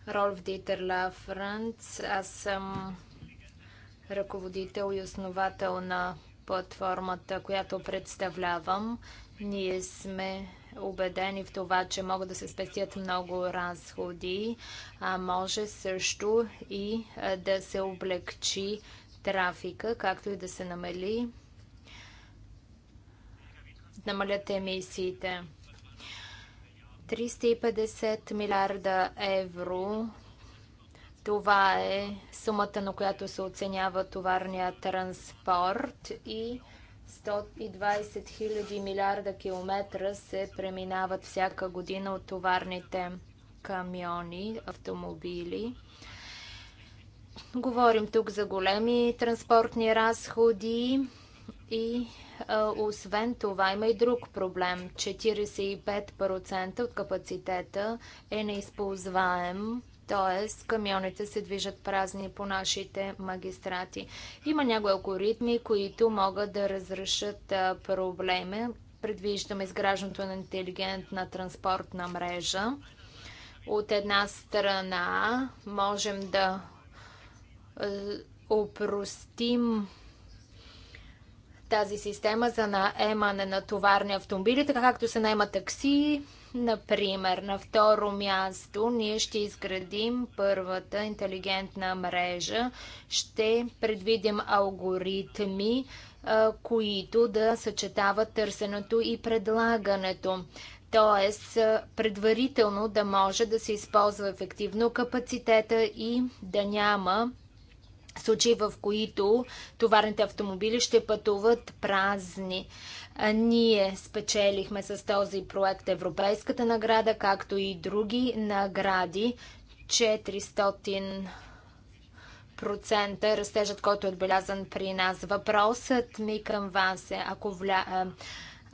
Ролф Дитер Лафранц. Аз съм ръководител и основател на платформата, която представлявам, ние сме убедени в това, че могат да се спестят много разходи, а може също и да се облегчи трафика, както и да се намали намалят емисиите. 350 милиарда евро това е сумата, на която се оценява товарния транспорт и 120 000 милиарда километра се преминават всяка година от товарните камиони, автомобили. Говорим тук за големи транспортни разходи и а, освен това има и друг проблем. 45% от капацитета е неизползваем т.е. камионите се движат празни по нашите магистрати. Има някои алгоритми, които могат да разрешат проблеми. Предвиждаме изграждането на интелигентна транспортна мрежа. От една страна можем да опростим тази система за наемане на товарни автомобили, така както се наема такси, Например, на второ място ние ще изградим първата интелигентна мрежа, ще предвидим алгоритми, които да съчетават търсенето и предлагането. Т.е. предварително да може да се използва ефективно капацитета и да няма случаи, в които товарните автомобили ще пътуват празни. Ние спечелихме с този проект Европейската награда, както и други награди. 400 растежът, който е отбелязан при нас. Въпросът ми към вас е, ако, вля...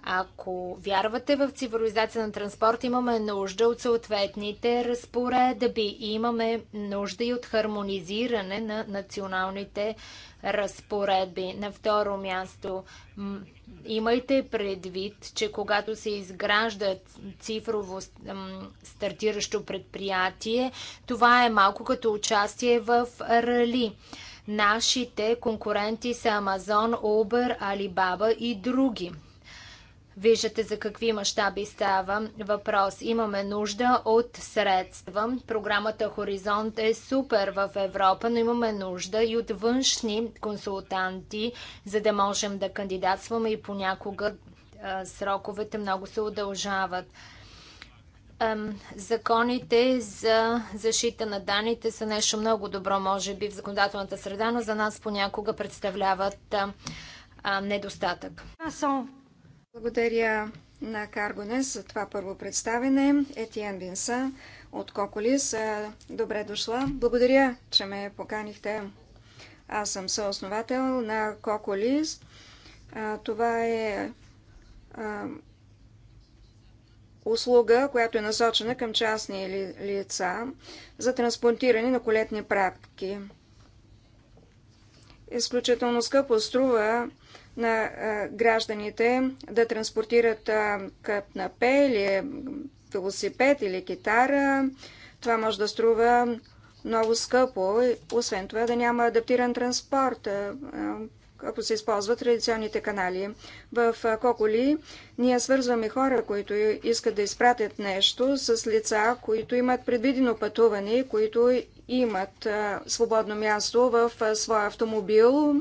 ако вярвате в цивилизация на транспорт, имаме нужда от съответните разпоредби. Имаме нужда и от хармонизиране на националните разпоредби. На второ място, имайте предвид, че когато се изгражда цифрово стартиращо предприятие, това е малко като участие в рали. Нашите конкуренти са Amazon, Uber, Alibaba и други. Виждате за какви мащаби става въпрос. Имаме нужда от средства. Програмата Хоризонт е супер в Европа, но имаме нужда и от външни консултанти, за да можем да кандидатстваме и понякога а, сроковете много се удължават. Законите за защита на данните са нещо много добро, може би, в законодателната среда, но за нас понякога представляват а, недостатък. Благодаря на Каргонес за това първо представене. Етиен Винса от Коколис. Добре дошла. Благодаря, че ме поканихте. Аз съм съосновател на Коколис. Това е услуга, която е насочена към частни лица за трансплантиране на колетни пратки. Изключително скъпо струва на гражданите да транспортират капнапе или велосипед или китара. Това може да струва много скъпо, освен това да няма адаптиран транспорт, ако се използват традиционните канали. В Коколи ние свързваме хора, които искат да изпратят нещо с лица, които имат предвидено пътуване, които имат свободно място в своя автомобил,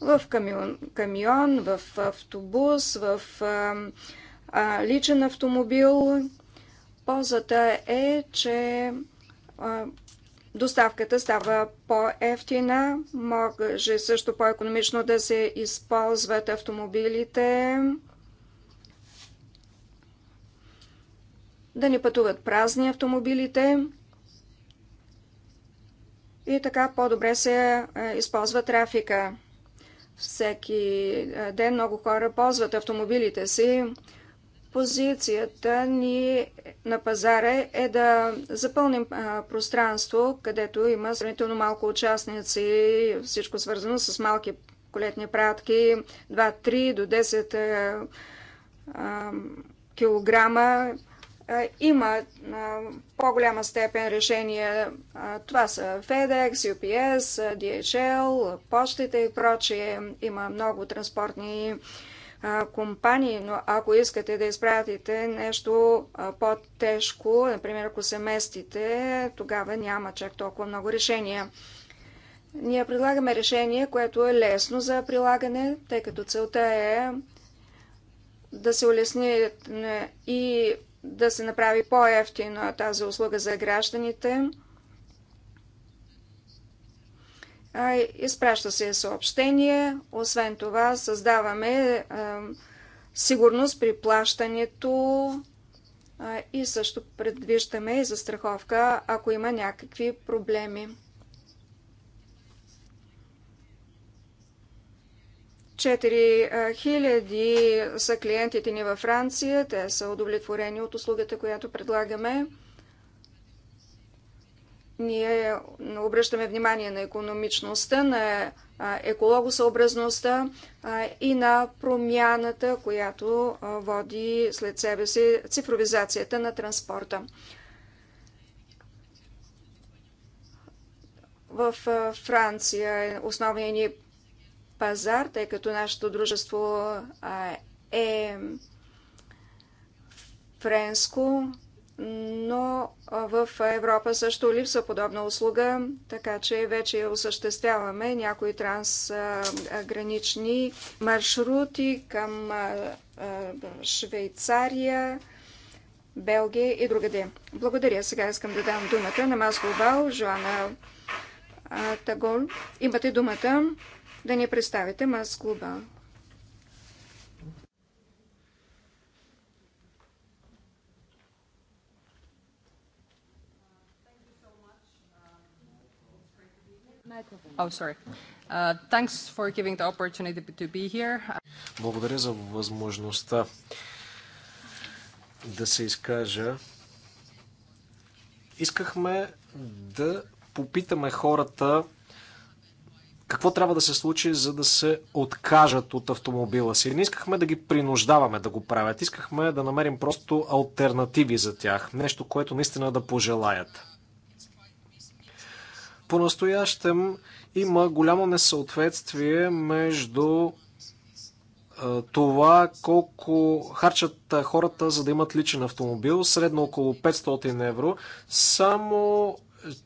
в камион, камион в автобус, в а, а, личен автомобил. Ползата е, че а, доставката става по-ефтина, може също по-економично да се използват автомобилите, да не пътуват празни автомобилите и така по-добре се използва трафика. Всеки ден много хора ползват автомобилите си. Позицията ни на пазара е да запълним пространство, където има сравнително малко участници, всичко свързано с малки колетни пратки, 2-3 до 10 килограма. Има по-голяма степен решения. Това са FedEx, UPS, DHL, почтите и прочие. Има много транспортни компании, но ако искате да изпратите нещо по-тежко, например ако се местите, тогава няма чак толкова много решения. Ние предлагаме решение, което е лесно за прилагане, тъй като целта е да се улесни и да се направи по-ефтино тази услуга за гражданите. Изпраща се съобщение. Освен това, създаваме сигурност при плащането и също предвиждаме и застраховка, ако има някакви проблеми. 4000 са клиентите ни във Франция. Те са удовлетворени от услугата, която предлагаме. Ние обръщаме внимание на економичността, на екологосъобразността и на промяната, която води след себе си цифровизацията на транспорта. В Франция основният ни пазар, тъй като нашето дружество е френско, но в Европа също липсва подобна услуга, така че вече осъществяваме някои трансгранични маршрути към Швейцария, Белгия и другаде. Благодаря. Сега искам да дам думата на Масло Бал, Жоана Тагол. Имате думата да ни представите Мас Клуба. Oh, uh, Благодаря за възможността да се изкажа. Искахме да попитаме хората какво трябва да се случи, за да се откажат от автомобила си. Не искахме да ги принуждаваме да го правят. Искахме да намерим просто альтернативи за тях. Нещо, което наистина да пожелаят. По-настоящем има голямо несъответствие между това колко харчат хората, за да имат личен автомобил, средно около 500 евро. Само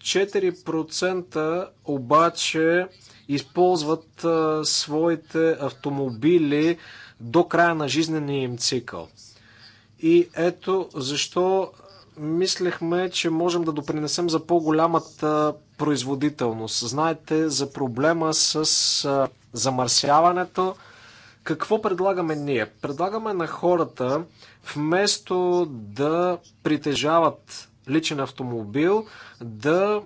4% обаче използват своите автомобили до края на жизнения им цикъл. И ето защо мислехме, че можем да допринесем за по-голямата производителност. Знаете за проблема с замърсяването. Какво предлагаме ние? Предлагаме на хората, вместо да притежават личен автомобил, да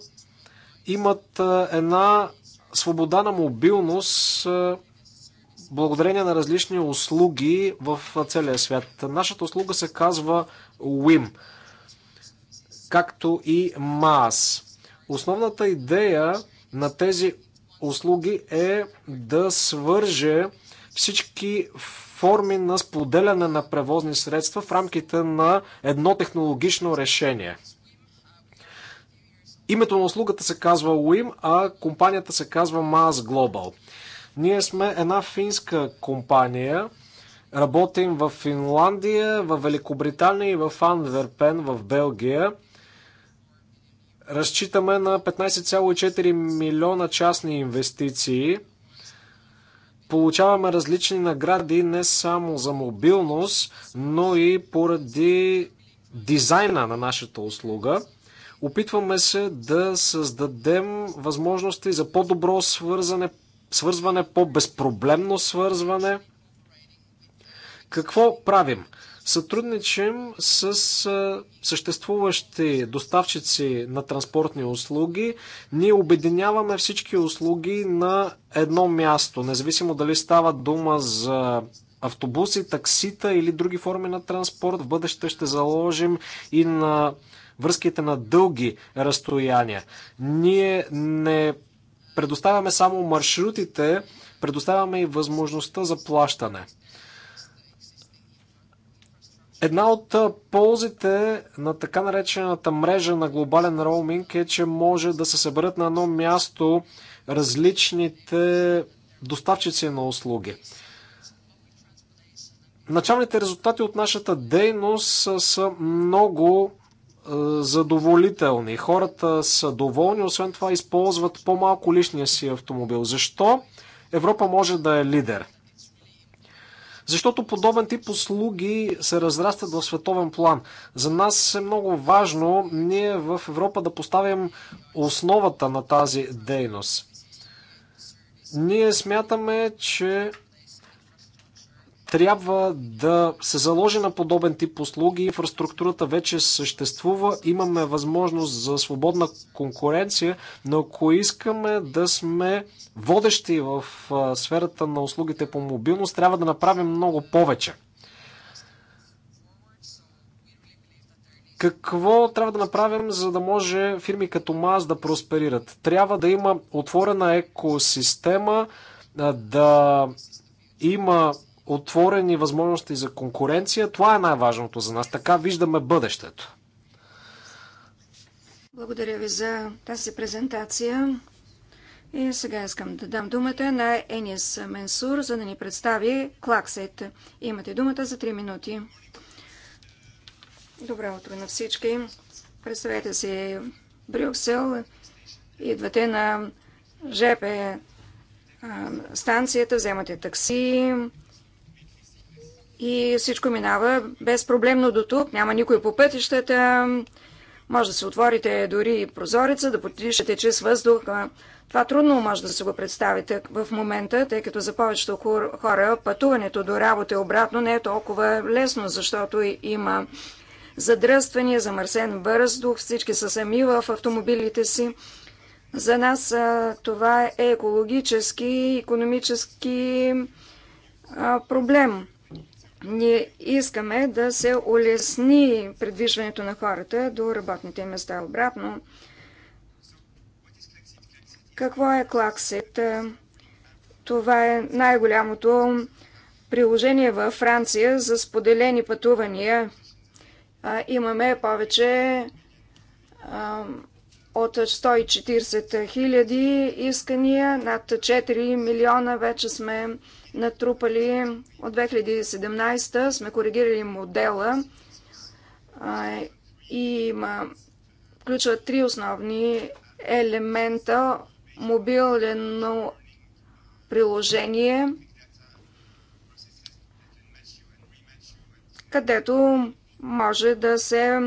имат една свобода на мобилност благодарение на различни услуги в целия свят. Нашата услуга се казва WIM, както и MAS. Основната идея на тези услуги е да свърже всички форми на споделяне на превозни средства в рамките на едно технологично решение – Името на услугата се казва WIM, а компанията се казва Mass Global. Ние сме една финска компания. Работим в Финландия, в Великобритания и в Анверпен в Белгия. Разчитаме на 15,4 милиона частни инвестиции. Получаваме различни награди не само за мобилност, но и поради дизайна на нашата услуга – Опитваме се да създадем възможности за по-добро свързане, свързване, по-безпроблемно свързване. Какво правим? Сътрудничим с съществуващи доставчици на транспортни услуги. Ние обединяваме всички услуги на едно място, независимо дали става дума за автобуси, таксита или други форми на транспорт. В бъдеще ще заложим и на връзките на дълги разстояния. Ние не предоставяме само маршрутите, предоставяме и възможността за плащане. Една от ползите на така наречената мрежа на глобален роуминг е, че може да се съберат на едно място различните доставчици на услуги. Началните резултати от нашата дейност са много задоволителни. Хората са доволни, освен това използват по-малко личния си автомобил. Защо Европа може да е лидер? Защото подобен тип услуги се разрастат в световен план. За нас е много важно ние в Европа да поставим основата на тази дейност. Ние смятаме, че трябва да се заложи на подобен тип услуги. Инфраструктурата вече съществува, имаме възможност за свободна конкуренция, но ако искаме да сме водещи в сферата на услугите по мобилност, трябва да направим много повече. Какво трябва да направим, за да може фирми като МАЗ да просперират? Трябва да има отворена екосистема, да има отворени възможности за конкуренция. Това е най-важното за нас. Така виждаме бъдещето. Благодаря ви за тази презентация. И сега искам да дам думата на Енис Менсур, за да ни представи Клаксет. Имате думата за 3 минути. Добро утро на всички. Представете си Брюксел. Идвате на ЖП станцията, вземате такси, и всичко минава безпроблемно до тук. Няма никой по пътищата. Може да се отворите дори прозореца, да потишете чрез въздух. Това трудно може да се го представите в момента, тъй като за повечето хора пътуването до работа и обратно не е толкова лесно, защото има задръствания, замърсен въздух, всички са сами в автомобилите си. За нас това е екологически, економически проблем. Ние искаме да се улесни предвижването на хората до работните места обратно. Какво е Клаксит? Това е най-голямото приложение във Франция за споделени пътувания. Имаме повече от 140 хиляди искания, над 4 милиона вече сме натрупали. От 2017 сме коригирали модела и има, включва три основни елемента. Мобилно приложение, където може да се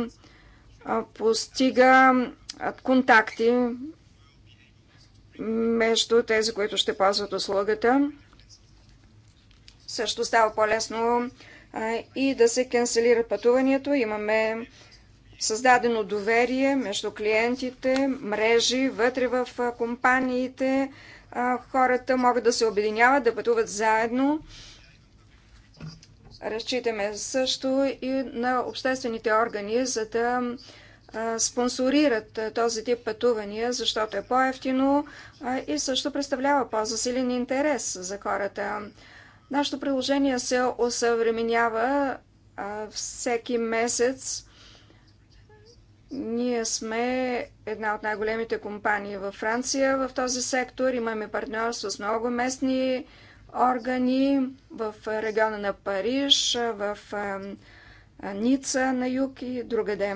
постига контакти между тези, които ще ползват услугата. Също става по-лесно и да се канцелират пътуването. Имаме създадено доверие между клиентите, мрежи, вътре в компаниите. Хората могат да се обединяват, да пътуват заедно. Разчитаме също и на обществените органи, за да спонсорират този тип пътувания, защото е по-ефтино и също представлява по-засилен интерес за хората. Нашето приложение се осъвременява всеки месец. Ние сме една от най-големите компании във Франция в този сектор. Имаме партньорство с много местни органи в региона на Париж, в Ница на юг и другаде.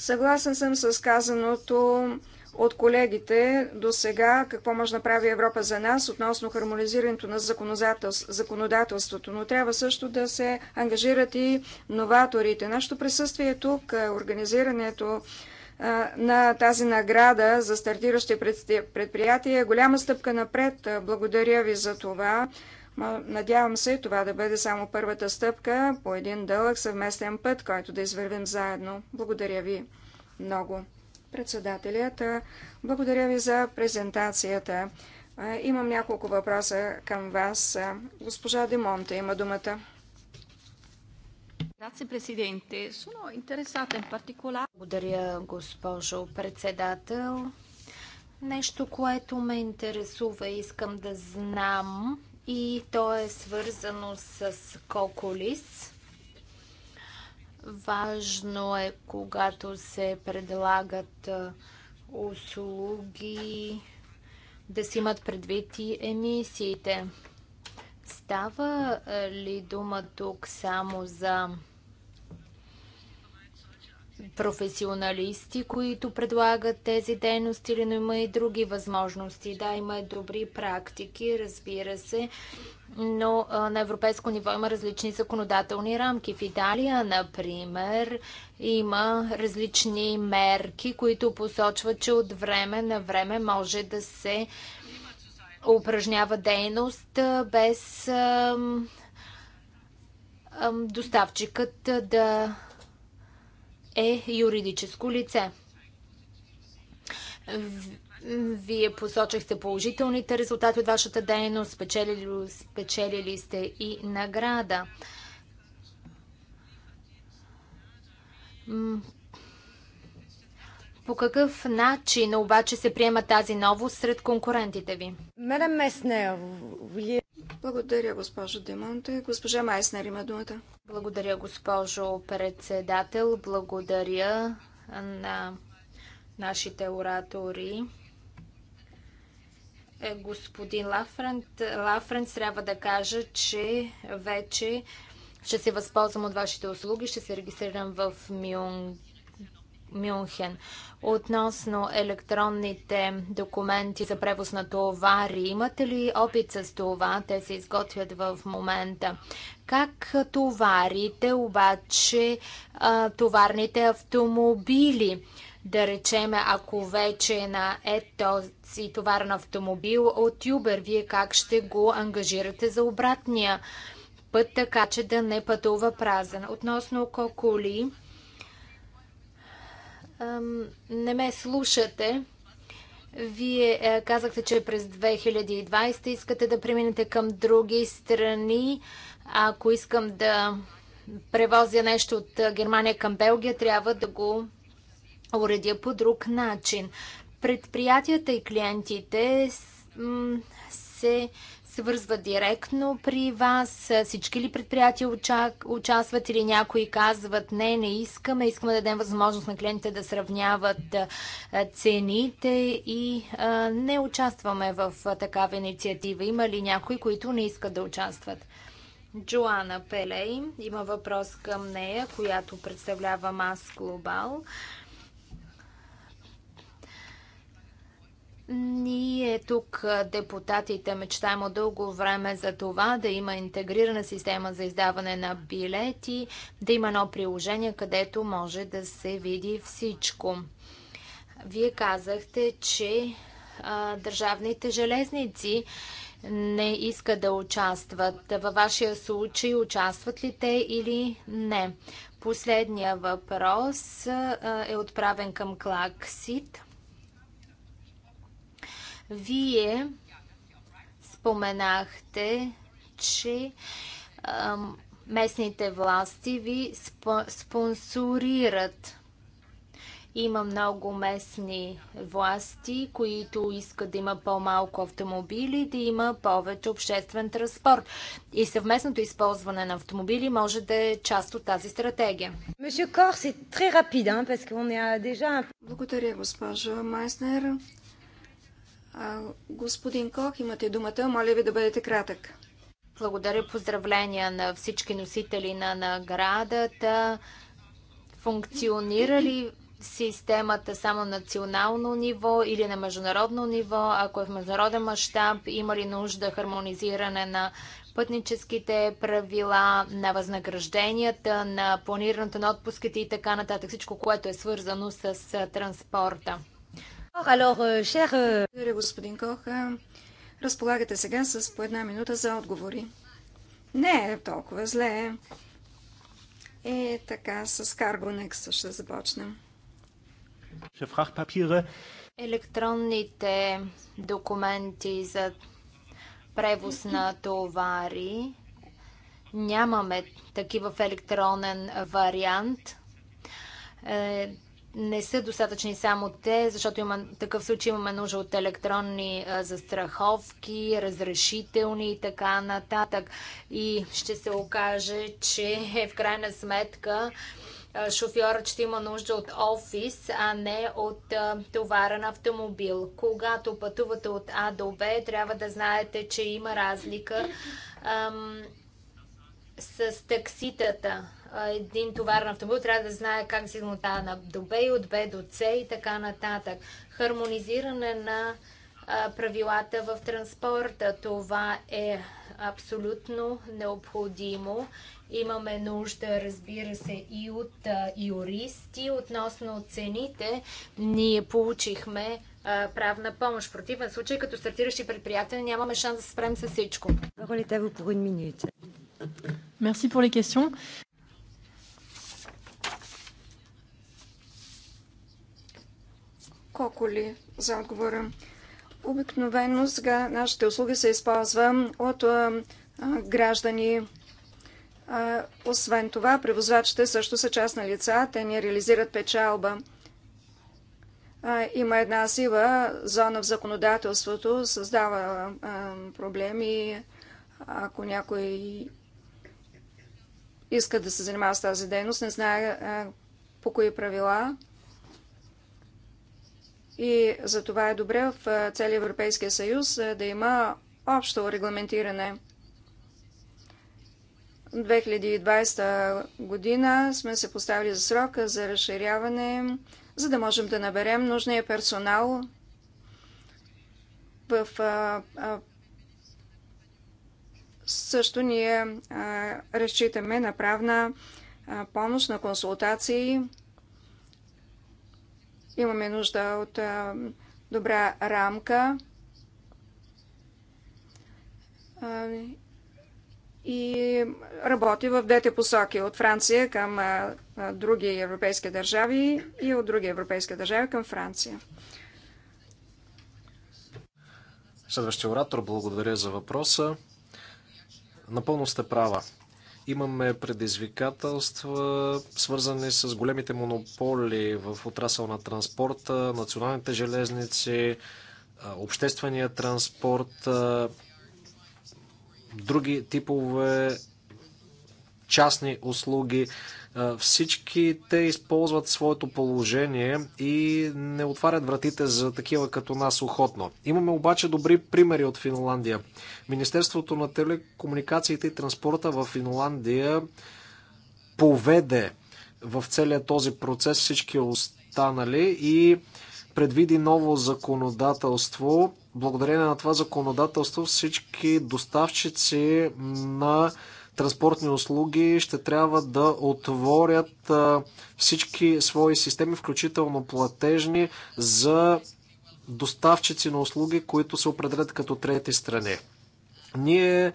Съгласен съм с казаното от колегите до сега какво може да прави Европа за нас относно хармонизирането на законодателството, но трябва също да се ангажират и новаторите. Нашето присъствие е тук, е организирането на тази награда за стартиращи предприятия е голяма стъпка напред. Благодаря ви за това. Надявам се това да бъде само първата стъпка по един дълъг съвместен път, който да извървим заедно. Благодаря ви много. Председателят, благодаря ви за презентацията. Имам няколко въпроса към вас. Госпожа Демонте има думата. Благодаря, госпожо председател. Нещо, което ме интересува, искам да знам и то е свързано с коколис. Важно е, когато се предлагат услуги, да си имат предвид и емисиите. Става ли дума тук само за професионалисти, които предлагат тези дейности, но има и други възможности. Да, има и добри практики, разбира се, но на европейско ниво има различни законодателни рамки. В Италия, например, има различни мерки, които посочват, че от време на време може да се упражнява дейност без доставчикът да е юридическо лице. Вие посочихте положителните резултати от вашата дейност, спечелили, спечелили сте и награда по какъв начин обаче се приема тази новост сред конкурентите ви? Мадам Меснер, Благодаря, госпожо Демонте. Госпожа Майснер има думата. Благодаря, госпожо председател. Благодаря на нашите оратори. Е, господин Лафрент, Лафрент трябва да кажа, че вече ще се възползвам от вашите услуги, ще се регистрирам в Мюнг Мюнхен. Относно електронните документи за превоз на товари, имате ли опит с това? Те се изготвят в момента. Как товарите, обаче, товарните автомобили? Да речеме, ако вече е на ето си товар на автомобил от Юбер, вие как ще го ангажирате за обратния път, така че да не пътува празен? Относно коколи, не ме слушате. Вие е, казахте, че през 2020 искате да преминете към други страни. Ако искам да превозя нещо от е, Германия към Белгия, трябва да го уредя по друг начин. Предприятията и клиентите се Свързва директно при вас? Всички ли предприятия участват или някои казват не, не искаме, искаме да дадем възможност на клиентите да сравняват цените и не участваме в такава инициатива? Има ли някои, които не искат да участват? Джоана Пелей има въпрос към нея, която представлява Мас Глобал. Ние тук, депутатите, мечтаем от дълго време за това да има интегрирана система за издаване на билети, да има едно приложение, където може да се види всичко. Вие казахте, че а, държавните железници не искат да участват. Във вашия случай участват ли те или не? Последния въпрос а, е отправен към Клаксит. Вие споменахте, че местните власти ви спонсорират. Има много местни власти, които искат да има по-малко автомобили, да има повече обществен транспорт. И съвместното използване на автомобили може да е част от тази стратегия. Благодаря, госпожа Майснер господин Кох, имате думата. Моля ви да бъдете кратък. Благодаря. Поздравления на всички носители на наградата. Функционира ли системата само национално ниво или на международно ниво? Ако е в международен мащаб, има ли нужда хармонизиране на пътническите правила, на възнагражденията, на планирането на отпуските и така нататък. Всичко, което е свързано с транспорта. Euh, euh, Благодаря, господин Кох. Е, разполагате сега с по една минута за отговори. Не е толкова зле. Е, така, с Carbonex ще започнем. Електронните документи за превоз на товари. Нямаме такива в електронен вариант. Е, не са достатъчни само те, защото има, такъв случай имаме нужда от електронни застраховки, разрешителни и така нататък. И ще се окаже, че е в крайна сметка шофьорът ще има нужда от офис, а не от товарен автомобил. Когато пътувате от А до Б, трябва да знаете, че има разлика ам, с такситата един товарен автомобил трябва да знае как се измотава на до Б и от Б до С и така нататък. Хармонизиране на правилата в транспорта. Това е абсолютно необходимо. Имаме нужда, разбира се, и от юристи относно цените. Ние получихме правна помощ. В противен случай, като стартиращи предприятия, нямаме шанс да се справим с всичко. Благодаря ви по една минута. Merci pour les questions. Коколи за отговора. Обикновено сега нашите услуги се използва от граждани. Освен това, превозвачите също са част на лица, те не реализират печалба. Има една сива зона в законодателството, създава проблеми, ако някой иска да се занимава с тази дейност, не знае по кои правила и за това е добре в целия Европейския съюз да има общо регламентиране. 2020 година сме се поставили за срока за разширяване, за да можем да наберем нужния персонал в също ние а, разчитаме на правна а, помощ, на консултации Имаме нужда от добра рамка и работи в двете посоки от Франция към други европейски държави и от други европейски държави към Франция. Следващия оратор, благодаря за въпроса. Напълно сте права. Имаме предизвикателства, свързани с големите монополи в отрасъл на транспорта, националните железници, обществения транспорт, други типове частни услуги. Всички те използват своето положение и не отварят вратите за такива като нас охотно. Имаме обаче добри примери от Финландия. Министерството на телекомуникациите и транспорта в Финландия поведе в целия този процес всички останали и предвиди ново законодателство. Благодарение на това законодателство всички доставчици на транспортни услуги ще трябва да отворят всички свои системи, включително платежни, за доставчици на услуги, които се определят като трети страни. Ние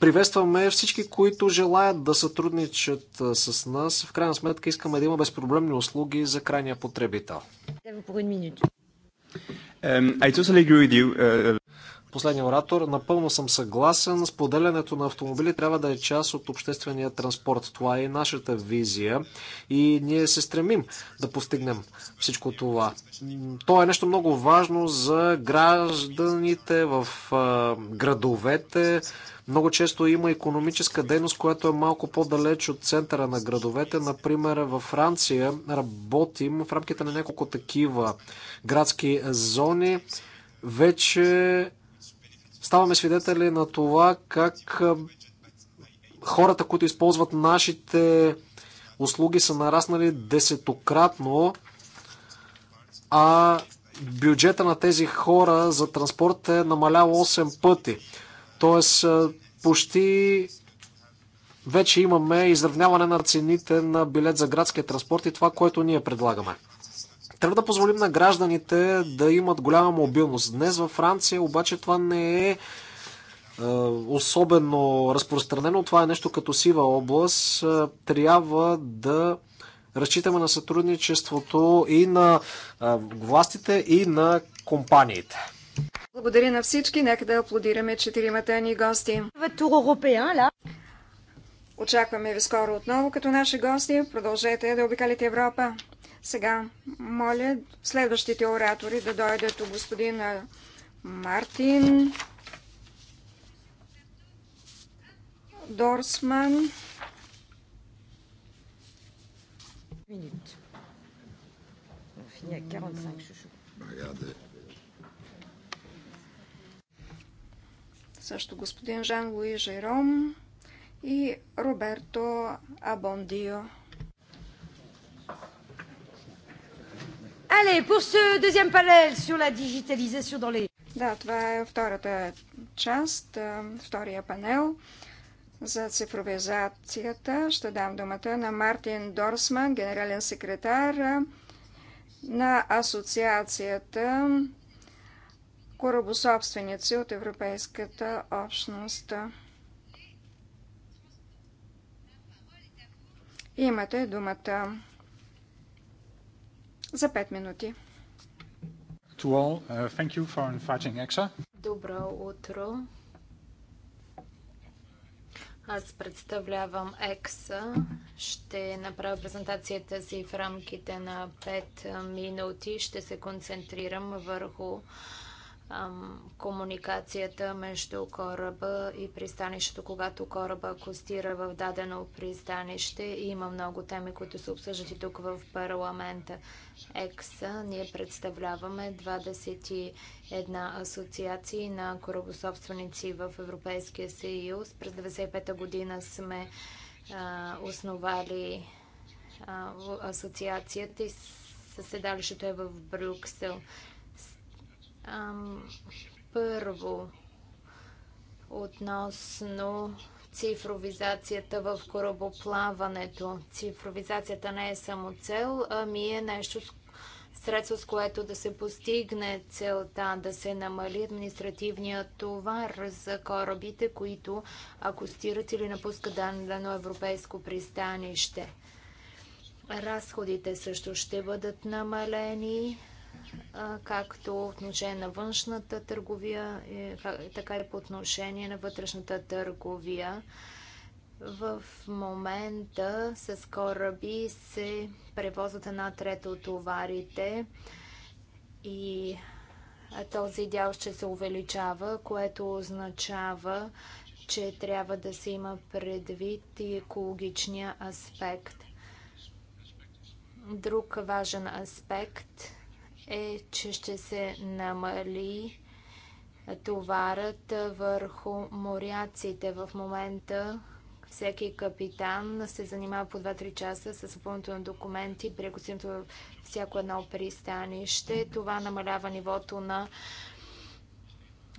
приветстваме всички, които желаят да сътрудничат с нас. В крайна сметка искаме да има безпроблемни услуги за крайния потребител. Um, I totally agree with you. Uh... Последния оратор. Напълно съм съгласен. Споделянето на автомобили трябва да е част от обществения транспорт. Това е и нашата визия. И ние се стремим да постигнем всичко това. То е нещо много важно за гражданите в градовете. Много често има економическа дейност, която е малко по-далеч от центъра на градовете. Например, във Франция работим в рамките на няколко такива градски зони. Вече Ставаме свидетели на това как хората, които използват нашите услуги са нараснали десетократно, а бюджета на тези хора за транспорт е намалял 8 пъти. Тоест почти вече имаме изравняване на цените на билет за градския транспорт и това, което ние предлагаме. Трябва да позволим на гражданите да имат голяма мобилност. Днес във Франция обаче това не е, е особено разпространено. Това е нещо като сива област. Е, трябва да разчитаме на сътрудничеството и на е, властите, и на компаниите. Благодаря на всички. Нека да аплодираме четиримата ни гости. Очакваме ви скоро отново като наши гости. Продължете да обикалите Европа. Сега моля следващите оратори да дойдат у господин Мартин, Дорсман. Също господин Жан-Луи Жером и Роберто Абондио. Allez, pour ce deuxième panel sur la digitalisation dans les... Да, това е втората част, втория панел за цифровизацията. Ще дам думата на Мартин Дорсман, генерален секретар на Асоциацията корабособственици от Европейската общност. Имате думата за 5 минути. Uh, Добро утро. Аз представлявам ЕКСА. Ще направя презентацията си в рамките на 5 минути. Ще се концентрирам върху uh, комуникацията между кораба и пристанището, когато кораба костира в дадено пристанище. Има много теми, които се обсъждат и тук в парламента. ЕКСА, ние представляваме 21 асоциации на корабособственици в Европейския съюз. През 1995 година сме а, основали а, асоциацията и съседалището е в Брюксел. Ам, първо, относно цифровизацията в корабоплаването. Цифровизацията не е само цел, ами е нещо средство, с което да се постигне целта, да се намали административния товар за корабите, които акустират или напускат дадено европейско пристанище. Разходите също ще бъдат намалени както отношение на външната търговия, е, така и по отношение на вътрешната търговия. В момента с кораби се превозват една трета от товарите и този дял ще се увеличава, което означава, че трябва да се има предвид и екологичния аспект. Друг важен аспект – е, че ще се намали товарът върху моряците. В момента всеки капитан се занимава по 2-3 часа с пълното на документи при всяко едно пристанище. Това намалява нивото на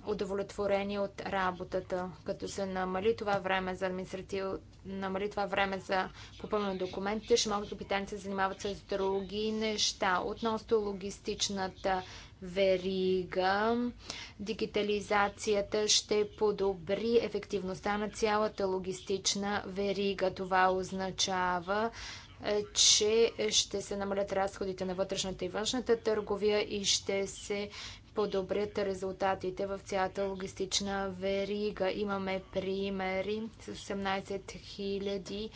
удовлетворени от работата, като се намали това време за административ, намали това време за попълване на документите, ще могат капитаните да се занимават с други неща. Относно логистичната верига, дигитализацията ще подобри ефективността на цялата логистична верига. Това означава е, че ще се намалят разходите на вътрешната и външната търговия и ще се подобрят резултатите в цялата логистична верига. Имаме примери с 18 000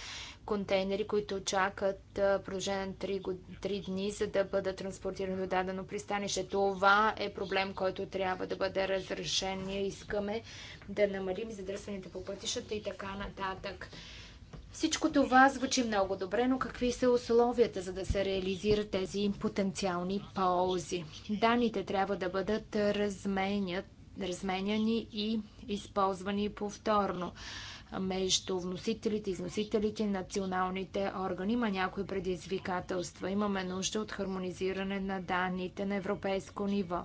контейнери, които чакат продължение на 3, 3 дни, за да бъдат транспортирани до дадено пристанище. Това е проблем, който трябва да бъде разрешен. Ние искаме да намалим задръстваните по пътищата и така нататък. Всичко това звучи много добре, но какви са условията, за да се реализират тези потенциални ползи? Даните трябва да бъдат разменят, разменяни и използвани повторно между вносителите, износителите, националните органи. Има някои предизвикателства. Имаме нужда от хармонизиране на данните на европейско ниво.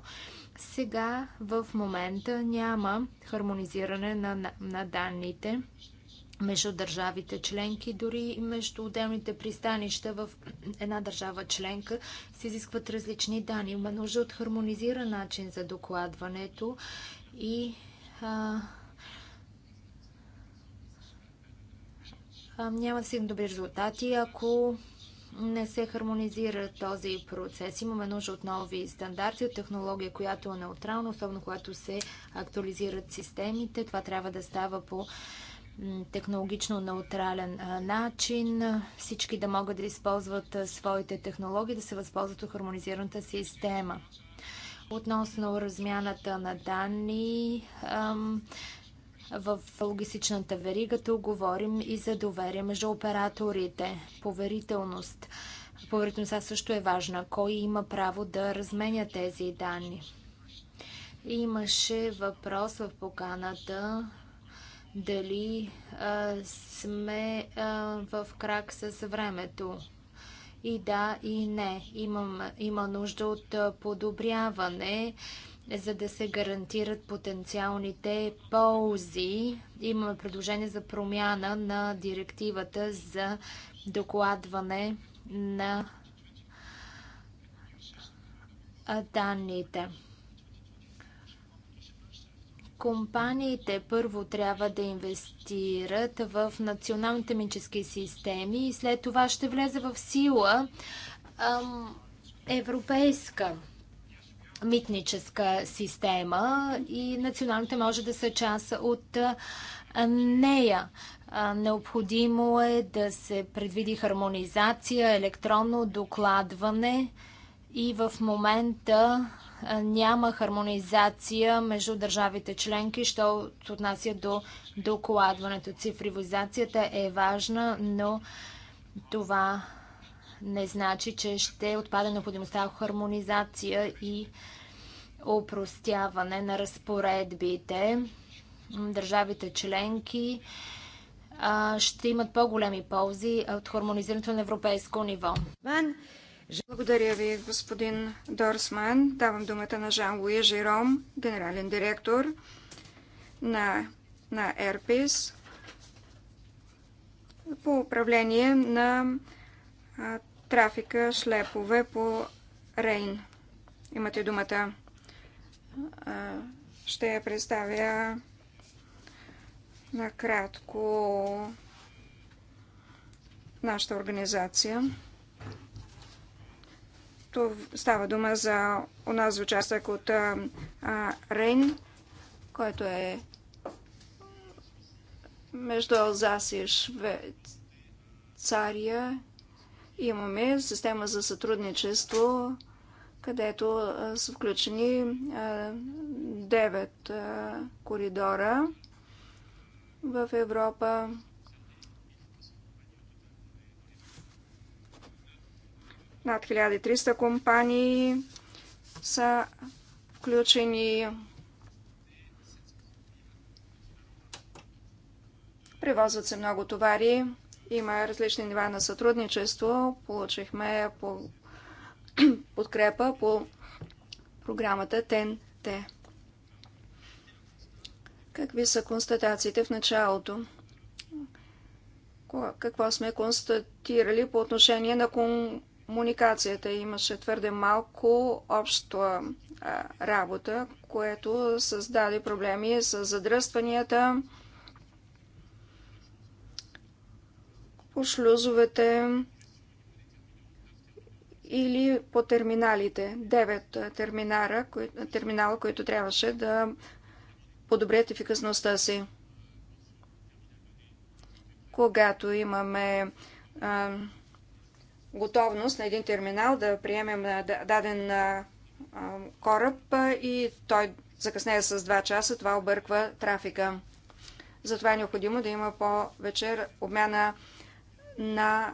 Сега в момента няма хармонизиране на, на, на данните между държавите членки, дори и между отделните пристанища в една държава членка се изискват различни данни. Има нужда от хармонизиран начин за докладването и а, а, няма да добри резултати, ако не се хармонизира този процес. Имаме нужда от нови стандарти, от технология, която е неутрална, особено когато се актуализират системите. Това трябва да става по технологично неутрален начин, всички да могат да използват своите технологии, да се възползват от хармонизираната система. Относно размяната на данни, в логистичната верига, то говорим и за доверие между операторите, поверителност. Поверителността също е важна. Кой има право да разменя тези данни? Имаше въпрос в поканата дали а, сме а, в крак с времето. И да, и не. Имам, има нужда от подобряване, за да се гарантират потенциалните ползи. Имаме предложение за промяна на директивата за докладване на данните. Компаниите първо трябва да инвестират в националните мически системи и след това ще влезе в сила ам, европейска митническа система и националните може да са част от нея. Необходимо е да се предвиди хармонизация, електронно докладване и в момента няма хармонизация между държавите членки, що се отнася до докладването. Цифровизацията е важна, но това не значи, че ще отпада необходимостта от хармонизация и упростяване на разпоредбите. Държавите членки ще имат по-големи ползи от хармонизирането на европейско ниво. Благодаря ви, господин Дорсман. Давам думата на Жан-Луи Жиром, генерален директор на, на ЕРПИС по управление на а, трафика шлепове по Рейн. Имате думата. А, ще я представя накратко нашата организация става дума за онази участък от а, Рейн, който е между Алзас и Швейцария. Имаме система за сътрудничество, където а, са включени а, 9 а, коридора в Европа. Над 1300 компании са включени. Превозват се много товари. Има различни нива на сътрудничество. Получихме по подкрепа по програмата ТНТ. Какви са констатациите в началото? Какво сме констатирали по отношение на кон комуникацията имаше твърде малко обща работа, което създаде проблеми с задръстванията по шлюзовете или по терминалите. Девет терминала, кои, терминала, които трябваше да подобрят ефикасността си. Когато имаме а, готовност на един терминал да приемем даден кораб и той закъснее с 2 часа, това обърква трафика. Затова е необходимо да има повече обмяна на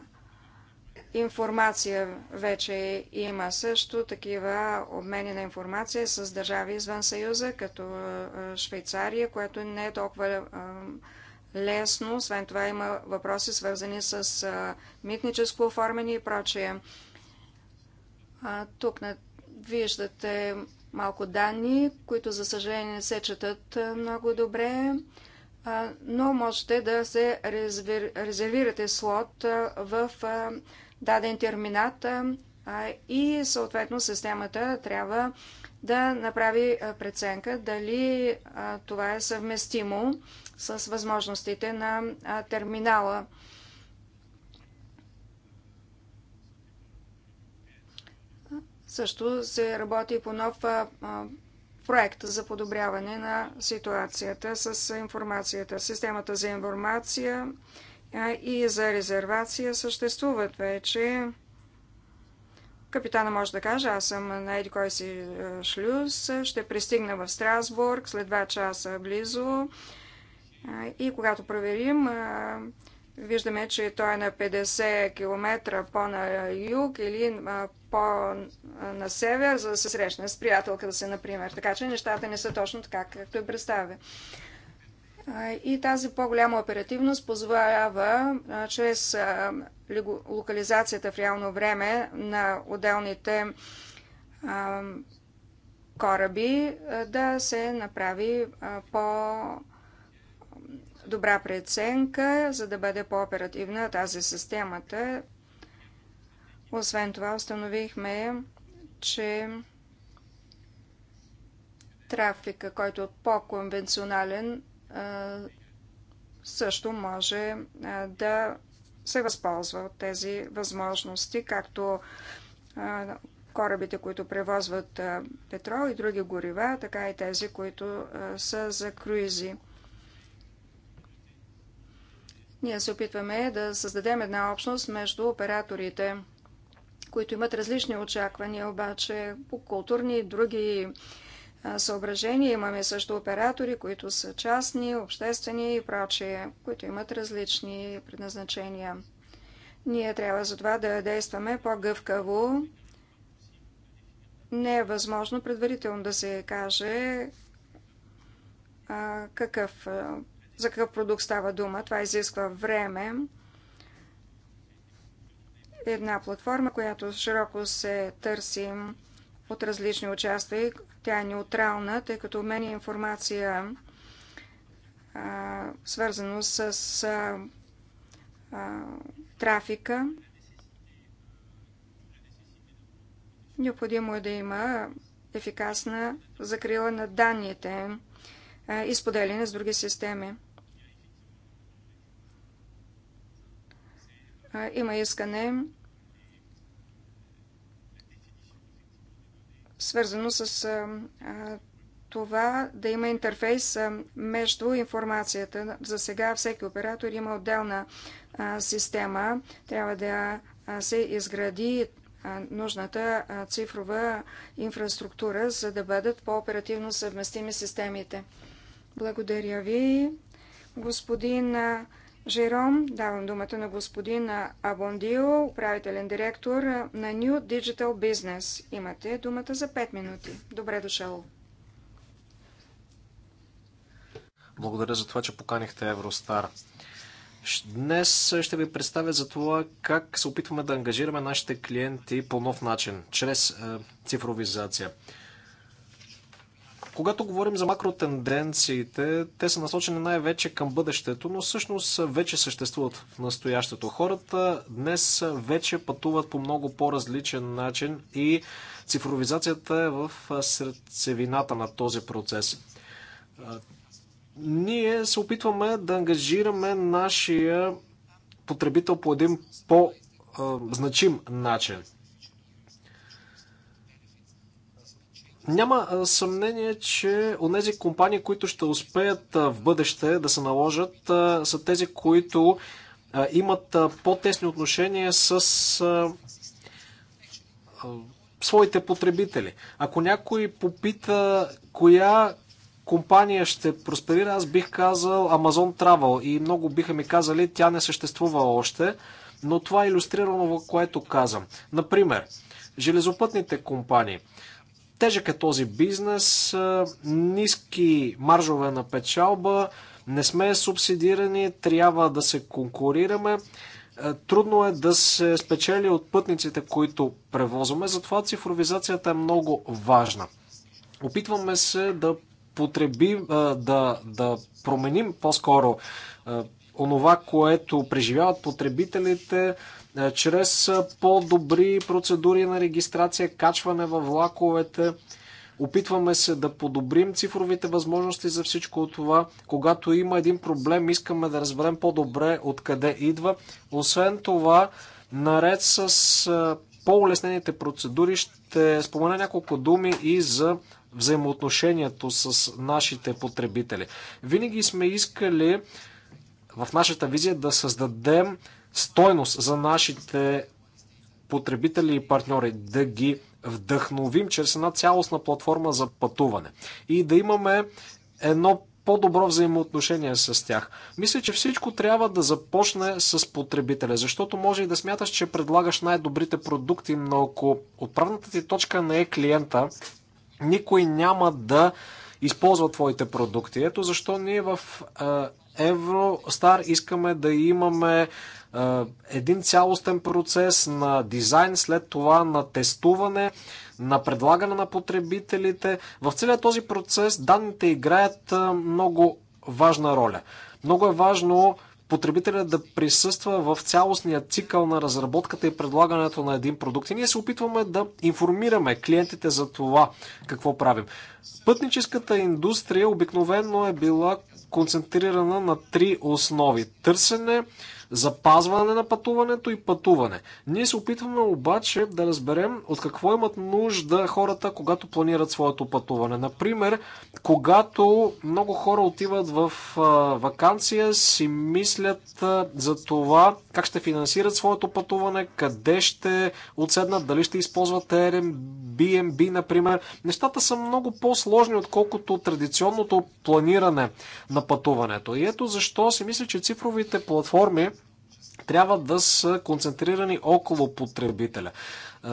информация. Вече има също такива обмени на информация с държави извън Съюза, като Швейцария, което не е толкова лесно. Освен това има въпроси свързани с митническо оформяне и прочее. Тук виждате малко данни, които за съжаление не се четат много добре, но можете да се резервирате слот в даден терминат и съответно системата трябва да направи преценка дали това е съвместимо с възможностите на терминала. Също се работи по нов проект за подобряване на ситуацията с информацията. Системата за информация и за резервация съществуват вече. Капитана може да каже, аз съм на еди кой си шлюз, ще пристигна в Страсбург след 2 часа близо. И когато проверим, виждаме, че той е на 50 км по-на юг или по-на север, за да се срещне с приятелката си, например. Така че нещата не са точно така, както я представя. И тази по-голяма оперативност позволява чрез локализацията в реално време на отделните кораби да се направи по- добра преценка, за да бъде по-оперативна тази системата. Освен това установихме, че трафика, който е по-конвенционален, също може да се възползва от тези възможности, както корабите, които превозват петрол и други горива, така и тези, които са за круизи. Ние се опитваме да създадем една общност между операторите, които имат различни очаквания, обаче по културни и други съображения. Имаме също оператори, които са частни, обществени и прочие, които имат различни предназначения. Ние трябва за това да действаме по-гъвкаво. Не е възможно предварително да се каже а, какъв за какъв продукт става дума. Това изисква време. Една платформа, която широко се търси от различни участия. Тя е неутрална, тъй като е информация свързано с а, а, трафика. Необходимо е да има ефикасна закрила на данните и споделяне с други системи. Има искане свързано с това да има интерфейс между информацията. За сега всеки оператор има отделна система. Трябва да се изгради нужната цифрова инфраструктура, за да бъдат по-оперативно съвместими системите. Благодаря ви. Господин Жером, давам думата на господин Абондио, управителен директор на New Digital Business. Имате думата за 5 минути. Добре дошъл. Благодаря за това, че поканихте Евростар. Днес ще ви представя за това как се опитваме да ангажираме нашите клиенти по нов начин, чрез цифровизация. Когато говорим за макротенденциите, те са насочени най-вече към бъдещето, но всъщност вече съществуват в настоящето. Хората днес вече пътуват по много по-различен начин и цифровизацията е в сърцевината на този процес. Ние се опитваме да ангажираме нашия потребител по един по-значим начин. Няма съмнение, че онези компании, които ще успеят в бъдеще да се наложат, са тези, които имат по-тесни отношения с своите потребители. Ако някой попита коя компания ще просперира, аз бих казал Amazon Travel и много биха ми казали, тя не съществува още, но това е иллюстрирано, което казвам. Например, железопътните компании – Тежък е този бизнес, ниски маржове на печалба, не сме субсидирани, трябва да се конкурираме. Трудно е да се спечели от пътниците, които превозваме, затова цифровизацията е много важна. Опитваме се да потребим, да, да променим по-скоро онова, което преживяват потребителите, е, чрез е, по-добри процедури на регистрация, качване във влаковете. Опитваме се да подобрим цифровите възможности за всичко от това. Когато има един проблем, искаме да разберем по-добре откъде идва. Освен това, наред с е, по-улеснените процедури, ще спомена няколко думи и за взаимоотношението с нашите потребители. Винаги сме искали в нашата визия да създадем стойност за нашите потребители и партньори, да ги вдъхновим чрез една цялостна платформа за пътуване и да имаме едно по-добро взаимоотношение с тях. Мисля, че всичко трябва да започне с потребителя, защото може и да смяташ, че предлагаш най-добрите продукти, но ако отправната ти точка не е клиента, никой няма да използва твоите продукти. Ето защо ние в е, Евростар искаме да имаме е, един цялостен процес на дизайн, след това на тестуване, на предлагане на потребителите. В целият този процес данните играят е, много важна роля. Много е важно потребителят да присъства в цялостния цикъл на разработката и предлагането на един продукт. И ние се опитваме да информираме клиентите за това какво правим. Пътническата индустрия обикновено е била концентрирана на три основи. Търсене, запазване на пътуването и пътуване. Ние се опитваме обаче да разберем от какво имат нужда хората, когато планират своето пътуване. Например, когато много хора отиват в вакансия, си мислят за това как ще финансират своето пътуване, къде ще отседнат, дали ще използват Airbnb, например. Нещата са много по-сложни, отколкото традиционното планиране на пътуването. И ето защо си мисля, че цифровите платформи трябва да са концентрирани около потребителя.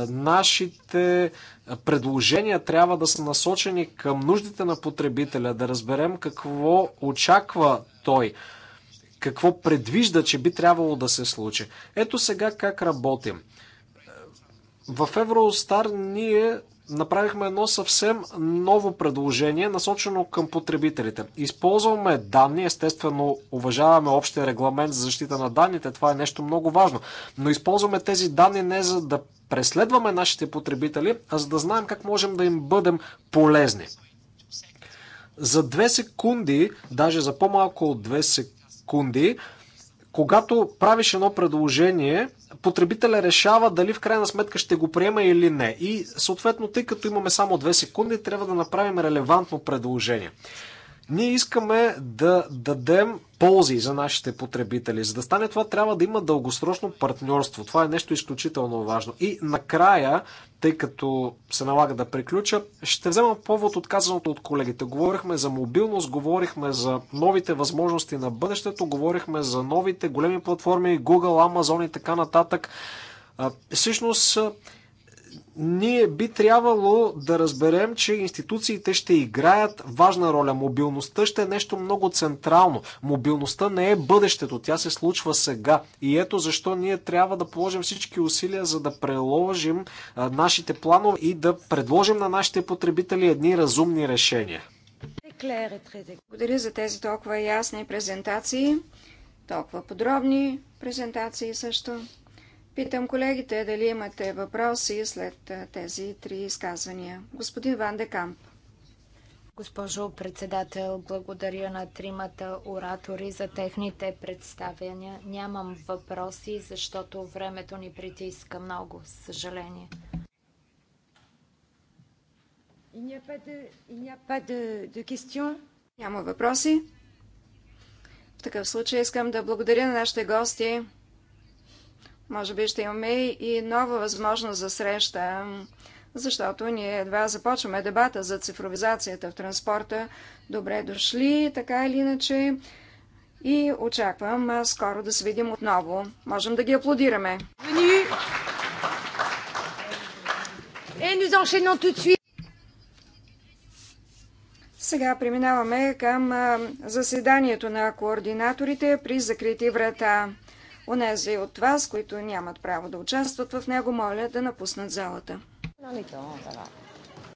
Нашите предложения трябва да са насочени към нуждите на потребителя, да разберем какво очаква той, какво предвижда, че би трябвало да се случи. Ето сега как работим. В Евростар ние направихме едно съвсем ново предложение, насочено към потребителите. Използваме данни, естествено уважаваме общия регламент за защита на данните, това е нещо много важно, но използваме тези данни не за да преследваме нашите потребители, а за да знаем как можем да им бъдем полезни. За две секунди, даже за по-малко от две секунди, когато правиш едно предложение, потребителя решава дали в крайна сметка ще го приема или не. И съответно, тъй като имаме само 2 секунди, трябва да направим релевантно предложение. Ние искаме да дадем ползи за нашите потребители. За да стане това, трябва да има дългосрочно партньорство. Това е нещо изключително важно. И накрая, тъй като се налага да приключа, ще взема повод от казаното от колегите. Говорихме за мобилност, говорихме за новите възможности на бъдещето, говорихме за новите големи платформи, Google, Amazon и така нататък. Всъщност, ние би трябвало да разберем, че институциите ще играят важна роля. Мобилността ще е нещо много централно. Мобилността не е бъдещето, тя се случва сега. И ето защо ние трябва да положим всички усилия, за да преложим нашите планове и да предложим на нашите потребители едни разумни решения. Благодаря за тези толкова ясни презентации, толкова подробни презентации също. Питам колегите дали имате въпроси след тези три изказвания. Господин Ван де Камп. Госпожо председател, благодаря на тримата оратори за техните представяния. Нямам въпроси, защото времето ни притиска много, съжаление. Няма въпроси. В такъв случай искам да благодаря на нашите гости. Може би ще имаме и нова възможност за среща, защото ние едва започваме дебата за цифровизацията в транспорта. Добре дошли, така или иначе. И очаквам скоро да се видим отново. Можем да ги аплодираме. Е, Сега преминаваме към заседанието на координаторите при закрити врата. Онези от вас, които нямат право да участват в него, моля да напуснат залата.